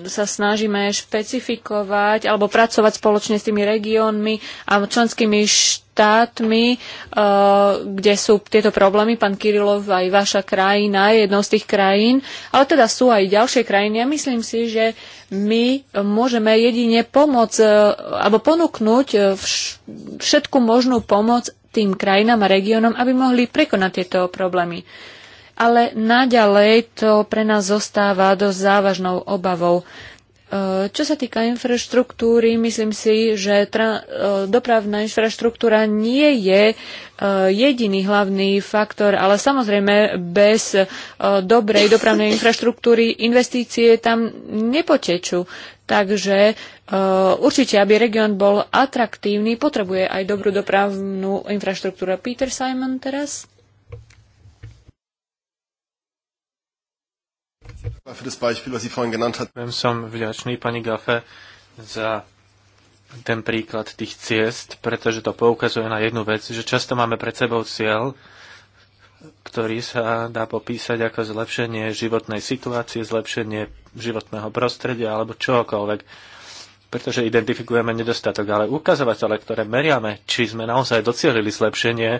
sa snažíme špecifikovať alebo pracovať spoločne s tými regiónmi a členskými štátmi, e, kde sú tieto problémy. Pán Kirilov, aj vaša krajina je jednou z tých krajín, ale teda sú aj ďalšie krajiny. Ja myslím si, že my môžeme jedine pomôcť e, alebo ponúknuť e, všetku možnú pomoc tým krajinám a regiónom, aby mohli prekonať tieto problémy ale naďalej to pre nás zostáva dosť závažnou obavou. E, čo sa týka infraštruktúry, myslím si, že e, dopravná infraštruktúra nie je e, jediný hlavný faktor, ale samozrejme bez dobrej dopravnej infraštruktúry investície tam nepotečú. Takže určite, aby región bol atraktívny, potrebuje aj dobrú dopravnú infraštruktúru. Peter Simon teraz. Viem som vďačný pani Gafe za ten príklad tých ciest, pretože to poukazuje na jednu vec, že často máme pred sebou cieľ, ktorý sa dá popísať ako zlepšenie životnej situácie, zlepšenie životného prostredia alebo čokoľvek, pretože identifikujeme nedostatok, ale ukazovatele, ktoré meriame, či sme naozaj docielili zlepšenie,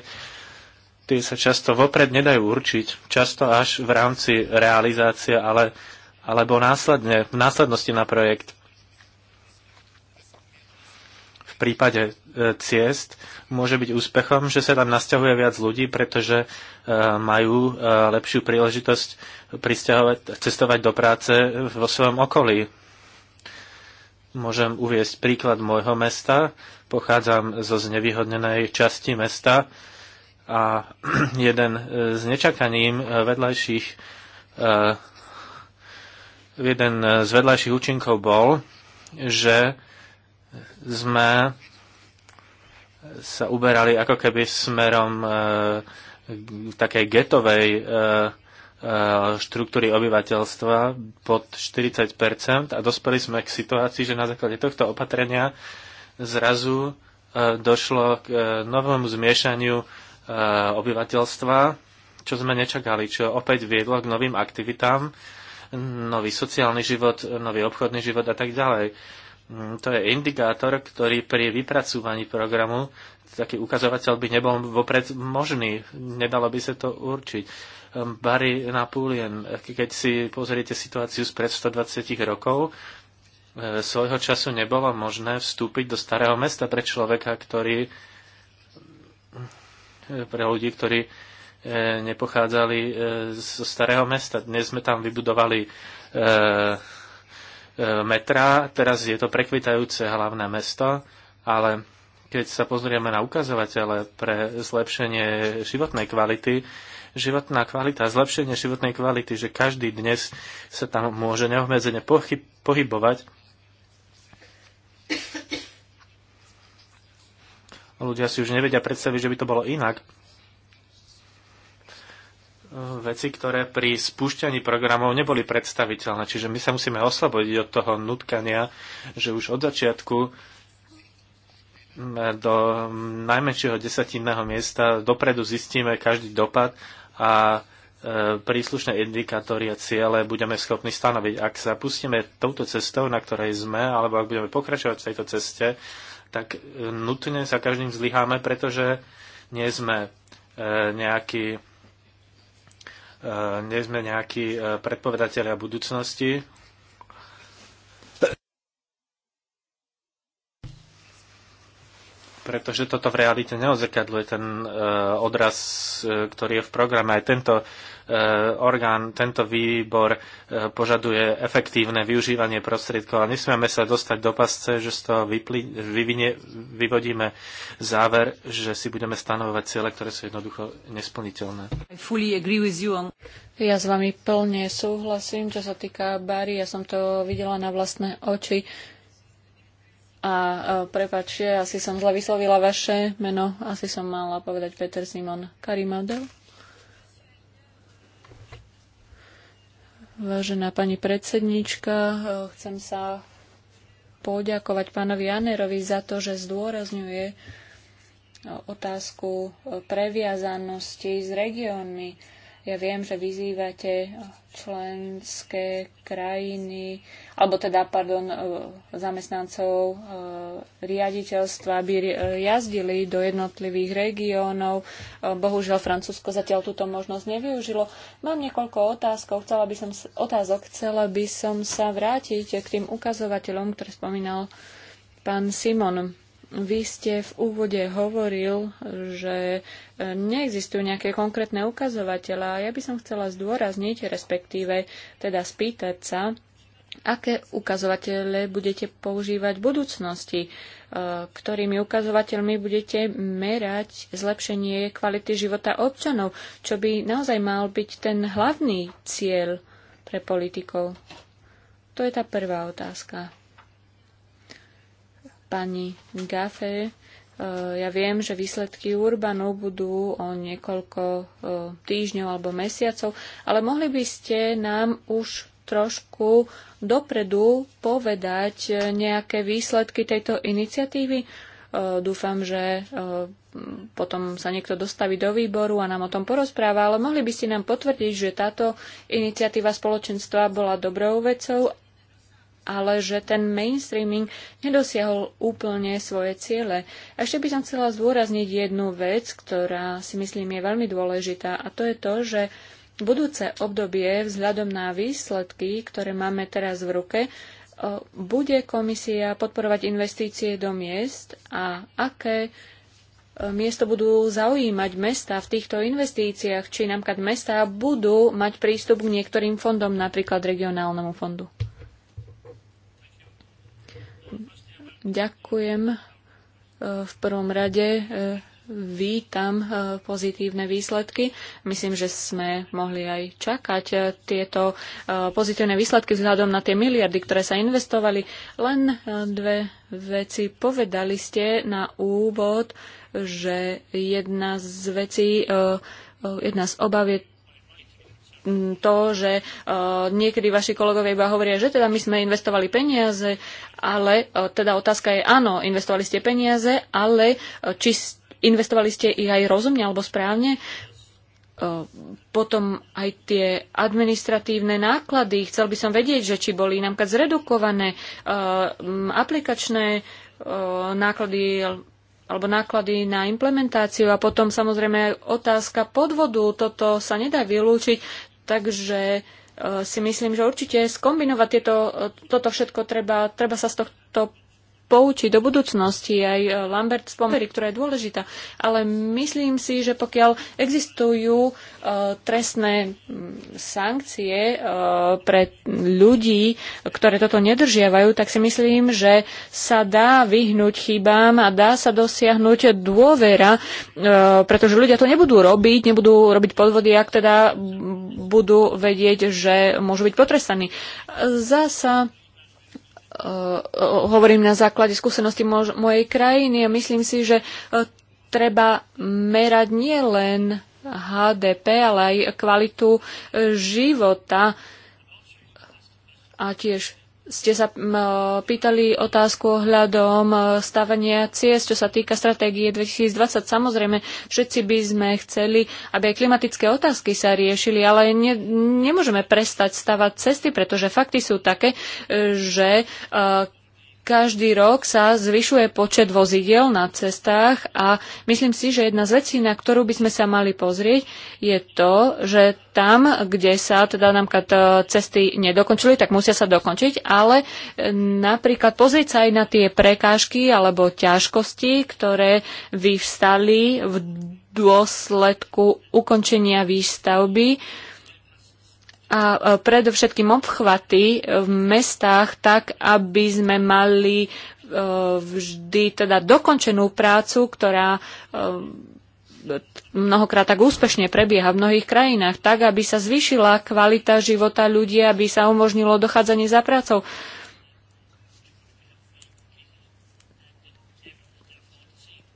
tie sa často vopred nedajú určiť, často až v rámci realizácie, ale, alebo následne, v následnosti na projekt. V prípade e, ciest môže byť úspechom, že sa tam nasťahuje viac ľudí, pretože e, majú e, lepšiu príležitosť cestovať do práce vo svojom okolí. Môžem uviesť príklad môjho mesta. Pochádzam zo znevýhodnenej časti mesta, a jeden z e, nečakaním e, vedľajších e, jeden z vedľajších účinkov bol, že sme sa uberali ako keby smerom takej getovej štruktúry obyvateľstva pod 40 a dospeli sme k situácii, že na základe tohto opatrenia zrazu došlo k novému zmiešaniu Eh, obyvateľstva, čo sme nečakali, čo opäť viedlo k novým aktivitám, nový sociálny život, nový obchodný život a tak ďalej. Mm, to je indikátor, ktorý pri vypracúvaní programu, taký ukazovateľ by nebol vopred možný, nedalo by sa to určiť. Ehm, Barry Napulien, keď si pozriete situáciu z pred 120 rokov, eh, svojho času nebolo možné vstúpiť do starého mesta pre človeka, ktorý pre ľudí, ktorí e, nepochádzali e, zo starého mesta. Dnes sme tam vybudovali e, metra, teraz je to prekvitajúce hlavné mesto, ale keď sa pozrieme na ukazovatele pre zlepšenie životnej kvality, životná kvalita, zlepšenie životnej kvality, že každý dnes sa tam môže neobmedzene pohybovať, Ľudia si už nevedia predstaviť, že by to bolo inak. Veci, ktoré pri spúšťaní programov neboli predstaviteľné. Čiže my sa musíme oslobodiť od toho nutkania, že už od začiatku mm, do najmenšieho desatinného miesta dopredu zistíme každý dopad a e, príslušné indikátory a ciele budeme schopní stanoviť. Ak sa pustíme touto cestou, na ktorej sme, alebo ak budeme pokračovať v tejto ceste, tak e, nutne sa každým zlyháme, pretože nie sme e, nejakí e, nie sme nejakí predpovedatelia budúcnosti, pretože toto v realite neozrkadluje ten e, odraz, e, ktorý je v programe. Aj tento e, orgán, tento výbor e, požaduje efektívne využívanie prostriedkov a nesmieme sa dostať do pasce, že z toho vypli, vyvinie, vyvodíme záver, že si budeme stanovovať ciele, ktoré sú jednoducho nesplniteľné. Ja s vami plne súhlasím, čo sa týka Bary. Ja som to videla na vlastné oči. A prepáčte, asi som zle vyslovila vaše meno. Asi som mala povedať Peter Simon Karimadel. Vážená pani predsednička, e, chcem sa poďakovať pánovi Janerovi za to, že zdôrazňuje otázku previazanosti s regiónmi ja viem, že vyzývate členské krajiny, alebo teda, pardon, e, zamestnancov e, riaditeľstva, aby e, jazdili do jednotlivých regiónov. Bohužiaľ, Francúzsko zatiaľ túto možnosť nevyužilo. Mám niekoľko otázkov, chcela by som, otázok. Chcela by som sa vrátiť k tým ukazovateľom, ktoré spomínal pán Simon. Vy ste v úvode hovoril, že e, neexistujú nejaké konkrétne ukazovatele a ja by som chcela zdôrazniť, respektíve teda spýtať sa, aké ukazovatele budete používať v budúcnosti, e, ktorými ukazovateľmi budete merať zlepšenie kvality života občanov, čo by naozaj mal byť ten hlavný cieľ pre politikov. To je tá prvá otázka pani Gafe. E, ja viem, že výsledky Urbanu budú o niekoľko e, týždňov alebo mesiacov, ale mohli by ste nám už trošku dopredu povedať e, nejaké výsledky tejto iniciatívy. Dúfam, že potom sa niekto dostaví do výboru a nám o tom porozpráva, ale mohli by ste nám potvrdiť, že táto iniciatíva spoločenstva bola dobrou vecou ale že ten mainstreaming nedosiahol úplne svoje ciele. Ešte by som chcela zdôrazniť jednu vec, ktorá si myslím je veľmi dôležitá, a to je to, že budúce obdobie vzhľadom na výsledky, ktoré máme teraz v ruke, bude komisia podporovať investície do miest a aké miesto budú zaujímať mesta v týchto investíciách, či napríklad mesta budú mať prístup k niektorým fondom, napríklad regionálnemu fondu. Ďakujem. E, v prvom rade e, vítam e, pozitívne výsledky. Myslím, že sme mohli aj čakať tieto pozitívne výsledky vzhľadom na tie miliardy, ktoré sa investovali. Len dve veci. Povedali ste na úvod, že jedna z vecí, jedna z obav je to, že e, niekedy vaši kolegovia iba hovoria, že teda my sme investovali peniaze, ale e, teda otázka je áno, investovali ste peniaze, ale e, či investovali ste ich aj rozumne alebo správne, potom aj tie administratívne náklady. Chcel by som vedieť, že či boli nám zredukované aplikačné náklady alebo náklady na implementáciu a potom samozrejme aj otázka podvodu. Toto sa nedá vylúčiť. Takže e, si myslím, že určite skombinovať tieto, e, toto všetko treba, treba sa z tohto poučiť do budúcnosti. Aj e, Lambert spomerí, ktorá je dôležitá. Ale myslím si, že pokiaľ existujú e, trestné mm, sankcie e, pre ľudí, ktoré toto nedržiavajú, tak si myslím, že sa dá vyhnúť chybám a dá sa dosiahnuť dôvera, pretože ľudia to nebudú robiť, nebudú robiť podvody, ak teda budú vedieť, že môžu byť potrestaní. Zasa Eh, hovorím na základe skúsenosti mojej krajiny a myslím si, že eh, treba merať nielen HDP, ale aj kvalitu eh, života a tiež ste sa pýtali otázku ohľadom e, stavania ciest, čo sa týka stratégie 2020. Samozrejme, všetci by sme chceli, aby aj klimatické otázky sa riešili, ale ne, nemôžeme prestať stavať cesty, pretože fakty sú také, e, že e, každý rok sa zvyšuje počet vozidiel na cestách a myslím si, že jedna z vecí, na ktorú by sme sa mali pozrieť, je to, že tam, kde sa teda napríklad e, cesty nedokončili, tak musia sa dokončiť, ale e, napríklad pozrieť sa aj na tie prekážky alebo ťažkosti, ktoré vyvstali v dôsledku ukončenia výstavby a predovšetkým obchvaty v mestách tak, aby sme mali e, vždy teda dokončenú prácu, ktorá e, mnohokrát tak úspešne prebieha v mnohých krajinách, tak, aby sa zvýšila kvalita života ľudí, aby sa umožnilo dochádzanie za prácou.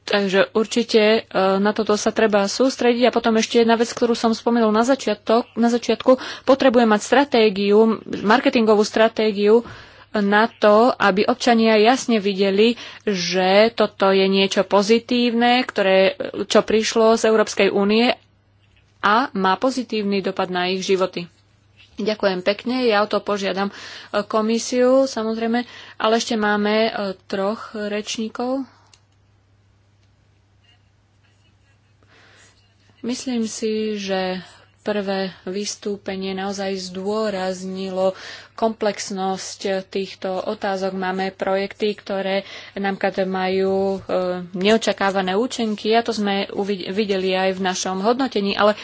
Takže určite e, na toto sa treba sústrediť. A potom ešte jedna vec, ktorú som spomenul na, začiatok, na začiatku. Potrebujem mať stratégiu, marketingovú stratégiu na to, aby občania jasne videli, že toto je niečo pozitívne, ktoré, čo prišlo z Európskej únie a má pozitívny dopad na ich životy. Ďakujem pekne, ja o to požiadam e, komisiu samozrejme, ale ešte máme e, troch rečníkov Myslím si, že prvé vystúpenie naozaj zdôraznilo komplexnosť týchto otázok. Máme projekty, ktoré nám majú e, neočakávané účinky a to sme videli aj v našom hodnotení, ale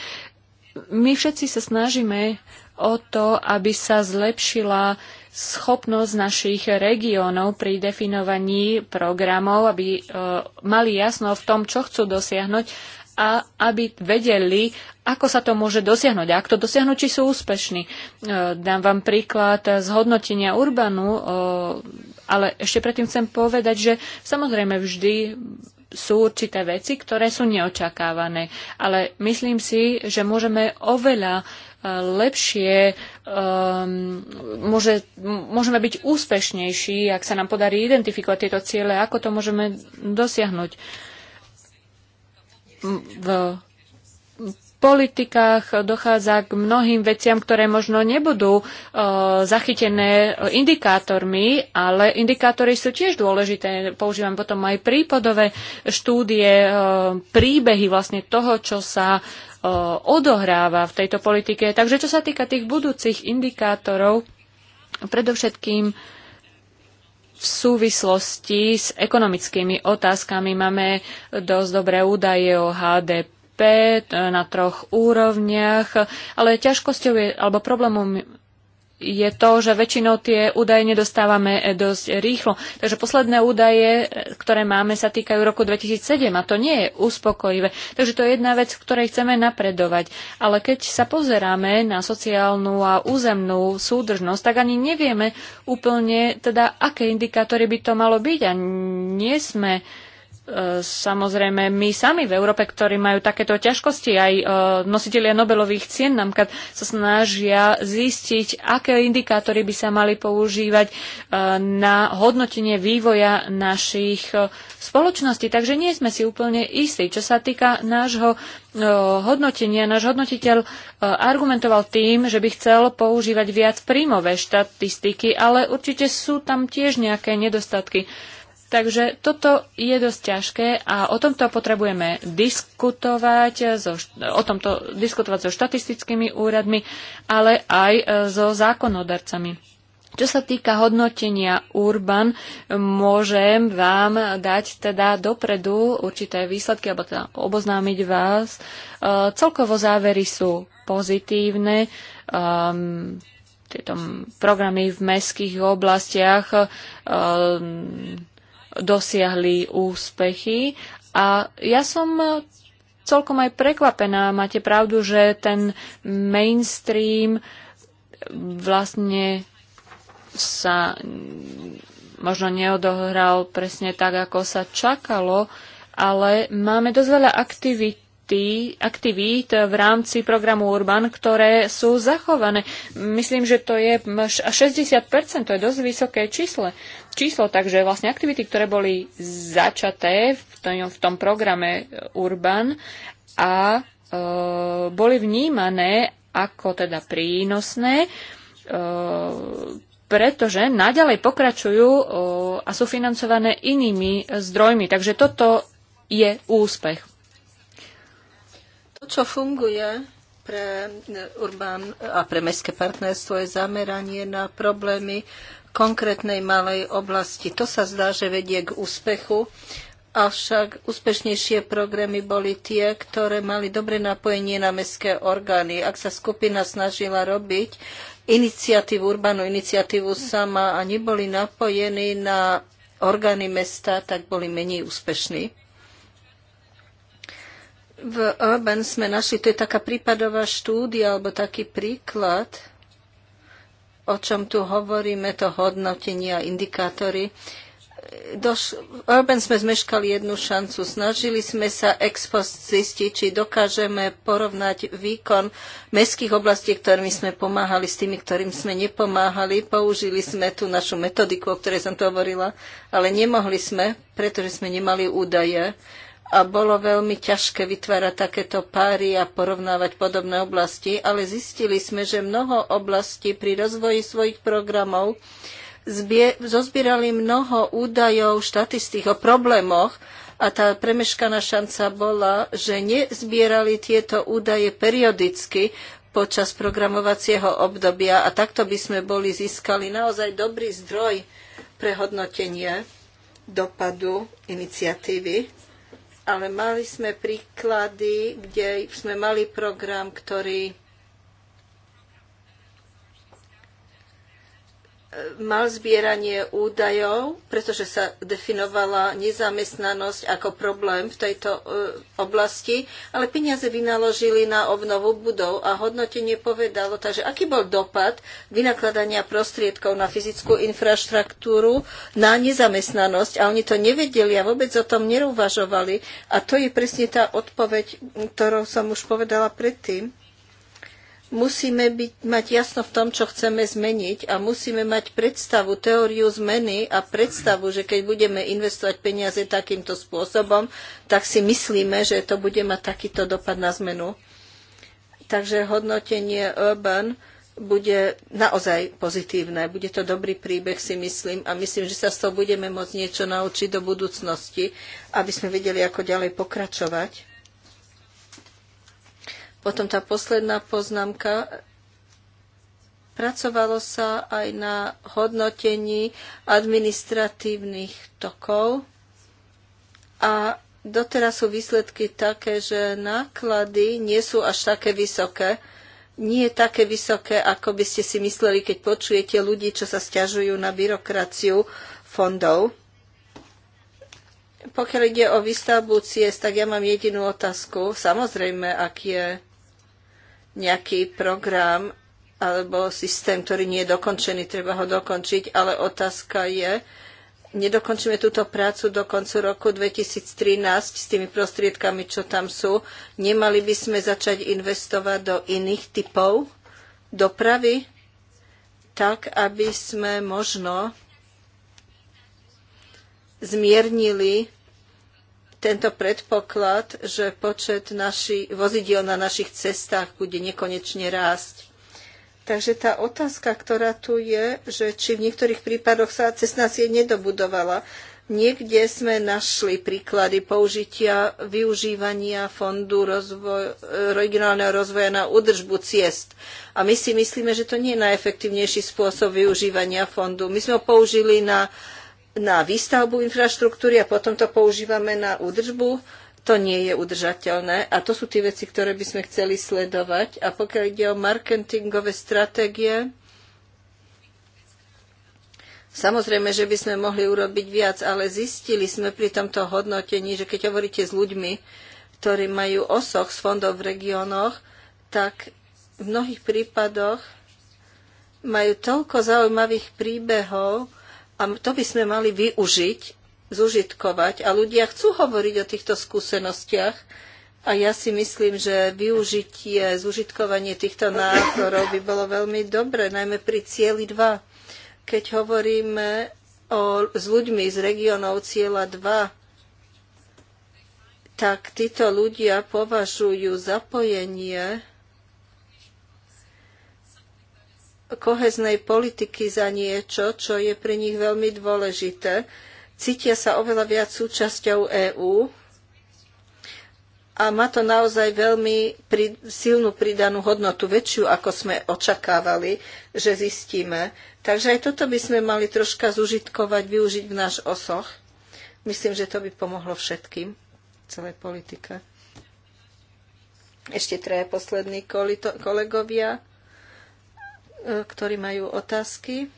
my všetci sa snažíme o to, aby sa zlepšila schopnosť našich regiónov pri definovaní programov, aby e, mali jasno v tom, čo chcú dosiahnuť a aby vedeli, ako sa to môže dosiahnuť a ak to dosiahnuť, či sú úspešní. E, dám vám príklad z hodnotenia Urbanu, e, ale ešte predtým chcem povedať, že samozrejme vždy sú určité veci, ktoré sú neočakávané, ale myslím si, že môžeme oveľa e, lepšie, um, môže, môžeme byť úspešnejší, ak sa nám podarí identifikovať tieto ciele, ako to môžeme dosiahnuť. Uh, v politikách dochádza k mnohým veciam, ktoré možno nebudú e, zachytené e, indikátormi, ale indikátory sú tiež dôležité. Používam potom aj prípadové štúdie, e, príbehy vlastne toho, čo sa e, odohráva v tejto politike. Takže čo sa týka tých budúcich indikátorov, predovšetkým v súvislosti s ekonomickými otázkami. Máme dosť dobré údaje o HDP na troch úrovniach, ale ťažkosťou je, alebo problémom je to, že väčšinou tie údaje nedostávame e, dosť rýchlo. Takže posledné údaje, e, ktoré máme, sa týkajú roku 2007 a to nie je uspokojivé. Takže to je jedna vec, ktorej chceme napredovať. Ale keď sa pozeráme na sociálnu a územnú súdržnosť, tak ani nevieme úplne, teda aké indikátory by to malo byť a nie sme samozrejme my sami v Európe, ktorí majú takéto ťažkosti, aj e, nositelia Nobelových cien nám sa snažia zistiť, aké indikátory by sa mali používať e, na hodnotenie vývoja našich e, spoločností. Takže nie sme si úplne istí. Čo sa týka nášho hodnotenia, náš hodnotiteľ argumentoval tým, že by chcel používať viac príjmové štatistiky, ale určite sú tam tiež nejaké nedostatky. Takže toto je dosť ťažké a o tomto potrebujeme diskutovať, so, o tomto diskutovať so štatistickými úradmi, ale aj e, so zákonodarcami. Čo sa týka hodnotenia Urban, môžem vám dať teda dopredu určité výsledky, alebo teda oboznámiť vás. E, celkovo závery sú pozitívne. Um, tieto programy v mestských oblastiach um, dosiahli úspechy. A ja som celkom aj prekvapená. Máte pravdu, že ten mainstream vlastne sa možno neodohral presne tak, ako sa čakalo, ale máme dosť veľa aktivít aktivít v rámci programu Urban, ktoré sú zachované. Myslím, že to je 60%, to je dosť vysoké číslo. číslo takže vlastne aktivity, ktoré boli začaté v tom, v tom programe Urban a e, boli vnímané ako teda prínosné, e, pretože naďalej pokračujú e, a sú financované inými zdrojmi. Takže toto je úspech. To, čo funguje pre e, urbán a pre mestské partnerstvo je zameranie na problémy konkrétnej malej oblasti. To sa zdá, že vedie k úspechu, avšak úspešnejšie programy boli tie, ktoré mali dobre napojenie na mestské orgány. Ak sa skupina snažila robiť iniciatívu, urbanú iniciatívu sama a neboli napojení na orgány mesta, tak boli menej úspešní v Urban sme našli, to je taká prípadová štúdia alebo taký príklad, o čom tu hovoríme, to hodnotenie a indikátory. Doš- v Urban sme zmeškali jednu šancu. Snažili sme sa ex post zistiť, či dokážeme porovnať výkon mestských oblastí, ktorými sme pomáhali, s tými, ktorým sme nepomáhali. Použili sme tú našu metodiku, o ktorej som to hovorila, ale nemohli sme, pretože sme nemali údaje a bolo veľmi ťažké vytvárať takéto páry a porovnávať podobné oblasti, ale zistili sme, že mnoho oblastí pri rozvoji svojich programov zbie, zozbierali mnoho údajov, štatistík o problémoch a tá premeškaná šanca bola, že nezbierali tieto údaje periodicky počas programovacieho obdobia a takto by sme boli získali naozaj dobrý zdroj pre hodnotenie dopadu iniciatívy ale mali sme príklady, kde sme mali program, ktorý mal zbieranie údajov, pretože sa definovala nezamestnanosť ako problém v tejto e, oblasti, ale peniaze vynaložili na obnovu budov a hodnotenie povedalo, takže aký bol dopad vynakladania prostriedkov na fyzickú infraštruktúru na nezamestnanosť a oni to nevedeli a vôbec o tom neuvažovali. A to je presne tá odpoveď, ktorou som už povedala predtým musíme byť, mať jasno v tom, čo chceme zmeniť a musíme mať predstavu, teóriu zmeny a predstavu, že keď budeme investovať peniaze takýmto spôsobom, tak si myslíme, že to bude mať takýto dopad na zmenu. Takže hodnotenie Urban bude naozaj pozitívne. Bude to dobrý príbeh, si myslím, a myslím, že sa z toho budeme môcť niečo naučiť do budúcnosti, aby sme vedeli, ako ďalej pokračovať. Potom tá posledná poznámka. Pracovalo sa aj na hodnotení administratívnych tokov a doteraz sú výsledky také, že náklady nie sú až také vysoké. Nie je také vysoké, ako by ste si mysleli, keď počujete ľudí, čo sa stiažujú na byrokraciu fondov. Pokiaľ ide o výstavbu ciest, tak ja mám jedinú otázku. Samozrejme, ak je nejaký program alebo systém, ktorý nie je dokončený, treba ho dokončiť, ale otázka je, nedokončíme túto prácu do koncu roku 2013 s tými prostriedkami, čo tam sú, nemali by sme začať investovať do iných typov dopravy, tak aby sme možno zmiernili tento predpoklad, že počet naši, vozidiel na našich cestách bude nekonečne rásť. Takže tá otázka, ktorá tu je, že či v niektorých prípadoch sa cestná sieť nedobudovala, Niekde sme našli príklady použitia využívania Fondu rozvoj, regionálneho rozvoja na údržbu ciest. A my si myslíme, že to nie je najefektívnejší spôsob využívania fondu. My sme ho použili na uh, na výstavbu infraštruktúry a potom to používame na údržbu, to nie je udržateľné. A to sú tie veci, ktoré by sme chceli sledovať. A pokiaľ ide o marketingové stratégie, samozrejme, že by sme mohli urobiť viac, ale zistili sme pri tomto hodnotení, že keď hovoríte s ľuďmi, ktorí majú osoch z fondov v regiónoch, tak v mnohých prípadoch majú toľko zaujímavých príbehov, a to by sme mali využiť, zužitkovať. A ľudia chcú hovoriť o týchto skúsenostiach. A ja si myslím, že využitie, zužitkovanie týchto názorov by bolo veľmi dobré, najmä pri cieli 2. Keď hovoríme o, s ľuďmi z regionov cieľa 2, tak títo ľudia považujú zapojenie koheznej politiky za niečo, čo je pre nich veľmi dôležité. Cítia sa oveľa viac súčasťou EÚ a má to naozaj veľmi pri, silnú pridanú hodnotu, väčšiu, ako sme očakávali, že zistíme. Takže aj toto by sme mali troška zužitkovať, využiť v náš osoch. Myslím, že to by pomohlo všetkým, celej politike. Ešte traja poslední kolegovia. E, ktorí majú otázky.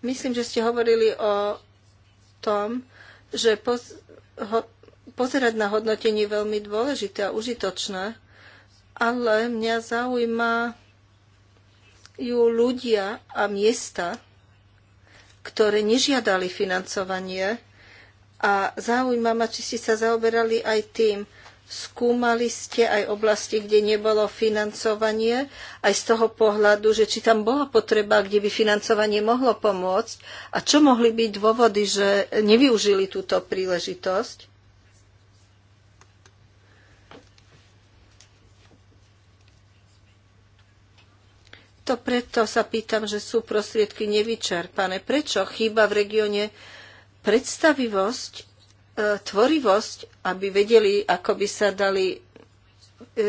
Myslím, že ste hovorili o tom, že poz, ho, pozerať na hodnotenie je veľmi dôležité a užitočné, ale mňa zaujíma ju ľudia a miesta, ktoré nežiadali financovanie a zaujíma ma, či ste sa zaoberali aj tým, Skúmali ste aj oblasti, kde nebolo financovanie, aj z toho pohľadu, že či tam bola potreba, kde by financovanie mohlo pomôcť a čo mohli byť dôvody, že nevyužili túto príležitosť? To preto sa pýtam, že sú prostriedky nevyčerpané. Prečo chýba v regióne predstavivosť E, tvorivosť, aby vedeli, ako by sa dali e,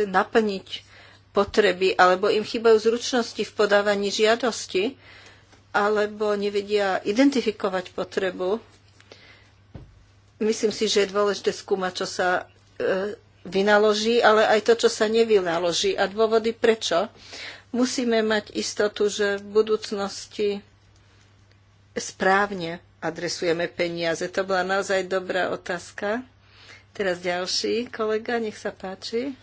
naplniť potreby, alebo im chýbajú zručnosti v podávaní žiadosti, alebo nevedia identifikovať potrebu. Myslím si, že je dôležité skúmať, čo sa e, vynaloží, ale aj to, čo sa nevynaloží a dôvody prečo. Musíme mať istotu, že v budúcnosti správne adresujeme peniaze. To bola naozaj dobrá otázka. Teraz ďalší kolega, nech sa páči.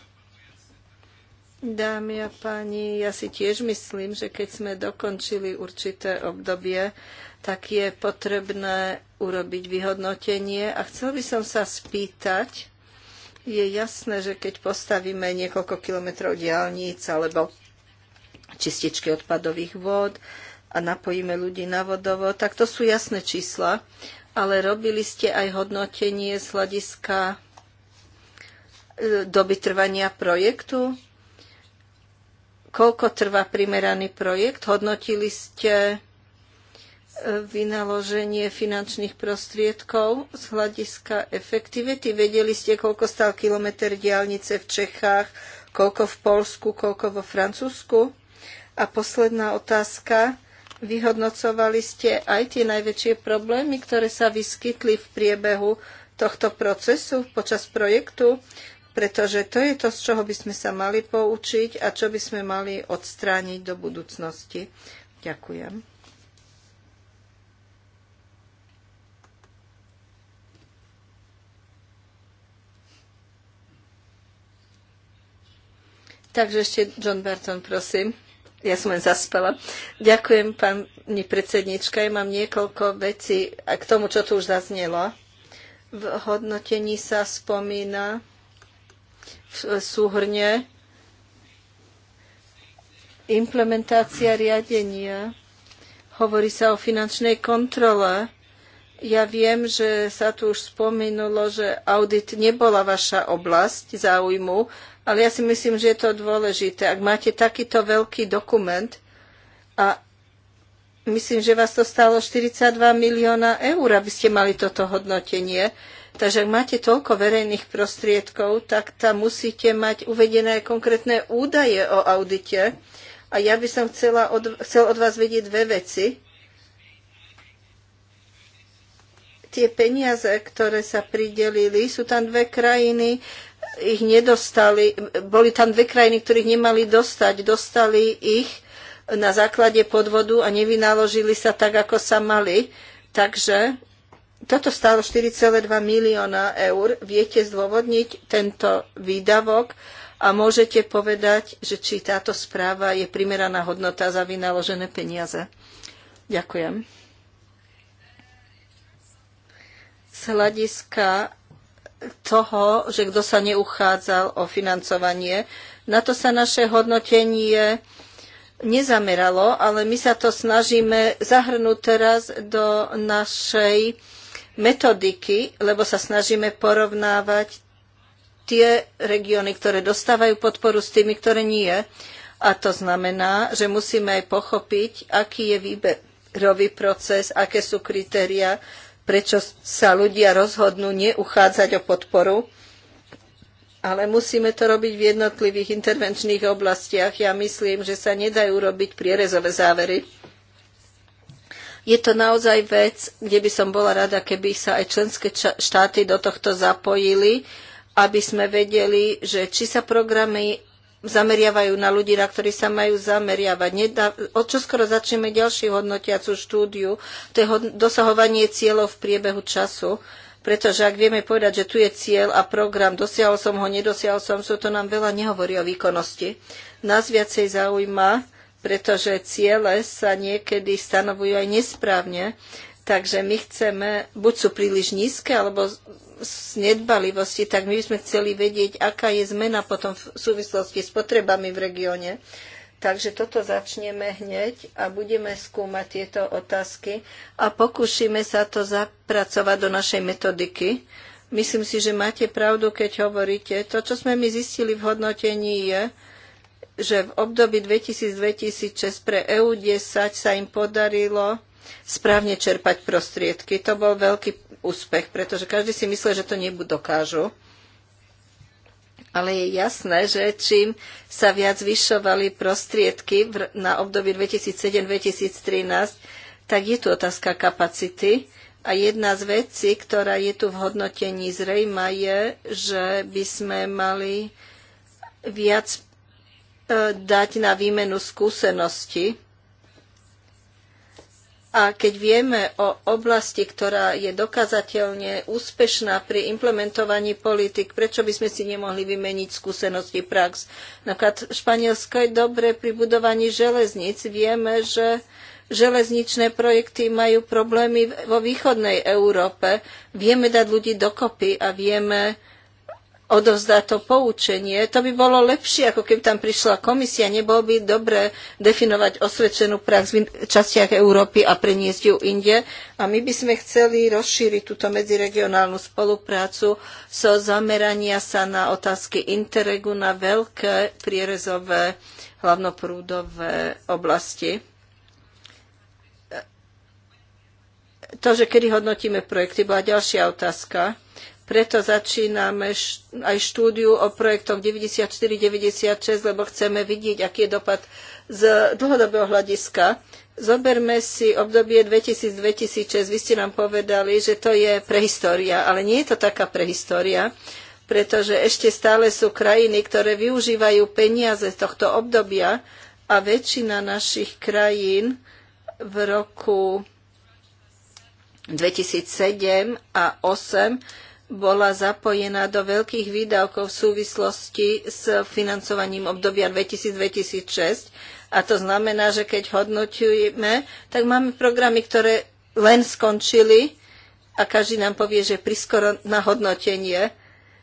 Dámy a páni, ja si tiež myslím, že keď sme dokončili určité obdobie, tak je potrebné urobiť vyhodnotenie. A chcel by som sa spýtať, je jasné, že keď postavíme niekoľko kilometrov diálnic alebo čističky odpadových vôd, a napojíme ľudí na vodovo, tak to sú jasné čísla, ale robili ste aj hodnotenie z hľadiska e, doby trvania projektu? Koľko trvá primeraný projekt? Hodnotili ste e, vynaloženie finančných prostriedkov z hľadiska efektivity? Vedeli ste, koľko stál kilometr diálnice v Čechách, koľko v Polsku, koľko vo Francúzsku? A posledná otázka. Vyhodnocovali ste aj tie najväčšie problémy, ktoré sa vyskytli v priebehu tohto procesu počas projektu, pretože to je to, z čoho by sme sa mali poučiť a čo by sme mali odstrániť do budúcnosti. Ďakujem. Takže ešte John Burton, prosím. Ja som len zaspala. Ďakujem, pani predsednička. Ja mám niekoľko vecí a k tomu, čo tu už zaznelo. V hodnotení sa spomína v súhrne implementácia riadenia. Hovorí sa o finančnej kontrole. Ja viem, že sa tu už spomenulo, že audit nebola vaša oblasť záujmu, ale ja si myslím, že je to dôležité. Ak máte takýto veľký dokument a myslím, že vás to stálo 42 milióna eur, aby ste mali toto hodnotenie. Takže ak máte toľko verejných prostriedkov, tak tam musíte mať uvedené konkrétne údaje o audite. A ja by som chcela od, chcel od vás vedieť dve veci. Tie peniaze, ktoré sa pridelili, sú tam dve krajiny, ich nedostali, boli tam dve krajiny, ktorých nemali dostať, dostali ich na základe podvodu a nevynaložili sa tak, ako sa mali. Takže toto stálo 4,2 milióna eur. Viete zdôvodniť tento výdavok a môžete povedať, že či táto správa je primeraná hodnota za vynaložené peniaze. Ďakujem. Z hľadiska toho, že kto sa neuchádzal o financovanie. Na to sa naše hodnotenie nezameralo, ale my sa to snažíme zahrnúť teraz do našej metodiky, lebo sa snažíme porovnávať tie regióny, ktoré dostávajú podporu s tými, ktoré nie. A to znamená, že musíme aj pochopiť, aký je výberový proces, aké sú kritéria, prečo sa ľudia rozhodnú neuchádzať o podporu. Ale musíme to robiť v jednotlivých intervenčných oblastiach. Ja myslím, že sa nedajú robiť prierezové závery. Je to naozaj vec, kde by som bola rada, keby sa aj členské štáty do tohto zapojili, aby sme vedeli, že či sa programy zameriavajú na ľudí, na ktorých sa majú zameriavať. Nedá, od čo skoro začneme ďalšiu hodnotiacu štúdiu, to je dosahovanie cieľov v priebehu času, pretože ak vieme povedať, že tu je cieľ a program, dosiahol som ho, nedosiahol som, so to nám veľa nehovorí o výkonnosti. Nás viacej zaujíma, pretože ciele sa niekedy stanovujú aj nesprávne, takže my chceme, buď sú príliš nízke, alebo z nedbalivosti, tak my sme chceli vedieť, aká je zmena potom v súvislosti s potrebami v regióne. Takže toto začneme hneď a budeme skúmať tieto otázky a pokúšime sa to zapracovať do našej metodiky. Myslím si, že máte pravdu, keď hovoríte. To, čo sme my zistili v hodnotení, je, že v období 2000-2006 pre EU10 sa im podarilo správne čerpať prostriedky. To bol veľký úspech, pretože každý si myslí, že to dokážu. Ale je jasné, že čím sa viac zvyšovali prostriedky na obdobie 2007-2013, tak je tu otázka kapacity. A jedna z vecí, ktorá je tu v hodnotení zrejma, je, že by sme mali viac e, dať na výmenu skúsenosti a keď vieme o oblasti, ktorá je dokazateľne úspešná pri implementovaní politik, prečo by sme si nemohli vymeniť skúsenosti prax? Napríklad Španielsko je dobre pri budovaní železníc. Vieme, že železničné projekty majú problémy vo východnej Európe. Vieme dať ľudí dokopy a vieme odovzdá to poučenie. To by bolo lepšie, ako keby tam prišla komisia. Nebolo by dobre definovať osvedčenú prax v častiach Európy a preniesť ju inde. A my by sme chceli rozšíriť túto medziregionálnu spoluprácu so zamerania sa na otázky interregu na veľké prierezové hlavnoprúdové oblasti. To, že kedy hodnotíme projekty, bola ďalšia otázka preto začíname aj štúdiu o projektoch 94-96, lebo chceme vidieť, aký je dopad z dlhodobého hľadiska. Zoberme si obdobie 2000-2006. Vy ste nám povedali, že to je prehistória, ale nie je to taká prehistória, pretože ešte stále sú krajiny, ktoré využívajú peniaze z tohto obdobia a väčšina našich krajín v roku 2007 a 2008 bola zapojená do veľkých výdavkov v súvislosti s financovaním obdobia 2000-2006. A to znamená, že keď hodnotujeme, tak máme programy, ktoré len skončili a každý nám povie, že priskoro na hodnotenie.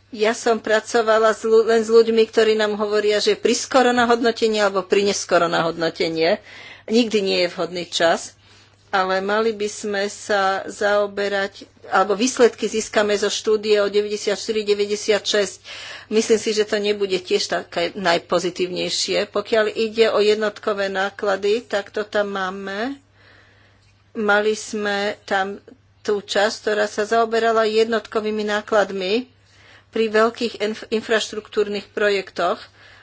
Ja som pracovala len s ľuďmi, ktorí nám hovoria, že priskoro na hodnotenie alebo prineskoro na hodnotenie. Nikdy nie je vhodný čas ale mali by sme sa zaoberať, alebo výsledky získame zo štúdie o 94-96. Myslím si, že to nebude tiež také najpozitívnejšie. Pokiaľ ide o jednotkové náklady, tak to tam máme. Mali sme tam tú časť, ktorá sa zaoberala jednotkovými nákladmi pri veľkých infraštruktúrnych projektoch.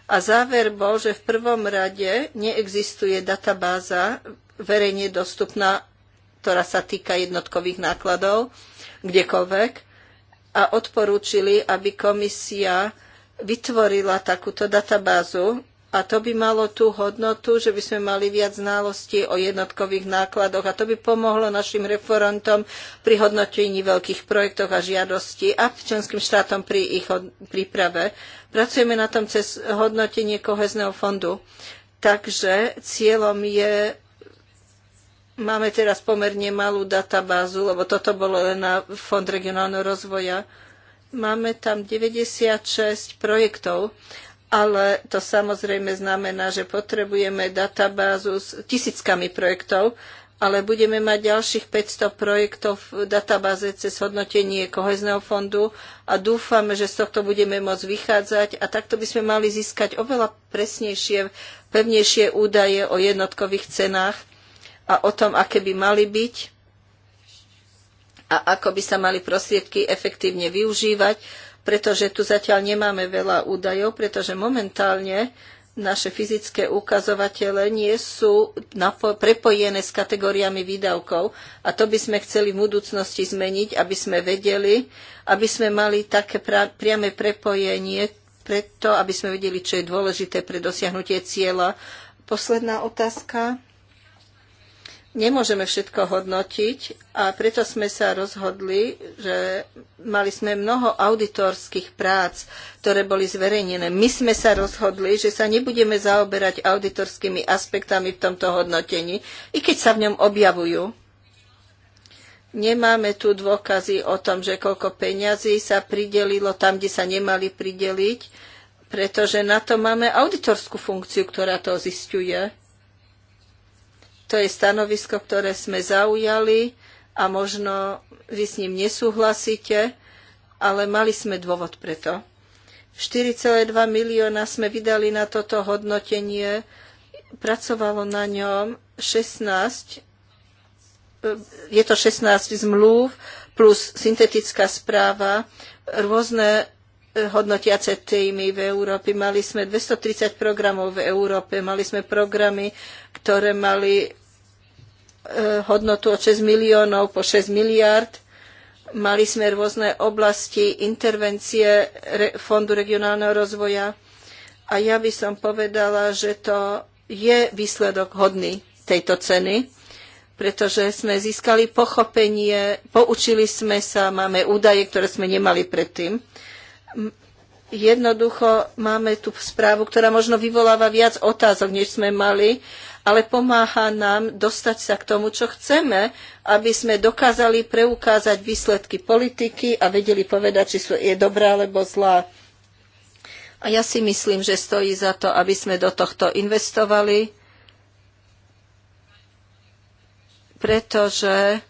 A záver bol, že v prvom rade neexistuje databáza verejne dostupná, ktorá sa týka jednotkových nákladov, kdekoľvek. A odporúčili, aby komisia vytvorila takúto databázu, a to by malo tú hodnotu, že by sme mali viac znalostí o jednotkových nákladoch a to by pomohlo našim referentom pri hodnotení veľkých projektov a žiadostí a členským štátom pri ich príprave. Pracujeme na tom cez hodnotenie kohezného fondu. Takže cieľom je Máme teraz pomerne malú databázu, lebo toto bolo len na Fond regionálneho rozvoja. Máme tam 96 projektov, ale to samozrejme znamená, že potrebujeme databázu s tisíckami projektov, ale budeme mať ďalších 500 projektov v databáze cez hodnotenie kohezného fondu a dúfame, že z tohto budeme môcť vychádzať a takto by sme mali získať oveľa presnejšie, pevnejšie údaje o jednotkových cenách a o tom, aké by mali byť a ako by sa mali prostriedky efektívne využívať, pretože tu zatiaľ nemáme veľa údajov, pretože momentálne naše fyzické ukazovatele nie sú prepojené s kategóriami výdavkov a to by sme chceli v budúcnosti zmeniť, aby sme vedeli, aby sme mali také priame prepojenie preto, aby sme vedeli, čo je dôležité pre dosiahnutie cieľa. Posledná otázka. Nemôžeme všetko hodnotiť a preto sme sa rozhodli, že mali sme mnoho auditorských prác, ktoré boli zverejnené. My sme sa rozhodli, že sa nebudeme zaoberať auditorskými aspektami v tomto hodnotení, i keď sa v ňom objavujú. Nemáme tu dôkazy o tom, že koľko peňazí sa pridelilo tam, kde sa nemali prideliť, pretože na to máme auditorskú funkciu, ktorá to zistuje. To je stanovisko, ktoré sme zaujali a možno vy s ním nesúhlasíte, ale mali sme dôvod preto. 4,2 milióna sme vydali na toto hodnotenie, pracovalo na ňom 16, e, je to 16 zmluv plus syntetická správa, rôzne hodnotiace týmy v Európe. Mali sme 230 programov v Európe, mali sme programy, ktoré mali e, hodnotu od 6 miliónov po 6 miliárd. Mali sme rôzne oblasti intervencie Fondu regionálneho rozvoja a ja by som povedala, že to je výsledok hodný tejto ceny, pretože sme získali pochopenie, poučili sme sa, máme údaje, ktoré sme nemali predtým jednoducho máme tú správu, ktorá možno vyvoláva viac otázok, než sme mali, ale pomáha nám dostať sa k tomu, čo chceme, aby sme dokázali preukázať výsledky politiky a vedeli povedať, či je dobrá alebo zlá. A ja si myslím, že stojí za to, aby sme do tohto investovali, pretože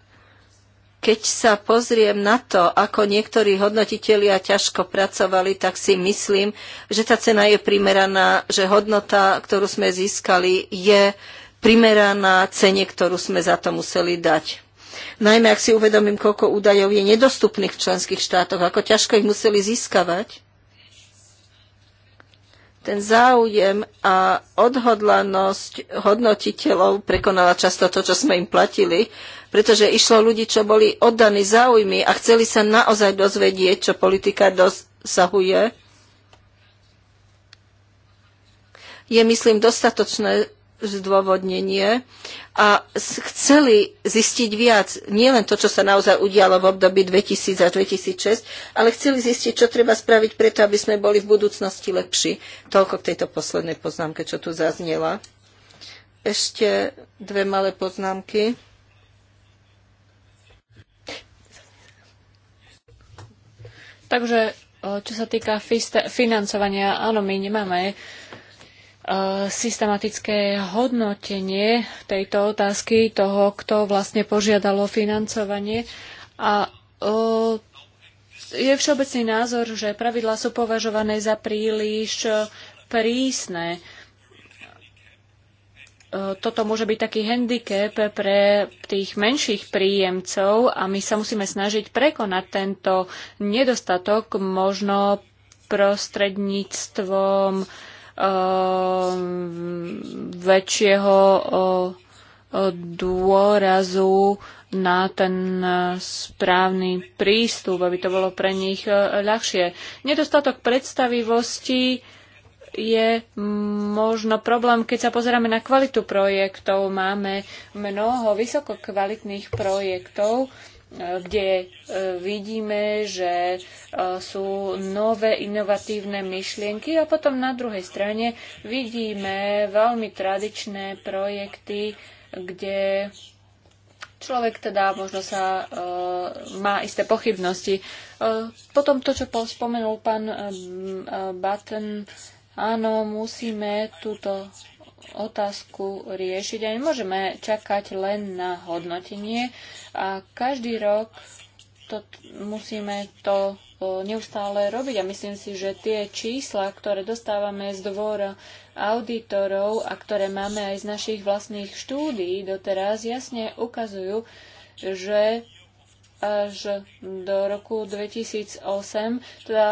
keď sa pozriem na to, ako niektorí hodnotitelia ťažko pracovali, tak si myslím, že tá cena je primeraná, že hodnota, ktorú sme získali, je primeraná cene, ktorú sme za to museli dať. Najmä ak si uvedomím, koľko údajov je nedostupných v členských štátoch, ako ťažko ich museli získavať. Ten záujem a odhodlanosť hodnotiteľov prekonala často to, čo sme im platili pretože išlo ľudí, čo boli oddaní záujmy a chceli sa naozaj dozvedieť, čo politika dosahuje. Je, myslím, dostatočné zdôvodnenie a chceli zistiť viac, nielen to, čo sa naozaj udialo v období 2000 až 2006, ale chceli zistiť, čo treba spraviť preto, aby sme boli v budúcnosti lepší. Toľko k tejto poslednej poznámke, čo tu zaznela. Ešte dve malé poznámky. Takže e, čo sa týka financovania, áno, my nemáme e, systematické hodnotenie tejto otázky, toho, kto vlastne požiadalo financovanie. A e, je všeobecný názor, že pravidlá sú považované za príliš prísne toto môže byť taký handicap pre tých menších príjemcov a my sa musíme snažiť prekonať tento nedostatok možno prostredníctvom ehm, väčšieho dôrazu na ten správny prístup, aby to bolo pre nich e, ľahšie. Nedostatok predstavivosti je možno problém, keď sa pozeráme na kvalitu projektov. Máme mnoho vysoko kvalitných projektov, e, kde e, vidíme, že e, sú nové inovatívne myšlienky a potom na druhej strane vidíme veľmi tradičné projekty, kde človek teda možno sa e, má isté pochybnosti. E, potom to, čo spomenul pán e, Button, e, Áno, musíme túto otázku riešiť a nemôžeme čakať len na hodnotenie a každý rok to, musíme to neustále robiť a myslím si, že tie čísla, ktoré dostávame z dvora auditorov a ktoré máme aj z našich vlastných štúdií doteraz, jasne ukazujú, že až do roku 2008, teda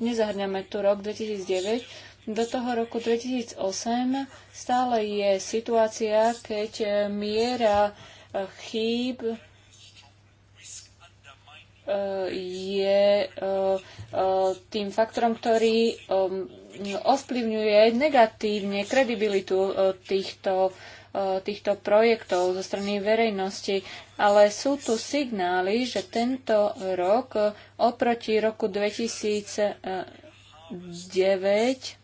nezahrňame tu rok 2009, do toho roku 2008 stále je situácia, keď eh, miera eh, chýb eh, je tým faktorom, ktorý ovplyvňuje negatívne kredibilitu týchto, týchto projektov zo strany verejnosti. Ale sú tu signály, že tento rok oproti roku 2009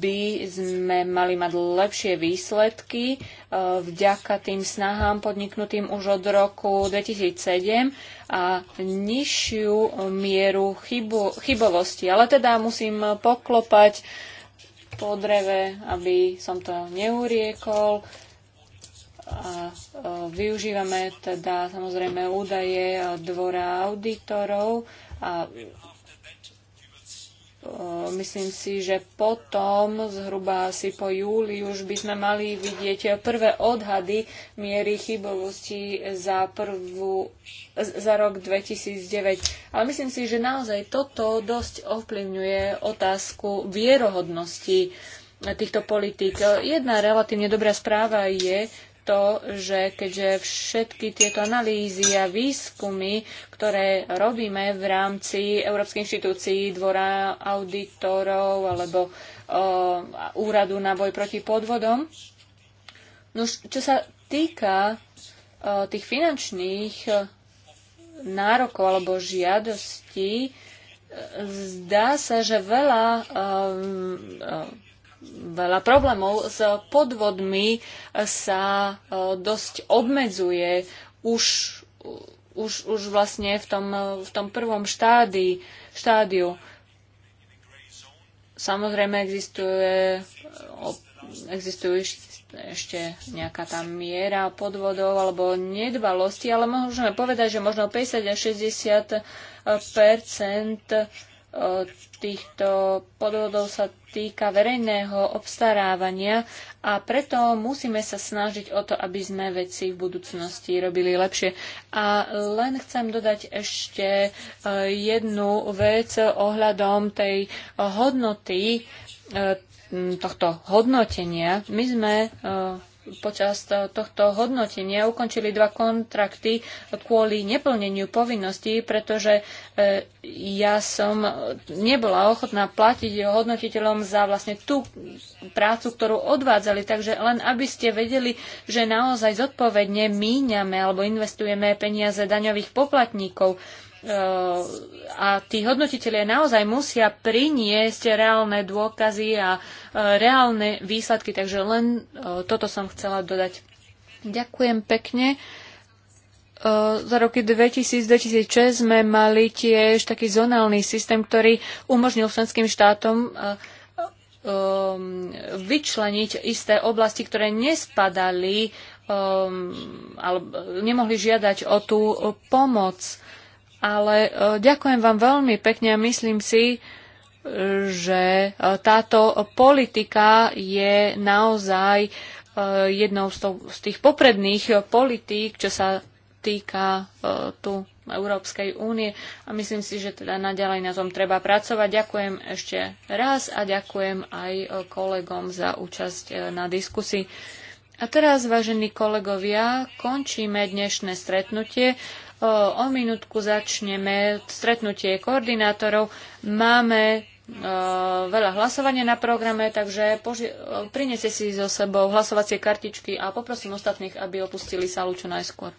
by sme mali mať lepšie výsledky e, vďaka tým snahám podniknutým už od roku 2007 a nižšiu mieru chybu, chybovosti. Ale teda musím poklopať po dreve, aby som to neuriekol. A e, využívame teda samozrejme údaje dvora auditorov a Ehm, myslím si, že potom, zhruba asi po júli, už by sme mali vidieť prvé odhady miery chybovosti za, prvú, za rok 2009. Ale myslím si, že naozaj toto dosť ovplyvňuje otázku vierohodnosti týchto politik. Jedna relatívne dobrá správa je, to, že keďže všetky tieto analýzy a výskumy, ktoré robíme v rámci Európskej inštitúcií, dvora auditorov alebo o, uh, úradu na boj proti podvodom, no čo sa týka o, uh, tých finančných uh, nárokov alebo žiadostí, zdá sa, že veľa um, veľa problémov. S podvodmi sa e, dosť obmedzuje už, už, už vlastne v tom, v tom prvom štádi, štádiu. Samozrejme existuje, existuje ešte nejaká tá miera podvodov alebo nedbalosti, ale môžeme povedať, že možno 50 až 60 týchto podvodov sa týka verejného obstarávania a preto musíme sa snažiť o to, aby sme veci v budúcnosti robili lepšie. A len chcem dodať ešte e, jednu vec ohľadom tej hodnoty e, tohto hodnotenia. My sme e, počas tohto hodnotenia ukončili dva kontrakty kvôli neplneniu povinností, pretože e, ja som nebola ochotná platiť hodnotiteľom za vlastne tú prácu, ktorú odvádzali. Takže len aby ste vedeli, že naozaj zodpovedne míňame alebo investujeme peniaze daňových poplatníkov. Eh, a tí hodnotitelia naozaj musia priniesť reálne dôkazy a eh, reálne výsledky, takže len eh, toto som chcela dodať. Ďakujem pekne. Za roky 2000-2006 sme mali tiež taký zonálny systém, ktorý umožnil členským štátom vyčleniť isté oblasti, ktoré nespadali alebo nemohli žiadať o tú pomoc ale e, ďakujem vám veľmi pekne a myslím si, e, že e, táto politika je naozaj jednou z tých popredných politík, čo sa týka tu Európskej únie a myslím si, že teda naďalej na tom treba pracovať. Ďakujem ešte raz a ďakujem aj kolegom za účasť na diskusii. A teraz, vážení kolegovia, končíme dnešné stretnutie. O minútku začneme stretnutie koordinátorov. Máme veľa hlasovania na programe, takže poži- si so sebou hlasovacie kartičky a poprosím ostatných, aby opustili sálu čo najskôr.